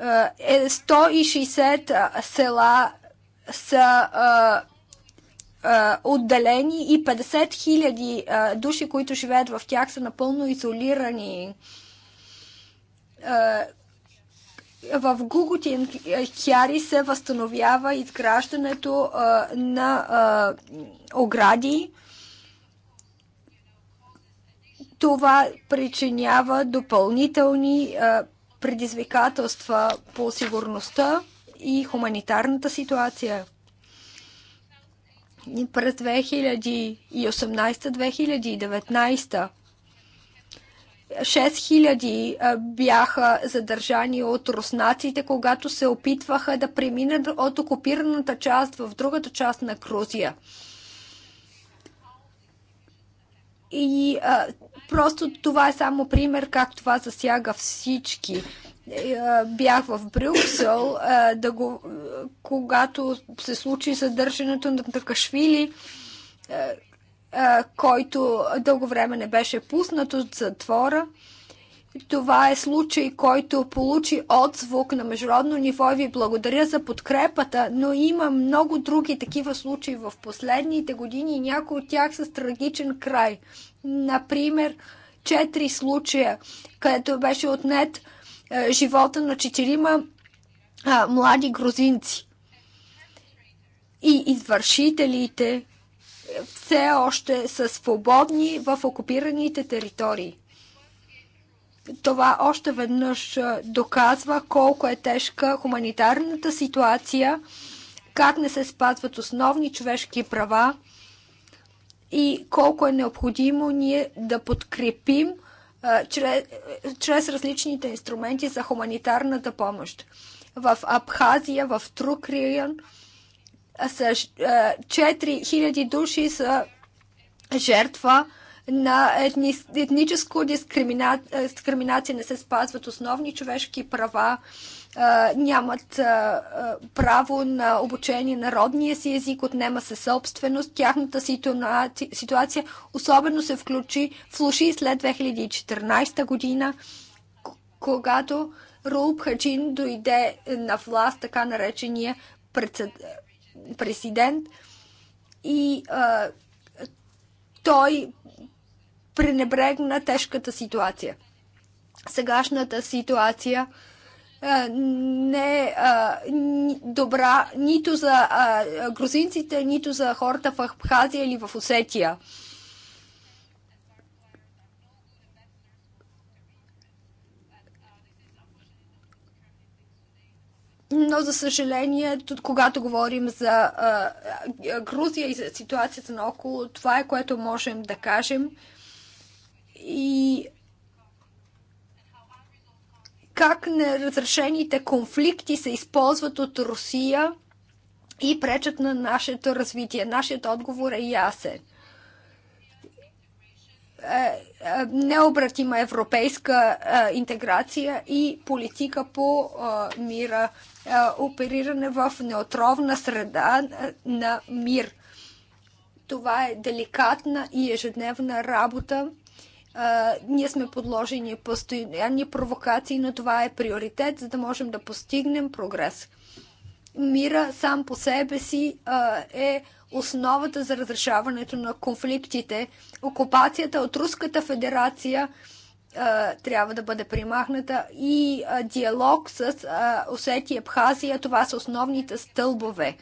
160 е, села са отделени и 50 хиляди души, които живеят в тях, са напълно изолирани. В Гугутин Хяри се възстановява изграждането на огради. Това причинява допълнителни предизвикателства по сигурността и хуманитарната ситуация. През 2018-2019 6000 бяха задържани от руснаците, когато се опитваха да преминат от окупираната част в другата част на Крузия. И а, просто това е само пример как това засяга всички. Е, бях в Брюксел, а, да го, когато се случи задържането на Такашвили, е, е, който дълго време не беше пуснат от затвора. Това е случай, който получи отзвук на международно ниво и ви благодаря за подкрепата, но има много други такива случаи в последните години и някои от тях с трагичен край. Например, четири случая, където беше отнет е, живота на четирима млади грузинци. И извършителите е, все още са свободни в окупираните територии това още веднъж доказва колко е тежка хуманитарната ситуация, как не се спазват основни човешки права и колко е необходимо ние да подкрепим а, чрез, чрез различните инструменти за хуманитарната помощ. В Абхазия, в Трукриян, с 4000 души са жертва на етни, етническо дискримина, е, дискриминация, не се спазват основни човешки права, нямат право на обучение на родния си език, отнема се собственост. Тяхната ситуация особено се включи, в Луши след 2014 година, когато Руб Хаджин дойде на власт, така наречения президент и а, той пренебрегна тежката ситуация. Сегашната ситуация не е добра нито за грузинците, нито за хората в Абхазия или в Осетия. Но, за съжаление, когато говорим за а, Грузия и за ситуацията наоколо, това е което можем да кажем и как неразрешените конфликти се използват от Русия и пречат на нашето развитие. Нашият отговор е ясен. Е, е, необратима европейска е, интеграция и политика по мира, опериране в неотровна среда на мир. Това е деликатна и ежедневна работа а, ние сме подложени постоянни провокации, но това е приоритет, за да можем да постигнем прогрес. Мира сам по себе си а, е основата за разрешаването на конфликтите. Окупацията от Руската федерация а, трябва да бъде примахната и а, диалог с а, Осетия и Абхазия, това са основните стълбове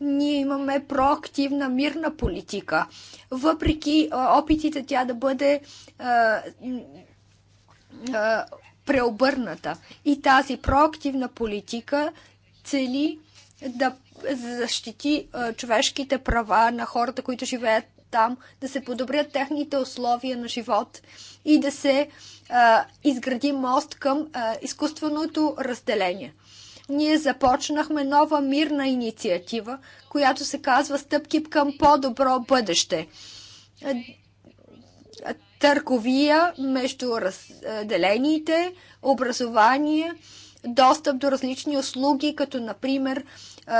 ние имаме проактивна мирна политика, въпреки опитите тя да бъде а, а, преобърната. И тази проактивна политика цели да защити а, човешките права на хората, които живеят там, да се подобрят техните условия на живот и да се а, изгради мост към а, изкуственото разделение ние започнахме нова мирна инициатива, която се казва Стъпки към по-добро бъдеще. Е, е, търговия между разделените, образование, достъп до различни услуги, като например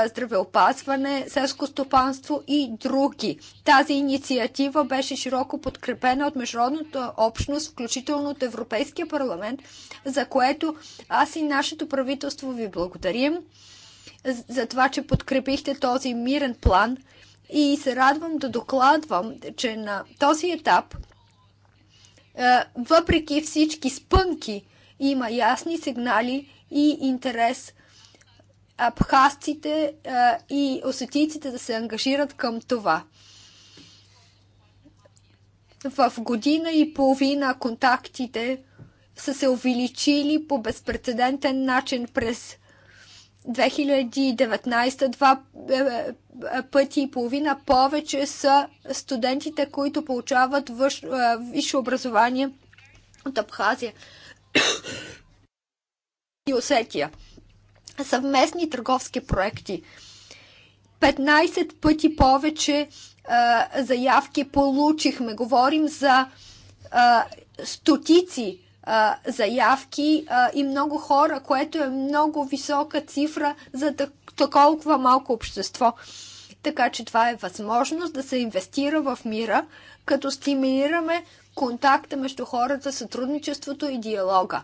здравеопазване, селско стопанство и други. Тази инициатива беше широко подкрепена от международната общност, включително от Европейския парламент, за което аз и нашето правителство ви благодарим за това, че подкрепихте този мирен план и се радвам да докладвам, че на този етап, въпреки всички спънки, има ясни сигнали и интерес абхазците а, и осетийците да се ангажират към това. В година и половина контактите са се увеличили по безпредседентен начин през 2019 два е, е, е, пъти и половина повече са студентите, които получават висше образование от Абхазия и Осетия съвместни търговски проекти. 15 пъти повече а, заявки получихме. Говорим за а, стотици а, заявки а, и много хора, което е много висока цифра за толкова малко общество. Така че това е възможност да се инвестира в мира, като стимулираме контакта между хората, сътрудничеството и диалога.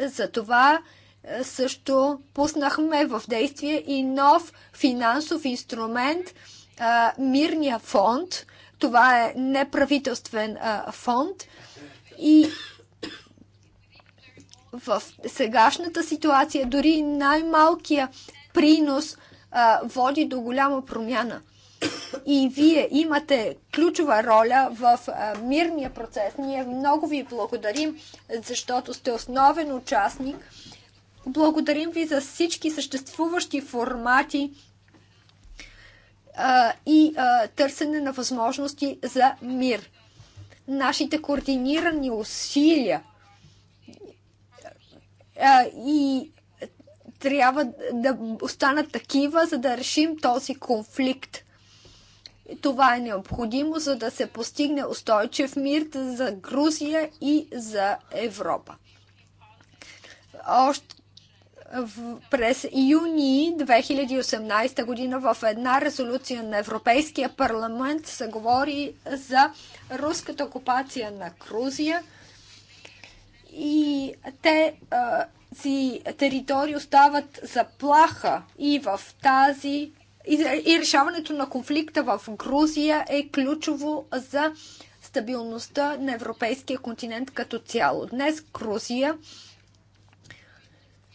Затова е, също пуснахме в действие и нов финансов инструмент е, Мирния фонд. Това е неправителствен е, фонд и в сегашната ситуация дори най-малкия принос води до голяма промяна. И вие имате ключова роля в мирния процес. Ние много ви благодарим, защото сте основен участник Благодарим ви за всички съществуващи формати а, и а, търсене на възможности за мир. Нашите координирани усилия а, и трябва да останат такива, за да решим този конфликт. Това е необходимо, за да се постигне устойчив мир за Грузия и за Европа. Още през юни 2018 година в една резолюция на Европейския парламент се говори за руската окупация на Крузия. и те си територии остават заплаха и в тази и, и решаването на конфликта в Грузия е ключово за стабилността на европейския континент като цяло. Днес Грузия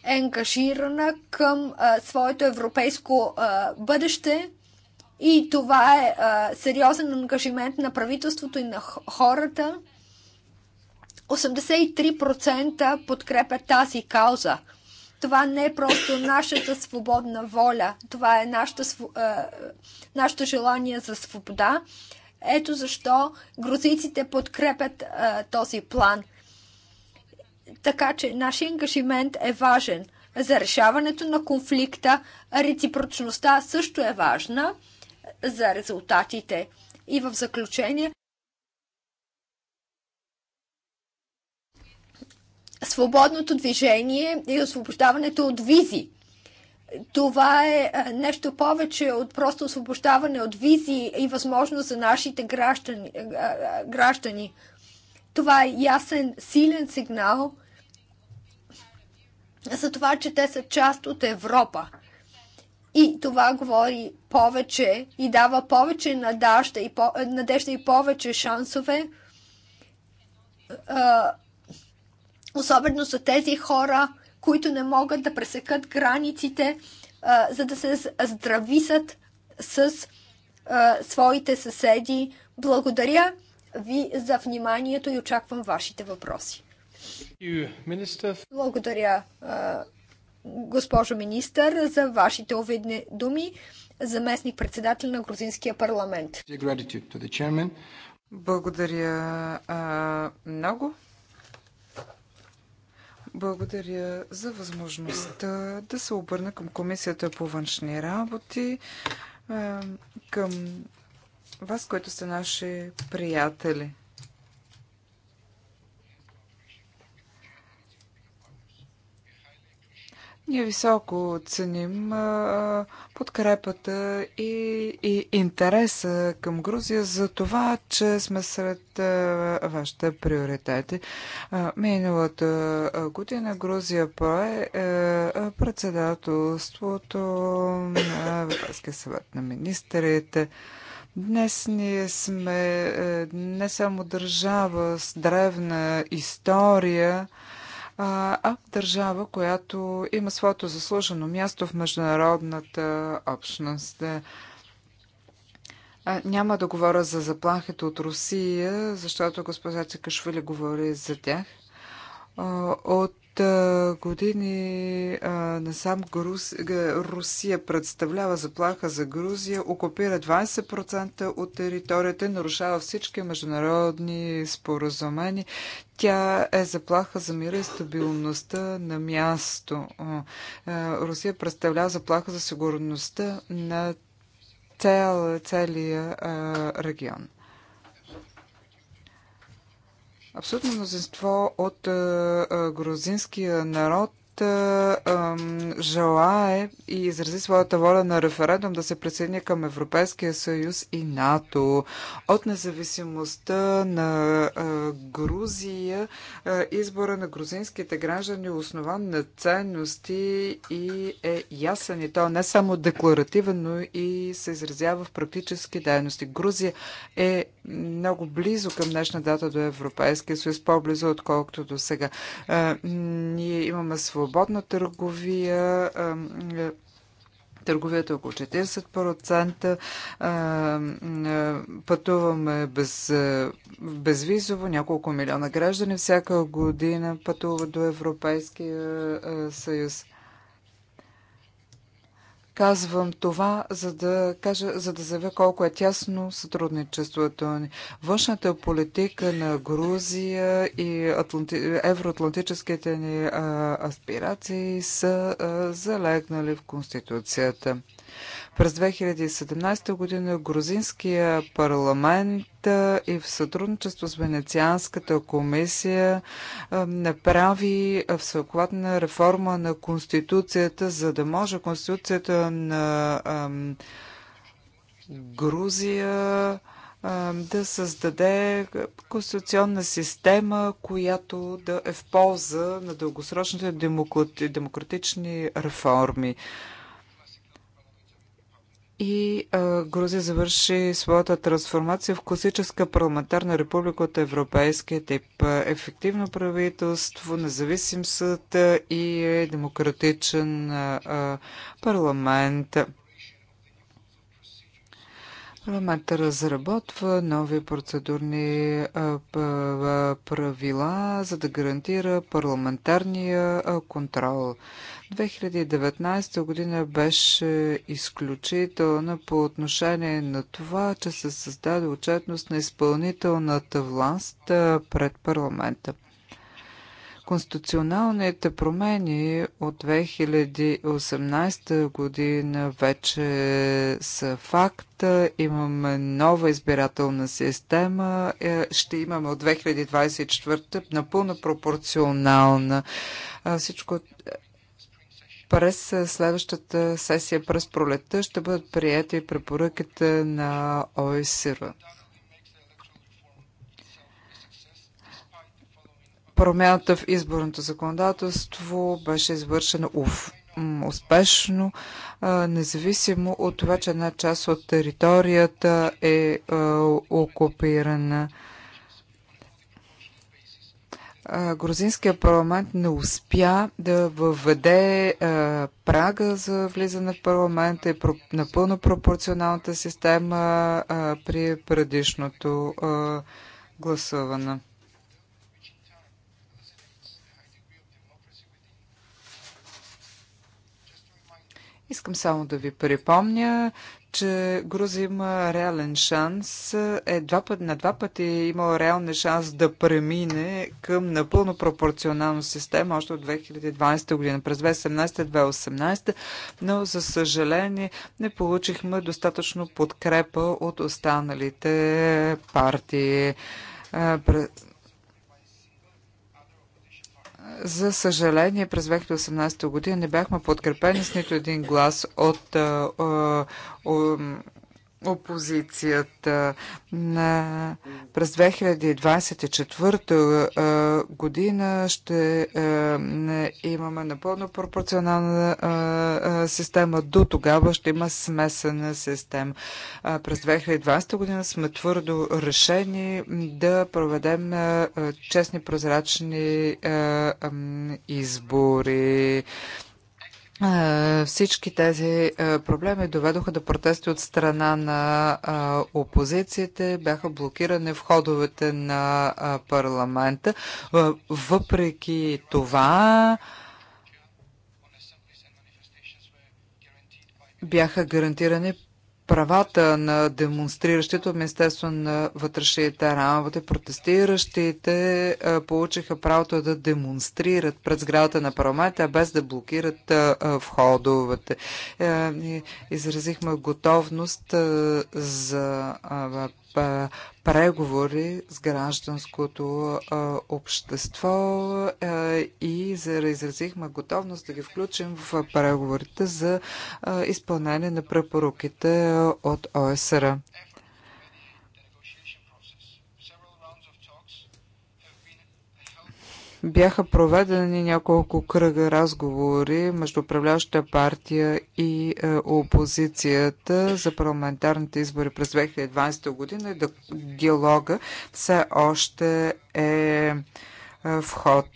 ангажирана към а, своето европейско а, бъдеще и това е а, сериозен ангажимент на правителството и на хората. 83% подкрепят тази кауза. Това не е просто нашата свободна воля, това е нашата, а, нашето желание за свобода. Ето защо грузиците подкрепят а, този план – така че нашия ангажимент е важен. За решаването на конфликта реципрочността също е важна за резултатите. И в заключение, свободното движение и освобождаването от визи. Това е, е нещо повече от просто освобождаване от визи и възможност за нашите граждани. Е, е, граждани. Това е ясен, силен сигнал за това, че те са част от Европа. И това говори повече и дава повече надежда и, по, надежда и повече шансове, а, особено за тези хора, които не могат да пресекат границите, а, за да се здрависат с а, своите съседи. Благодаря ви за вниманието и очаквам вашите въпроси. Благодаря, госпожо министър, за вашите уведни думи, заместник председател на Грузинския парламент. Благодаря много. Благодаря за възможността да се обърна към Комисията по външни работи, към вас, които сте наши приятели. Ние високо ценим подкрепата и, и интереса към Грузия за това, че сме сред вашите приоритети. Миналата година Грузия пое е, е, председателството на Европейския съвет на министрите. Днес ние сме е, не само държава с древна история, а държава, която има своето заслужено място в международната общност. Е, няма да говоря за заплахите от Русия, защото госпожа Цикашвили говори за тях. От години а, насам Груз, Русия представлява заплаха за Грузия, окупира 20% от територията, нарушава всички международни споразумени. Тя е заплаха за мира и стабилността на място. А, Русия представлява заплаха за сигурността на цел, целия а, регион. Абсолютно мнозинство от грузинския народ желае и изрази своята воля на референдум да се присъедини към Европейския съюз и НАТО. От независимостта на Грузия, избора на грузинските граждани е основан на ценности и е ясен. И то не само декларативен, но и се изразява в практически дейности. Грузия е много близо към днешна дата до Европейския съюз, по-близо отколкото до сега. Ние имаме свобода свободна търговия, е, търговията е около 40%, е, пътуваме без, безвизово, няколко милиона граждани всяка година пътуват до Европейския съюз. Казвам това, за да, кажа, за да заявя колко е тясно сътрудничеството ни. Външната политика на Грузия и атланти... евроатлантическите ни а, аспирации са а, залегнали в Конституцията. През 2017 година грузинския парламент и в сътрудничество с Венецианската комисия направи всеобхватна реформа на Конституцията, за да може Конституцията на Грузия да създаде конституционна система, която да е в полза на дългосрочните демократични реформи и а, Грузия завърши своята трансформация в класическа парламентарна република от европейския тип. Ефективно правителство, независим съд и е демократичен а, парламент. Парламентът разработва нови процедурни правила, за да гарантира парламентарния контрол. 2019 година беше изключителна по отношение на това, че се създаде отчетност на изпълнителната власт пред парламента. Конституционалните промени от 2018 година вече са факт. Имаме нова избирателна система. Е, ще имаме от 2024 напълно пропорционална. Всичко е, през следващата сесия, през пролета ще бъдат прияти препоръките на ОСР. промяната в изборното законодателство беше извършена успешно, независимо от това, че една част от територията е окупирана. Грузинския парламент не успя да въведе прага за влизане в парламента и напълно пропорционалната система при предишното гласуване. Искам само да ви припомня, че Грузия има реален шанс, е два път, на два пъти е имала реален шанс да премине към напълно пропорционална система още от 2012 година, през 2017-2018, но за съжаление не получихме достатъчно подкрепа от останалите партии е, за съжаление, през 2018 година не бяхме подкрепени с нито един глас от опозицията. На, през 2024 година ще имаме напълно пропорционална система. До тогава ще има смесена система. През 2020 година сме твърдо решени да проведем честни прозрачни избори. Е, всички тези е, проблеми доведоха до протести от страна на е, опозицията, бяха блокирани входовете на парламента. Въпреки това, бяха гарантирани правата на демонстриращите от Министерство на вътрешните работи. Протестиращите получиха правото да демонстрират пред сградата на парламента, без да блокират входовете. Е, изразихме готовност за преговори с гражданското общество и изразихме готовност да ги включим в преговорите за изпълнение на препоръките от ОСР. Е бяха проведени няколко кръга разговори между управляващата партия и е, опозицията за парламентарните избори през 2020 година и диалога все още е, е в ход.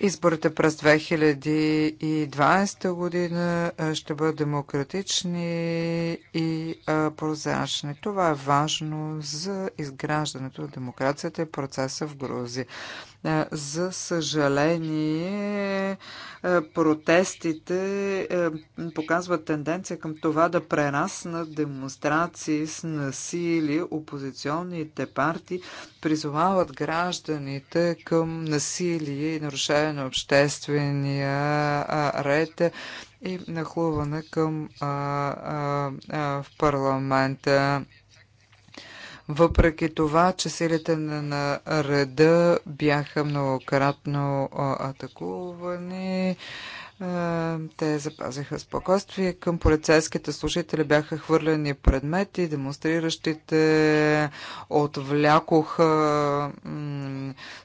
Изборите през 2020 година ще бъдат демократични и прозрачни. Това е важно за изграждането на демокрацията и процеса в Грузия. Е, за съжаление, е, протестите е, показват тенденция към това да прераснат демонстрации с насилие. Опозиционните партии призовават гражданите към насилие и нарушаване на обществения ред и нахлуване към а, а, а, в парламента въпреки това, че силите на, на реда бяха многократно атакувани. Те запазиха спокойствие. Към полицейските служители бяха хвърлени предмети, демонстриращите отвлякоха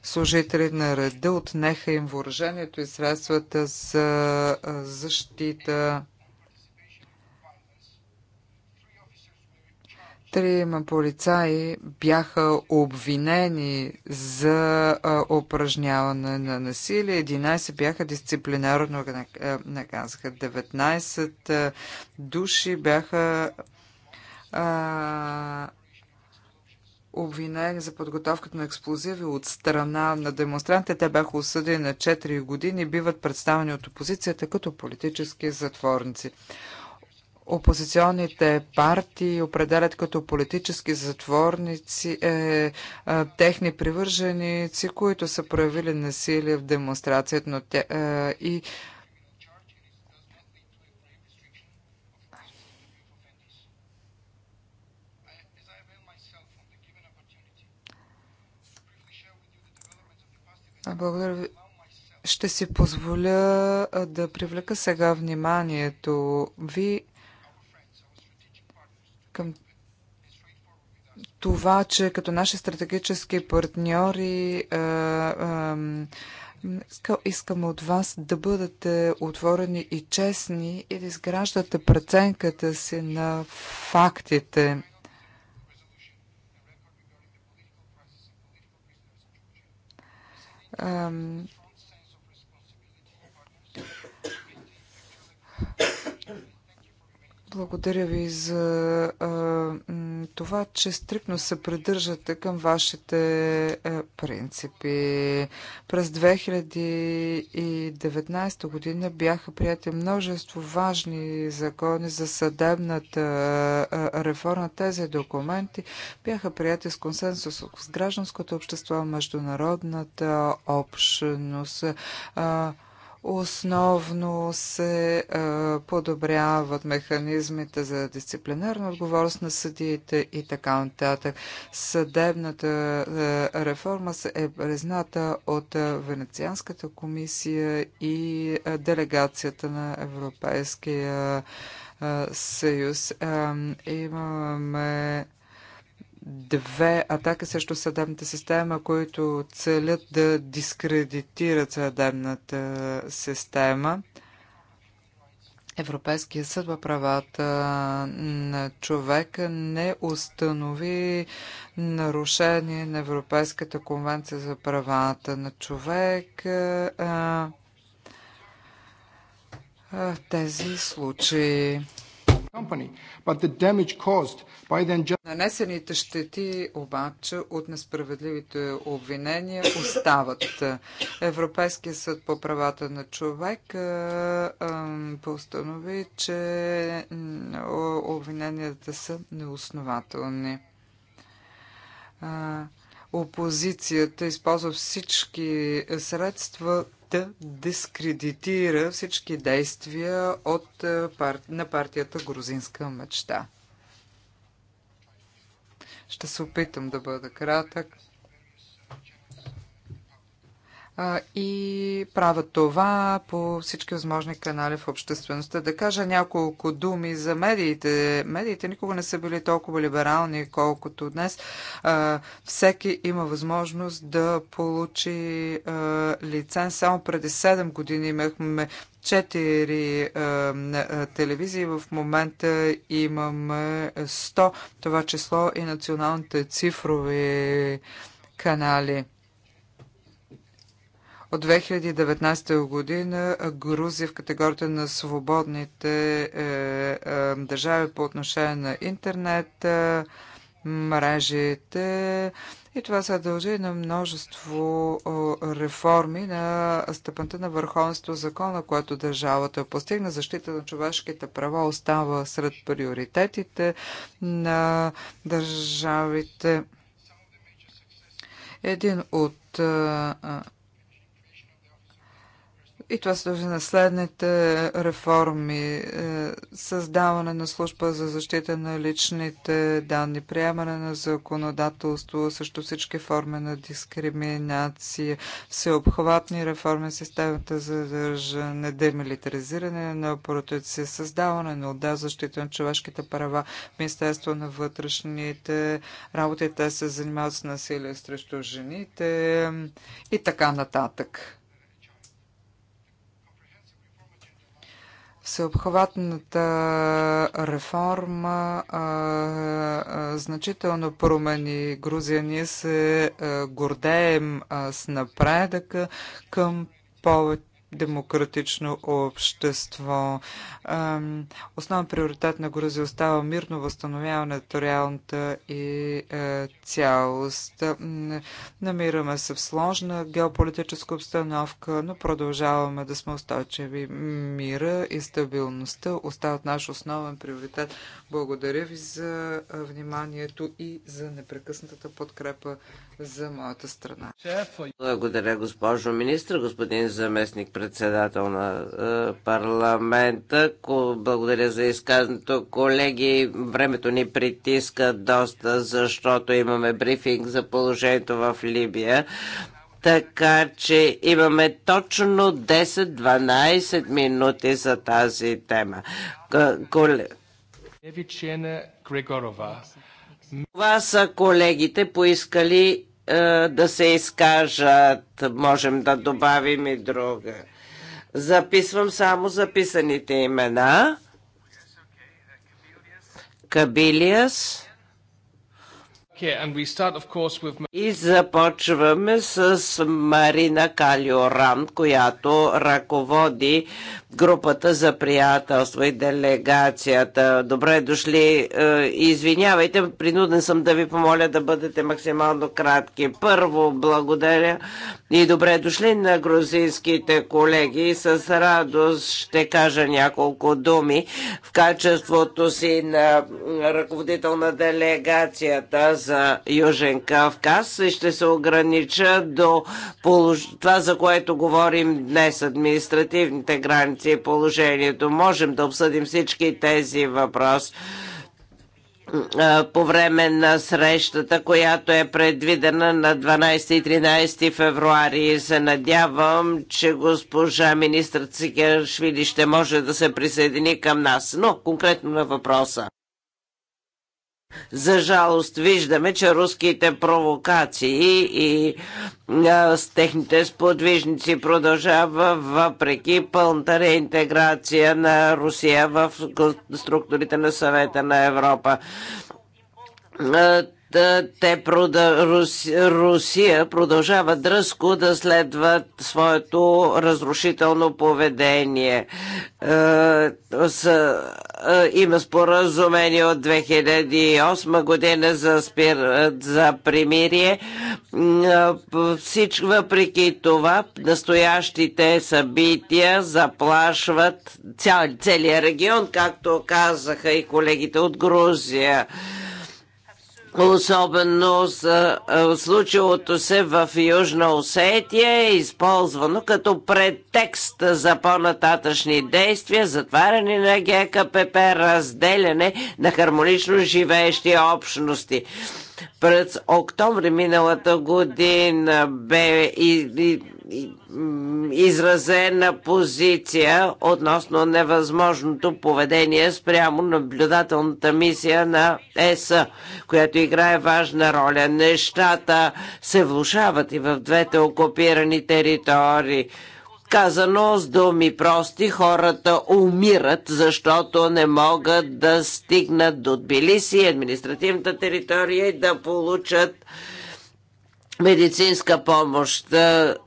служители на реда, отнеха им въоръжението и средствата за защита. Трима полицаи бяха обвинени за а, упражняване на насилие, 11 бяха дисциплинарно наказаха, 19 а, души бяха а, обвинени за подготовката на експлозиви от страна на демонстрантите. Те бяха осъдени на 4 години и биват представени от опозицията като политически затворници опозиционните партии определят като политически затворници е, е, техни привърженици, които са проявили насилие в демонстрацията, но те, е, и Благодаря ви. Ще си позволя да привлека сега вниманието ви към това, че като наши стратегически партньори искам от вас да бъдете отворени и честни и да изграждате преценката си на фактите. Благодаря ви за а, това, че стрикно се придържате към вашите а, принципи. През 2019 година бяха прияти множество важни закони за съдебната а, реформа. Тези документи бяха прияти с консенсус с гражданското общество, международната общност. А, Основно се а, подобряват механизмите за дисциплинарна отговорност на съдиите и така нататък. Съдебната а, реформа е призната от Венецианската комисия и а, делегацията на Европейския а, съюз. А, имаме две атаки срещу съдебната система, които целят да дискредитират съдебната система. Европейския съд по правата на човека не установи нарушение на Европейската конвенция за правата на човека в тези случаи. Нанесените щети обаче от несправедливите обвинения остават. Европейския съд по правата на човек постанови, че обвиненията са неоснователни опозицията използва всички средства да дискредитира всички действия от, е, на партията Грузинска мечта. Ще се опитам да бъда кратък и правят това по всички възможни канали в обществеността. Да кажа няколко думи за медиите. Медиите никога не са били толкова либерални, колкото днес. Всеки има възможност да получи лиценз. Само преди 7 години имахме четири телевизии. В момента имаме 100, това число и националните цифрови канали. От 2019 година Грузия в категорията на свободните е, е, държави по отношение на интернет, е, мрежите и това се дължи на множество реформи на степента на върховенство закона, което държавата постигна. Защита на човешките права остава сред приоритетите на държавите. Един от е, е, и това се дължи на следните реформи. Е, създаване на служба за защита на личните данни, приемане на законодателство също всички форми на дискриминация, всеобхватни реформи в системата за държане, демилитаризиране на протеци, създаване на отдел защита на човешките права, Министерство на вътрешните работи, те се занимават с насилие срещу жените и така нататък. Всеобхватната реформа а, а, значително промени Грузия. Ние се а, гордеем а, с напредъка към повече демократично общество. Основен приоритет на Грузия остава мирно възстановяване на териториалната и е, цялост. Намираме се в сложна геополитическа обстановка, но продължаваме да сме устойчиви. Мира и стабилността остават наш основен приоритет. Благодаря ви за вниманието и за непрекъснатата подкрепа за моята страна. Благодаря, госпожо министр, господин заместник председател на е, парламента. Благодаря за изказването. Колеги, времето ни притиска доста, защото имаме брифинг за положението в Либия. Така че имаме точно 10-12 минути за тази тема. Коле... Евичена Грегорова. Това са колегите поискали е, да се изкажат. Можем да добавим и друга. Записвам само записаните имена. Кабилиас. И започваме с Марина Калиоран, която ръководи групата за приятелство и делегацията. Добре дошли. Е, извинявайте, принуден съм да ви помоля да бъдете максимално кратки. Първо, благодаря и добре дошли на грузинските колеги. С радост ще кажа няколко думи в качеството си на ръководител на делегацията за за Южен Кавказ и ще се огранича до полож... това, за което говорим днес, административните граници и положението. Можем да обсъдим всички тези въпроси по време на срещата, която е предвидена на 12 и 13 февруари. се надявам, че госпожа министр Цикершвили ще може да се присъедини към нас. Но конкретно на въпроса. За жалост виждаме, че руските провокации и а, с техните сподвижници продължава въпреки пълната реинтеграция на Русия в структурите на съвета на Европа е, те прода, Русия продължава дръско да следват своето разрушително поведение. Е, е, има споразумение от 2008 година за, спир, за примирие. Всичко въпреки това, настоящите събития заплашват цял, целият регион, както казаха и колегите от Грузия особено за е, случилото се в Южна Осетия, е използвано като претекст за по-нататъчни действия, затваряне на ГКПП, разделяне на хармонично живеещи общности. През октомври миналата година бе и, и, и изразена позиция относно невъзможното поведение спрямо наблюдателната мисия на ЕС, която играе важна роля. Нещата се влушават и в двете окупирани територии. Казано с думи прости, хората умират, защото не могат да стигнат до Тбилиси, административната територия и да получат медицинска помощ.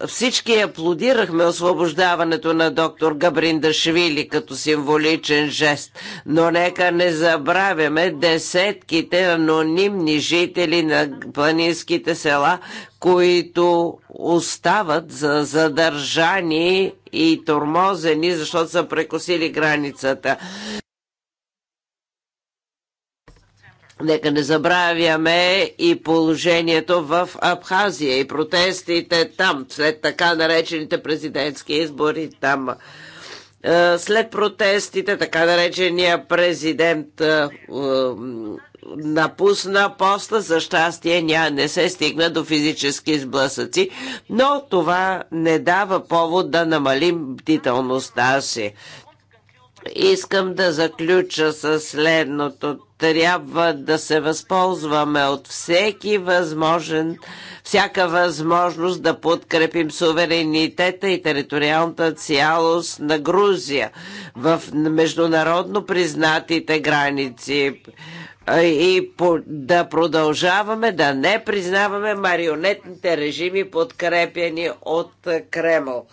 Всички аплодирахме освобождаването на доктор Дашвили като символичен жест, но нека не забравяме десетките анонимни жители на планинските села, които остават за задържани и тормозени, защото са прекосили границата. Нека не забравяме и положението в Абхазия и протестите там, след така наречените президентски избори там. Е, след протестите, така наречения президент е, е, напусна поста. За щастие няма не се стигна до физически сблъсъци, но това не дава повод да намалим бдителността си. Искам да заключа със следното трябва да се възползваме от всеки възможен, всяка възможност да подкрепим суверенитета и териториалната цялост на Грузия в международно признатите граници и да продължаваме да не признаваме марионетните режими, подкрепени от Кремл.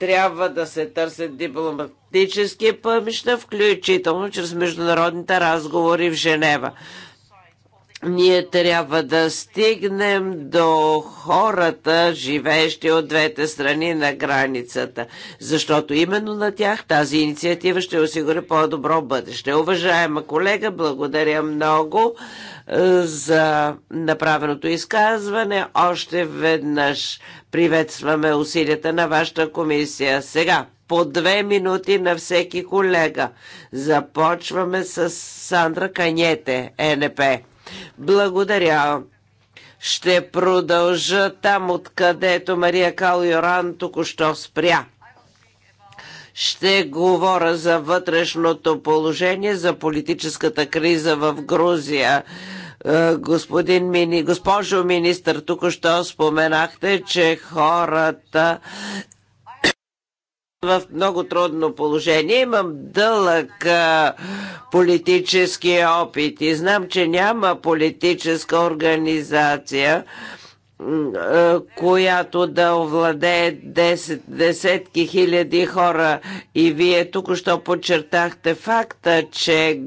трябва да се търсят дипломат политически пъмища, включително чрез международните разговори в Женева ние трябва да стигнем до хората, живеещи от двете страни на границата, защото именно на тях тази инициатива ще осигури по-добро бъдеще. Уважаема колега, благодаря много е, за направеното изказване. Още веднъж приветстваме усилията на вашата комисия. Сега по две минути на всеки колега. Започваме с Сандра Каньете, е НП. Благодаря. Ще продължа там, откъдето Мария Кал Йоран току-що спря ще говоря за вътрешното положение, за политическата криза в Грузия. Е, господин мини, госпожо министр, тук що споменахте, че хората в много трудно положение. Имам дълъг а, политически опит и знам, че няма политическа организация, която да овладее десет, десетки хиляди хора. И вие тук що подчертахте факта, че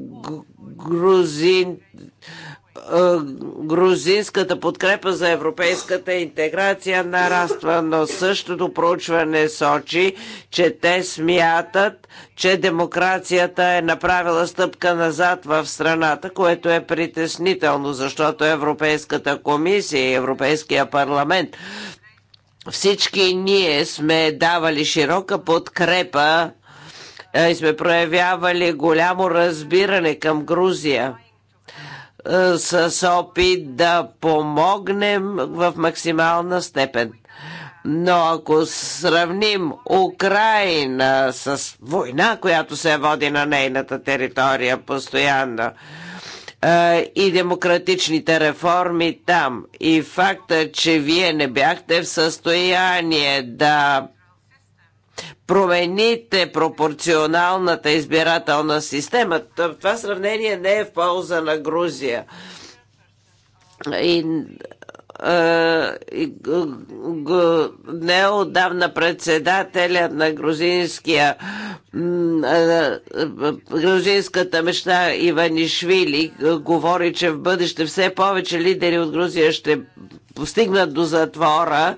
грузин е, грузинската подкрепа за европейската интеграция нараства, но същото проучване сочи, че те смятат, че демокрацията е направила стъпка назад в страната, което е притеснително, защото Европейската комисия и Европейския парламент всички ние сме давали широка подкрепа е, и сме проявявали голямо разбиране към Грузия с опит да помогнем в максимална степен. Но ако сравним Украина с война, която се води на нейната територия постоянно, и демократичните реформи там. И факта, че вие не бяхте в състояние да промените пропорционалната избирателна система. Това сравнение не е в полза на Грузия. И неодавна председателя на грузинския грузинската мечта Иванишвили говори, че в бъдеще все повече лидери от Грузия ще постигнат до затвора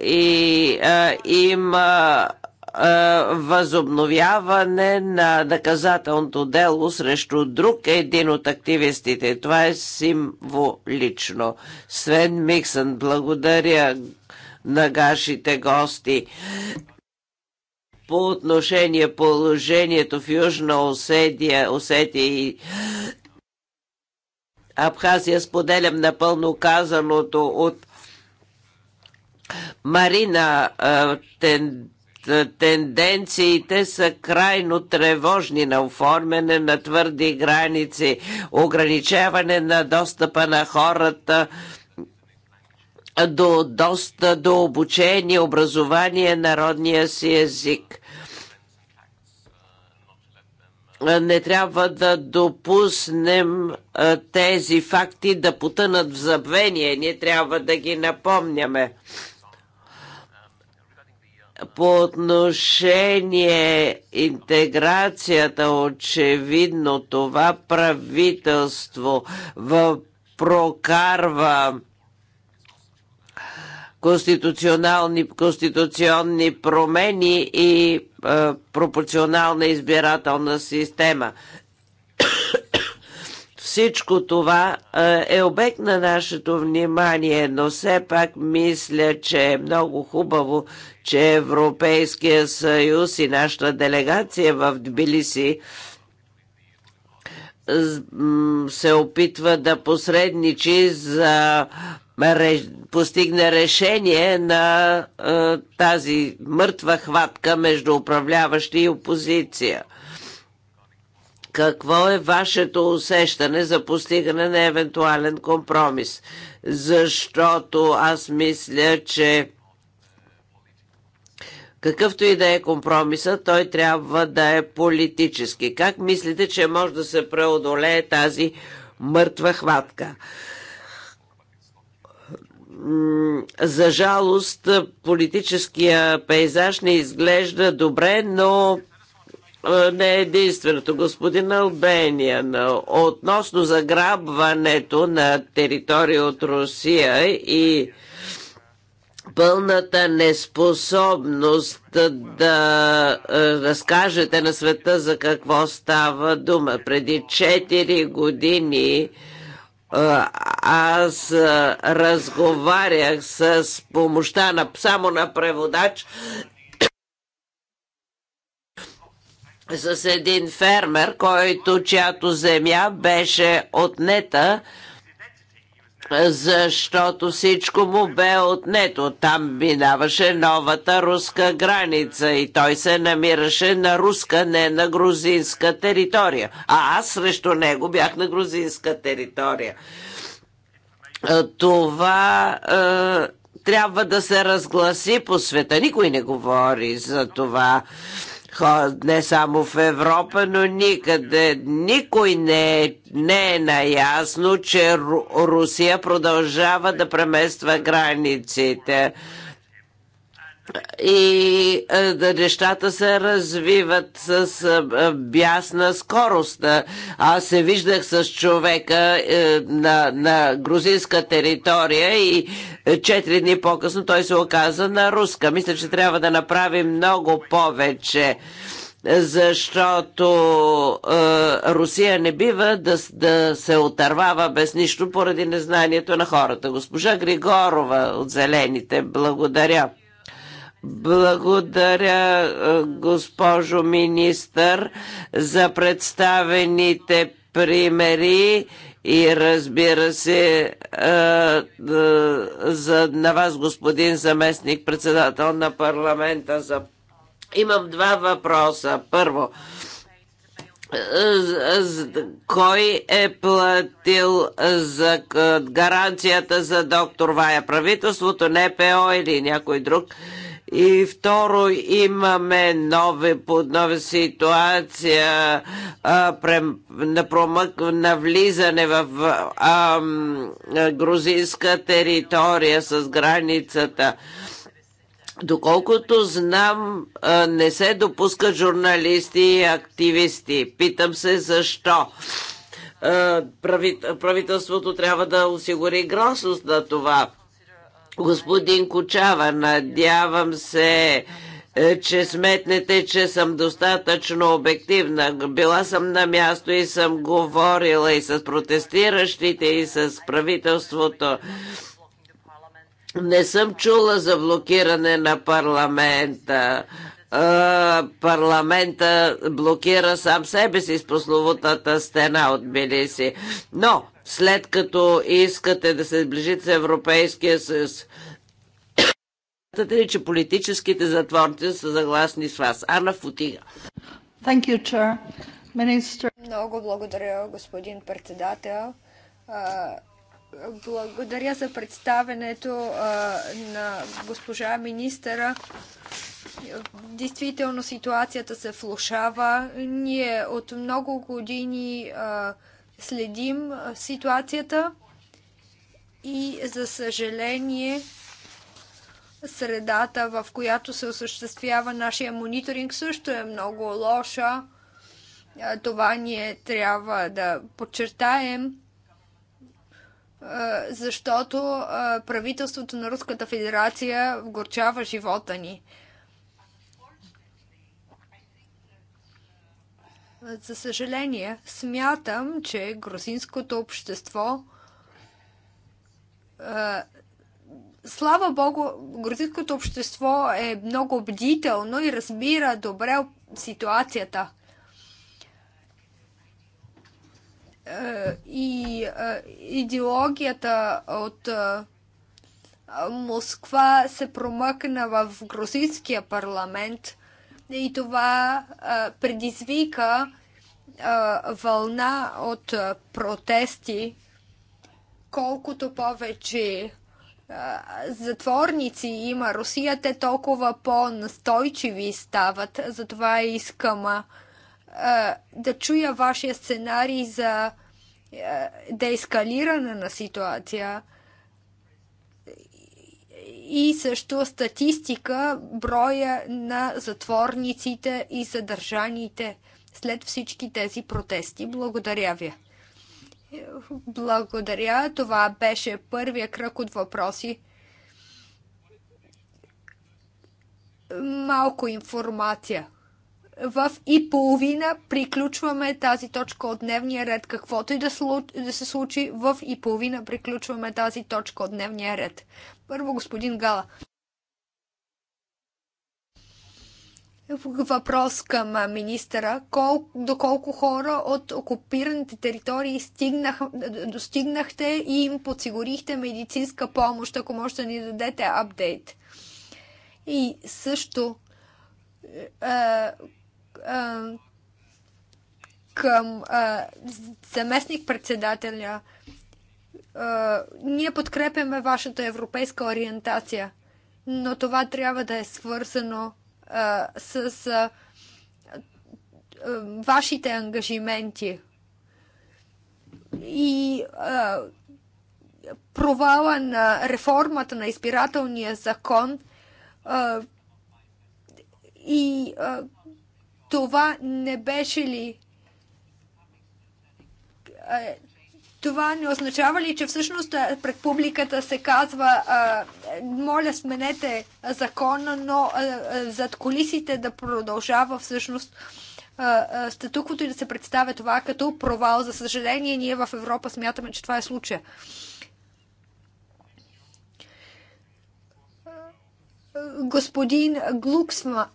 и а, има възобновяване на наказателното дело срещу друг един от активистите. Това е символично. Свен Миксън, благодаря на гашите гости. По отношение положението в Южна Осетия, Осетия и Абхазия споделям напълно казаното от Марина, тен, тенденциите са крайно тревожни на оформяне на твърди граници, ограничаване на достъпа на хората до, доста, до обучение, образование народния си език. Не трябва да допуснем тези факти да потънат в забвение. Ние трябва да ги напомняме. По отношение интеграцията, очевидно това правителство в прокарва конституционални, конституционни промени и е, пропорционална избирателна система. Всичко това е, е обект на нашето внимание, но все пак мисля, че е много хубаво, че Европейския съюз и нашата делегация в Тбилиси се опитва да посредничи за постигне решение на е, тази мъртва хватка между управляващи и опозиция – какво е вашето усещане за постигане на евентуален компромис? Защото аз мисля, че какъвто и да е компромиса, той трябва да е политически. Как мислите, че може да се преодолее тази мъртва хватка? За жалост, политическия пейзаж не изглежда добре, но е, не е единственото. Господин Албения, относно заграбването на територия от Русия и пълната неспособност да е, разкажете на света за какво става дума. Преди 4 години е, аз разговарях с помощта на, само на преводач с един фермер, който чиято земя беше отнета защото всичко му бе отнето. Там минаваше новата руска граница и той се намираше на руска, не на грузинска територия. А аз срещу него бях на грузинска територия. Това е, трябва да се разгласи по света. Никой не говори за това не само в Европа, но никъде. Никой не е, не е наясно, че Русия продължава да премества границите и е, нещата се развиват с е, бясна скорост. Аз се виждах с човека е, на, на грузинска територия и четири дни по-късно той се оказа на руска. Мисля, че трябва да направим много повече защото е, Русия не бива да, да се отървава без нищо поради незнанието на хората. Госпожа Григорова от Зелените, благодаря. Благодаря, е, госпожо министър, за представените примери и разбира се е, е, за, на вас, господин заместник председател на парламента. За... Имам два въпроса. Първо, кой е платил за гаранцията за доктор Вая? Правителството, НПО или някой друг? И второ, имаме нови, под нова ситуация а, прем, на, промък, на влизане в а, а, грузинска територия с границата. Доколкото знам, не се допускат журналисти и активисти. Питам се защо. Правителството трябва да осигури гросност на това Господин Кочава, надявам се, е, че сметнете, че съм достатъчно обективна. Била съм на място и съм говорила и с протестиращите, и с правителството. Не съм чула за блокиране на парламента парламента блокира сам себе си с прословутата стена от Билиси. Но след като искате да се сближите с Европейския съюз, Смятате ли, че политическите затворници са съгласни с вас? Ана Футига. Thank you, Chair. Minister... Много благодаря, господин председател. Благодаря за представенето на госпожа министъра. Действително ситуацията се влушава. Ние от много години следим ситуацията и за съжаление средата, в която се осъществява нашия мониторинг, също е много лоша. Това ние трябва да подчертаем защото правителството на Руската федерация вгорчава живота ни. За съжаление, смятам, че грузинското общество слава богу, грузинското общество е много бдително и разбира добре ситуацията. и идеологията от Москва се промъкна в грузинския парламент и това предизвика вълна от протести. Колкото повече затворници има Русия, те толкова по-настойчиви стават. Затова искам да чуя вашия сценарий за деескалиране на ситуация и също статистика броя на затворниците и задържаните след всички тези протести. Благодаря ви. Благодаря. Това беше първия кръг от въпроси. Малко информация в и половина приключваме тази точка от дневния ред. Каквото и да, да се случи, в и половина приключваме тази точка от дневния ред. Първо, господин Гала. Въпрос към министъра. Кол, до колко хора от окупираните територии стигнах, достигнахте и им подсигурихте медицинска помощ, ако може да ни дадете апдейт? И също е, към заместник-председателя. Ние подкрепяме вашата европейска ориентация, но това трябва да е свързано с вашите ангажименти. И а, провала на реформата на избирателния закон а, и а, това не беше ли това не означава ли, че всъщност пред публиката се казва моля сменете закона, но зад колисите да продължава всъщност статуквото и да се представя това като провал. За съжаление, ние в Европа смятаме, че това е случая. Господин Глуксман,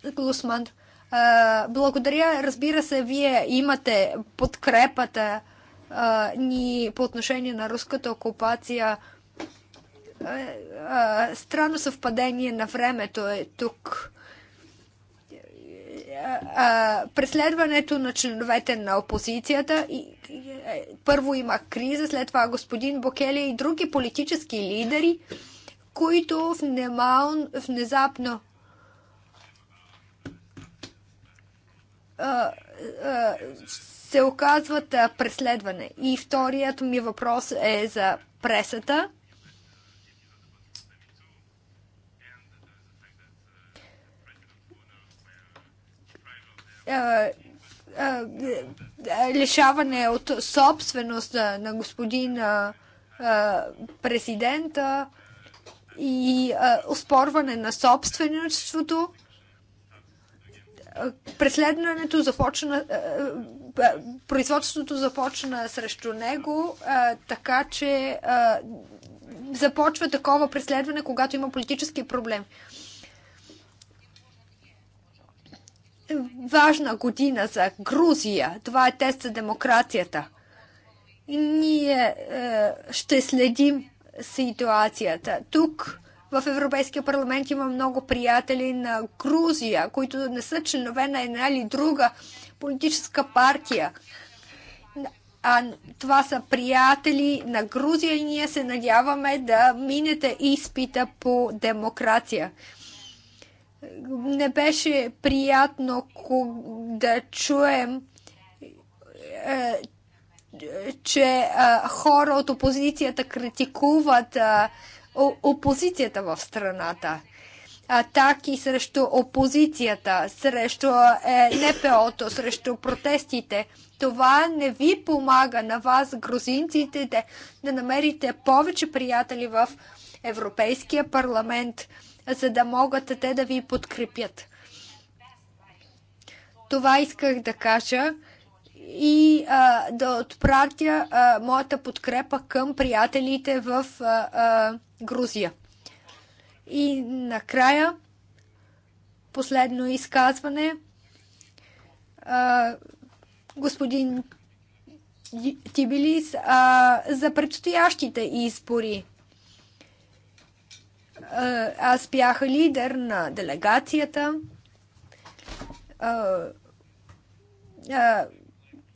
благодаря. Разбира се, вие имате подкрепата ни по отношение на руската окупация. Странно съвпадение на времето е тук преследването на членовете на опозицията. Е, първо има криза, след това господин Бокели и други политически лидери, които внезапно се оказват преследване. И вторият ми въпрос е за пресата. лишаване от собственост на господин президента и оспорване на собственичеството преследването започна, е, е, производството започна срещу него, е, така че започва такова преследване, когато има политически проблем. Важна година за Грузия. Това е тест за демокрацията. Ние ще следим ситуацията. Тук в Европейския парламент има много приятели на Грузия, които не са членове на една или друга политическа партия. А, това са приятели на Грузия и ние се надяваме да минете изпита по демокрация не беше приятно да чуем, е, че е, хора от опозицията критикуват е, опозицията в страната. Атаки срещу опозицията, срещу е, НПО-то, срещу протестите. Това не ви помага на вас, грузинците, да, да намерите повече приятели в Европейския парламент, за да могат те да ви подкрепят. Това исках да кажа и а, да отпратя а, моята подкрепа към приятелите в а, а, Грузия. И накрая, последно изказване, а, господин Тибилис, а, за предстоящите избори. А, аз бях лидер на делегацията. А, а,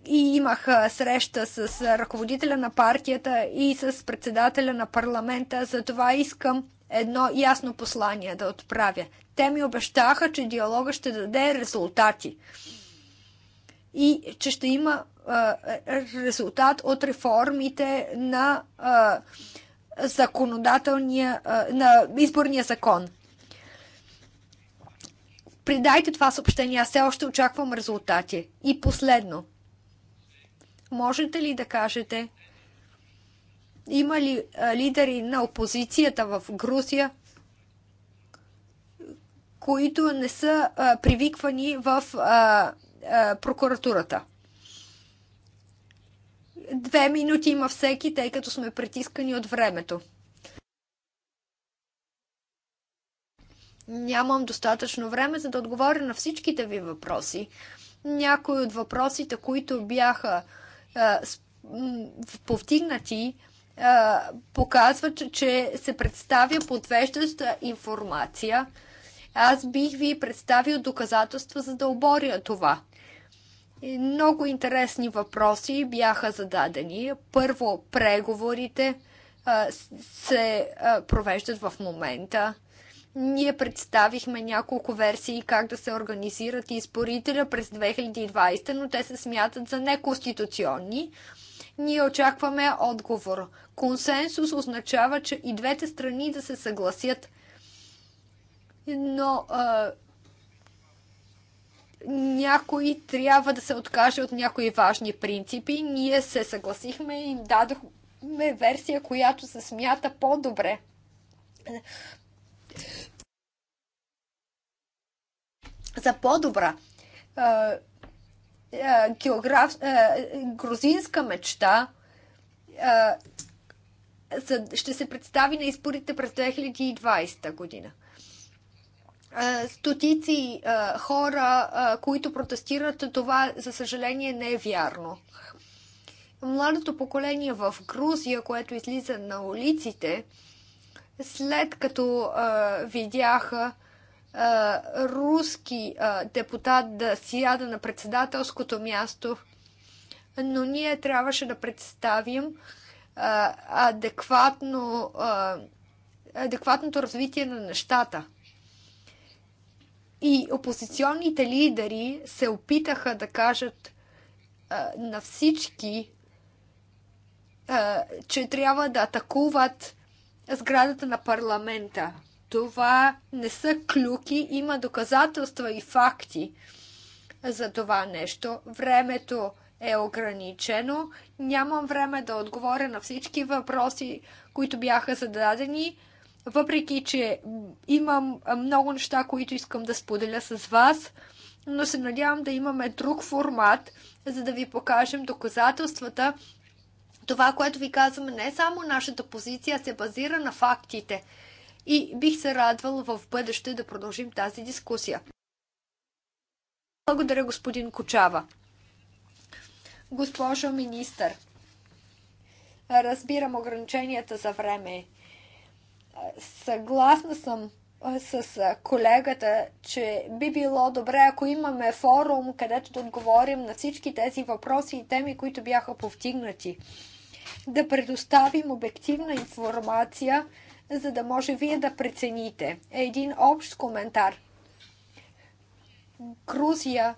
и имах среща с ръководителя на партията и с председателя на парламента. Затова искам едно ясно послание да отправя. Те ми обещаха, че диалога ще даде резултати и че ще има а, резултат от реформите на а, законодателния, а, на изборния закон. Придайте това съобщение, аз все още очаквам резултати. И последно – Можете ли да кажете, има ли лидери на опозицията в Грузия, които не са а, привиквани в а, а, прокуратурата? Две минути има всеки, тъй като сме притискани от времето. Нямам достатъчно време, за да отговоря на всичките ви въпроси. Някои от въпросите, които бяха а, повтигнати, показват, че се представя подвеждаща информация. Аз бих ви представил доказателства, за да оборя това. Много интересни въпроси бяха зададени. Първо, преговорите се провеждат в момента. Ние представихме няколко версии как да се организират изборителя през 2020, но те се смятат за неконституционни. Ние очакваме отговор. Консенсус означава, че и двете страни да се съгласят. Но а, някой трябва да се откаже от някои важни принципи. Ние се съгласихме и дадохме версия, която се смята по-добре. за по-добра географ... грузинска мечта ще се представи на изборите през 2020 година. Стотици хора, които протестират, това за съжаление не е вярно. Младото поколение в Грузия, което излиза на улиците, след като видяха руски депутат да сяда на председателското място, но ние трябваше да представим адекватно, адекватното развитие на нещата. И опозиционните лидери се опитаха да кажат на всички, че трябва да атакуват сградата на парламента. Това не са клюки, има доказателства и факти за това нещо. Времето е ограничено. Нямам време да отговоря на всички въпроси, които бяха зададени, въпреки че имам много неща, които искам да споделя с вас, но се надявам да имаме друг формат, за да ви покажем доказателствата. Това, което ви казваме, не е само нашата позиция, се базира на фактите и бих се радвал в бъдеще да продължим тази дискусия. Благодаря, господин Кочава. Госпожо министър, разбирам ограниченията за време. Съгласна съм с колегата, че би било добре, ако имаме форум, където да отговорим на всички тези въпроси и теми, които бяха повдигнати. Да предоставим обективна информация за да може вие да прецените. Един общ коментар. Грузия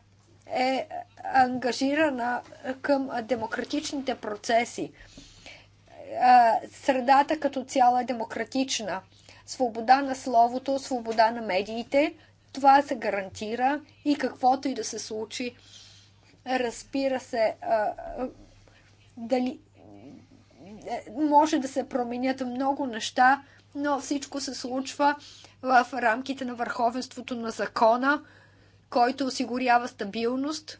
е ангажирана към демократичните процеси. Средата като цяло е демократична. Свобода на словото, свобода на медиите, това се гарантира и каквото и да се случи, разбира се, дали е, може да се променят много неща но всичко се случва в рамките на върховенството на закона, който осигурява стабилност.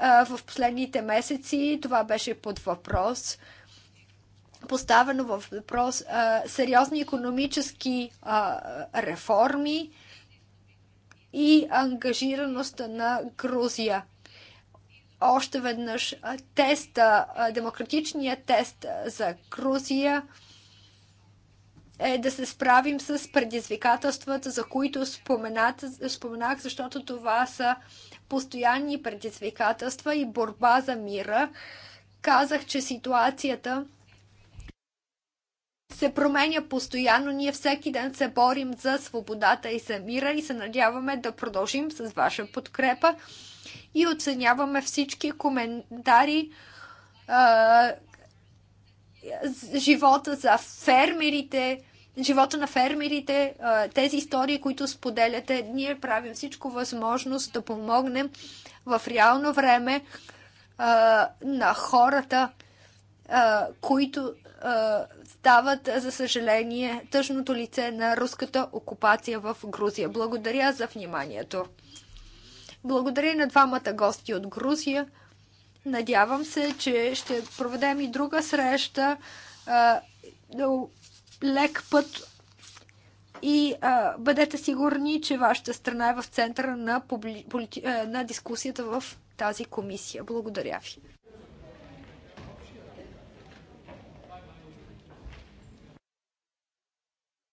В последните месеци това беше под въпрос. Поставено в въпрос сериозни економически реформи и ангажираност на Грузия още веднъж теста, демократичният тест за Грузия е да се справим с предизвикателствата, за които споменах, защото това са постоянни предизвикателства и борба за мира. Казах, че ситуацията се променя постоянно. Ние всеки ден се борим за свободата и за мира и се надяваме да продължим с ваша подкрепа и оценяваме всички коментари живота за фермерите, живота на фермерите, тези истории, които споделяте. Ние правим всичко възможност да помогнем в реално време на хората, които стават, за съжаление, тъжното лице на руската окупация в Грузия. Благодаря за вниманието. Благодаря на двамата гости от Грузия. Надявам се, че ще проведем и друга среща лек път и а, бъдете сигурни, че вашата страна е в центъра на, публи... полити... на дискусията в тази комисия. Благодаря ви.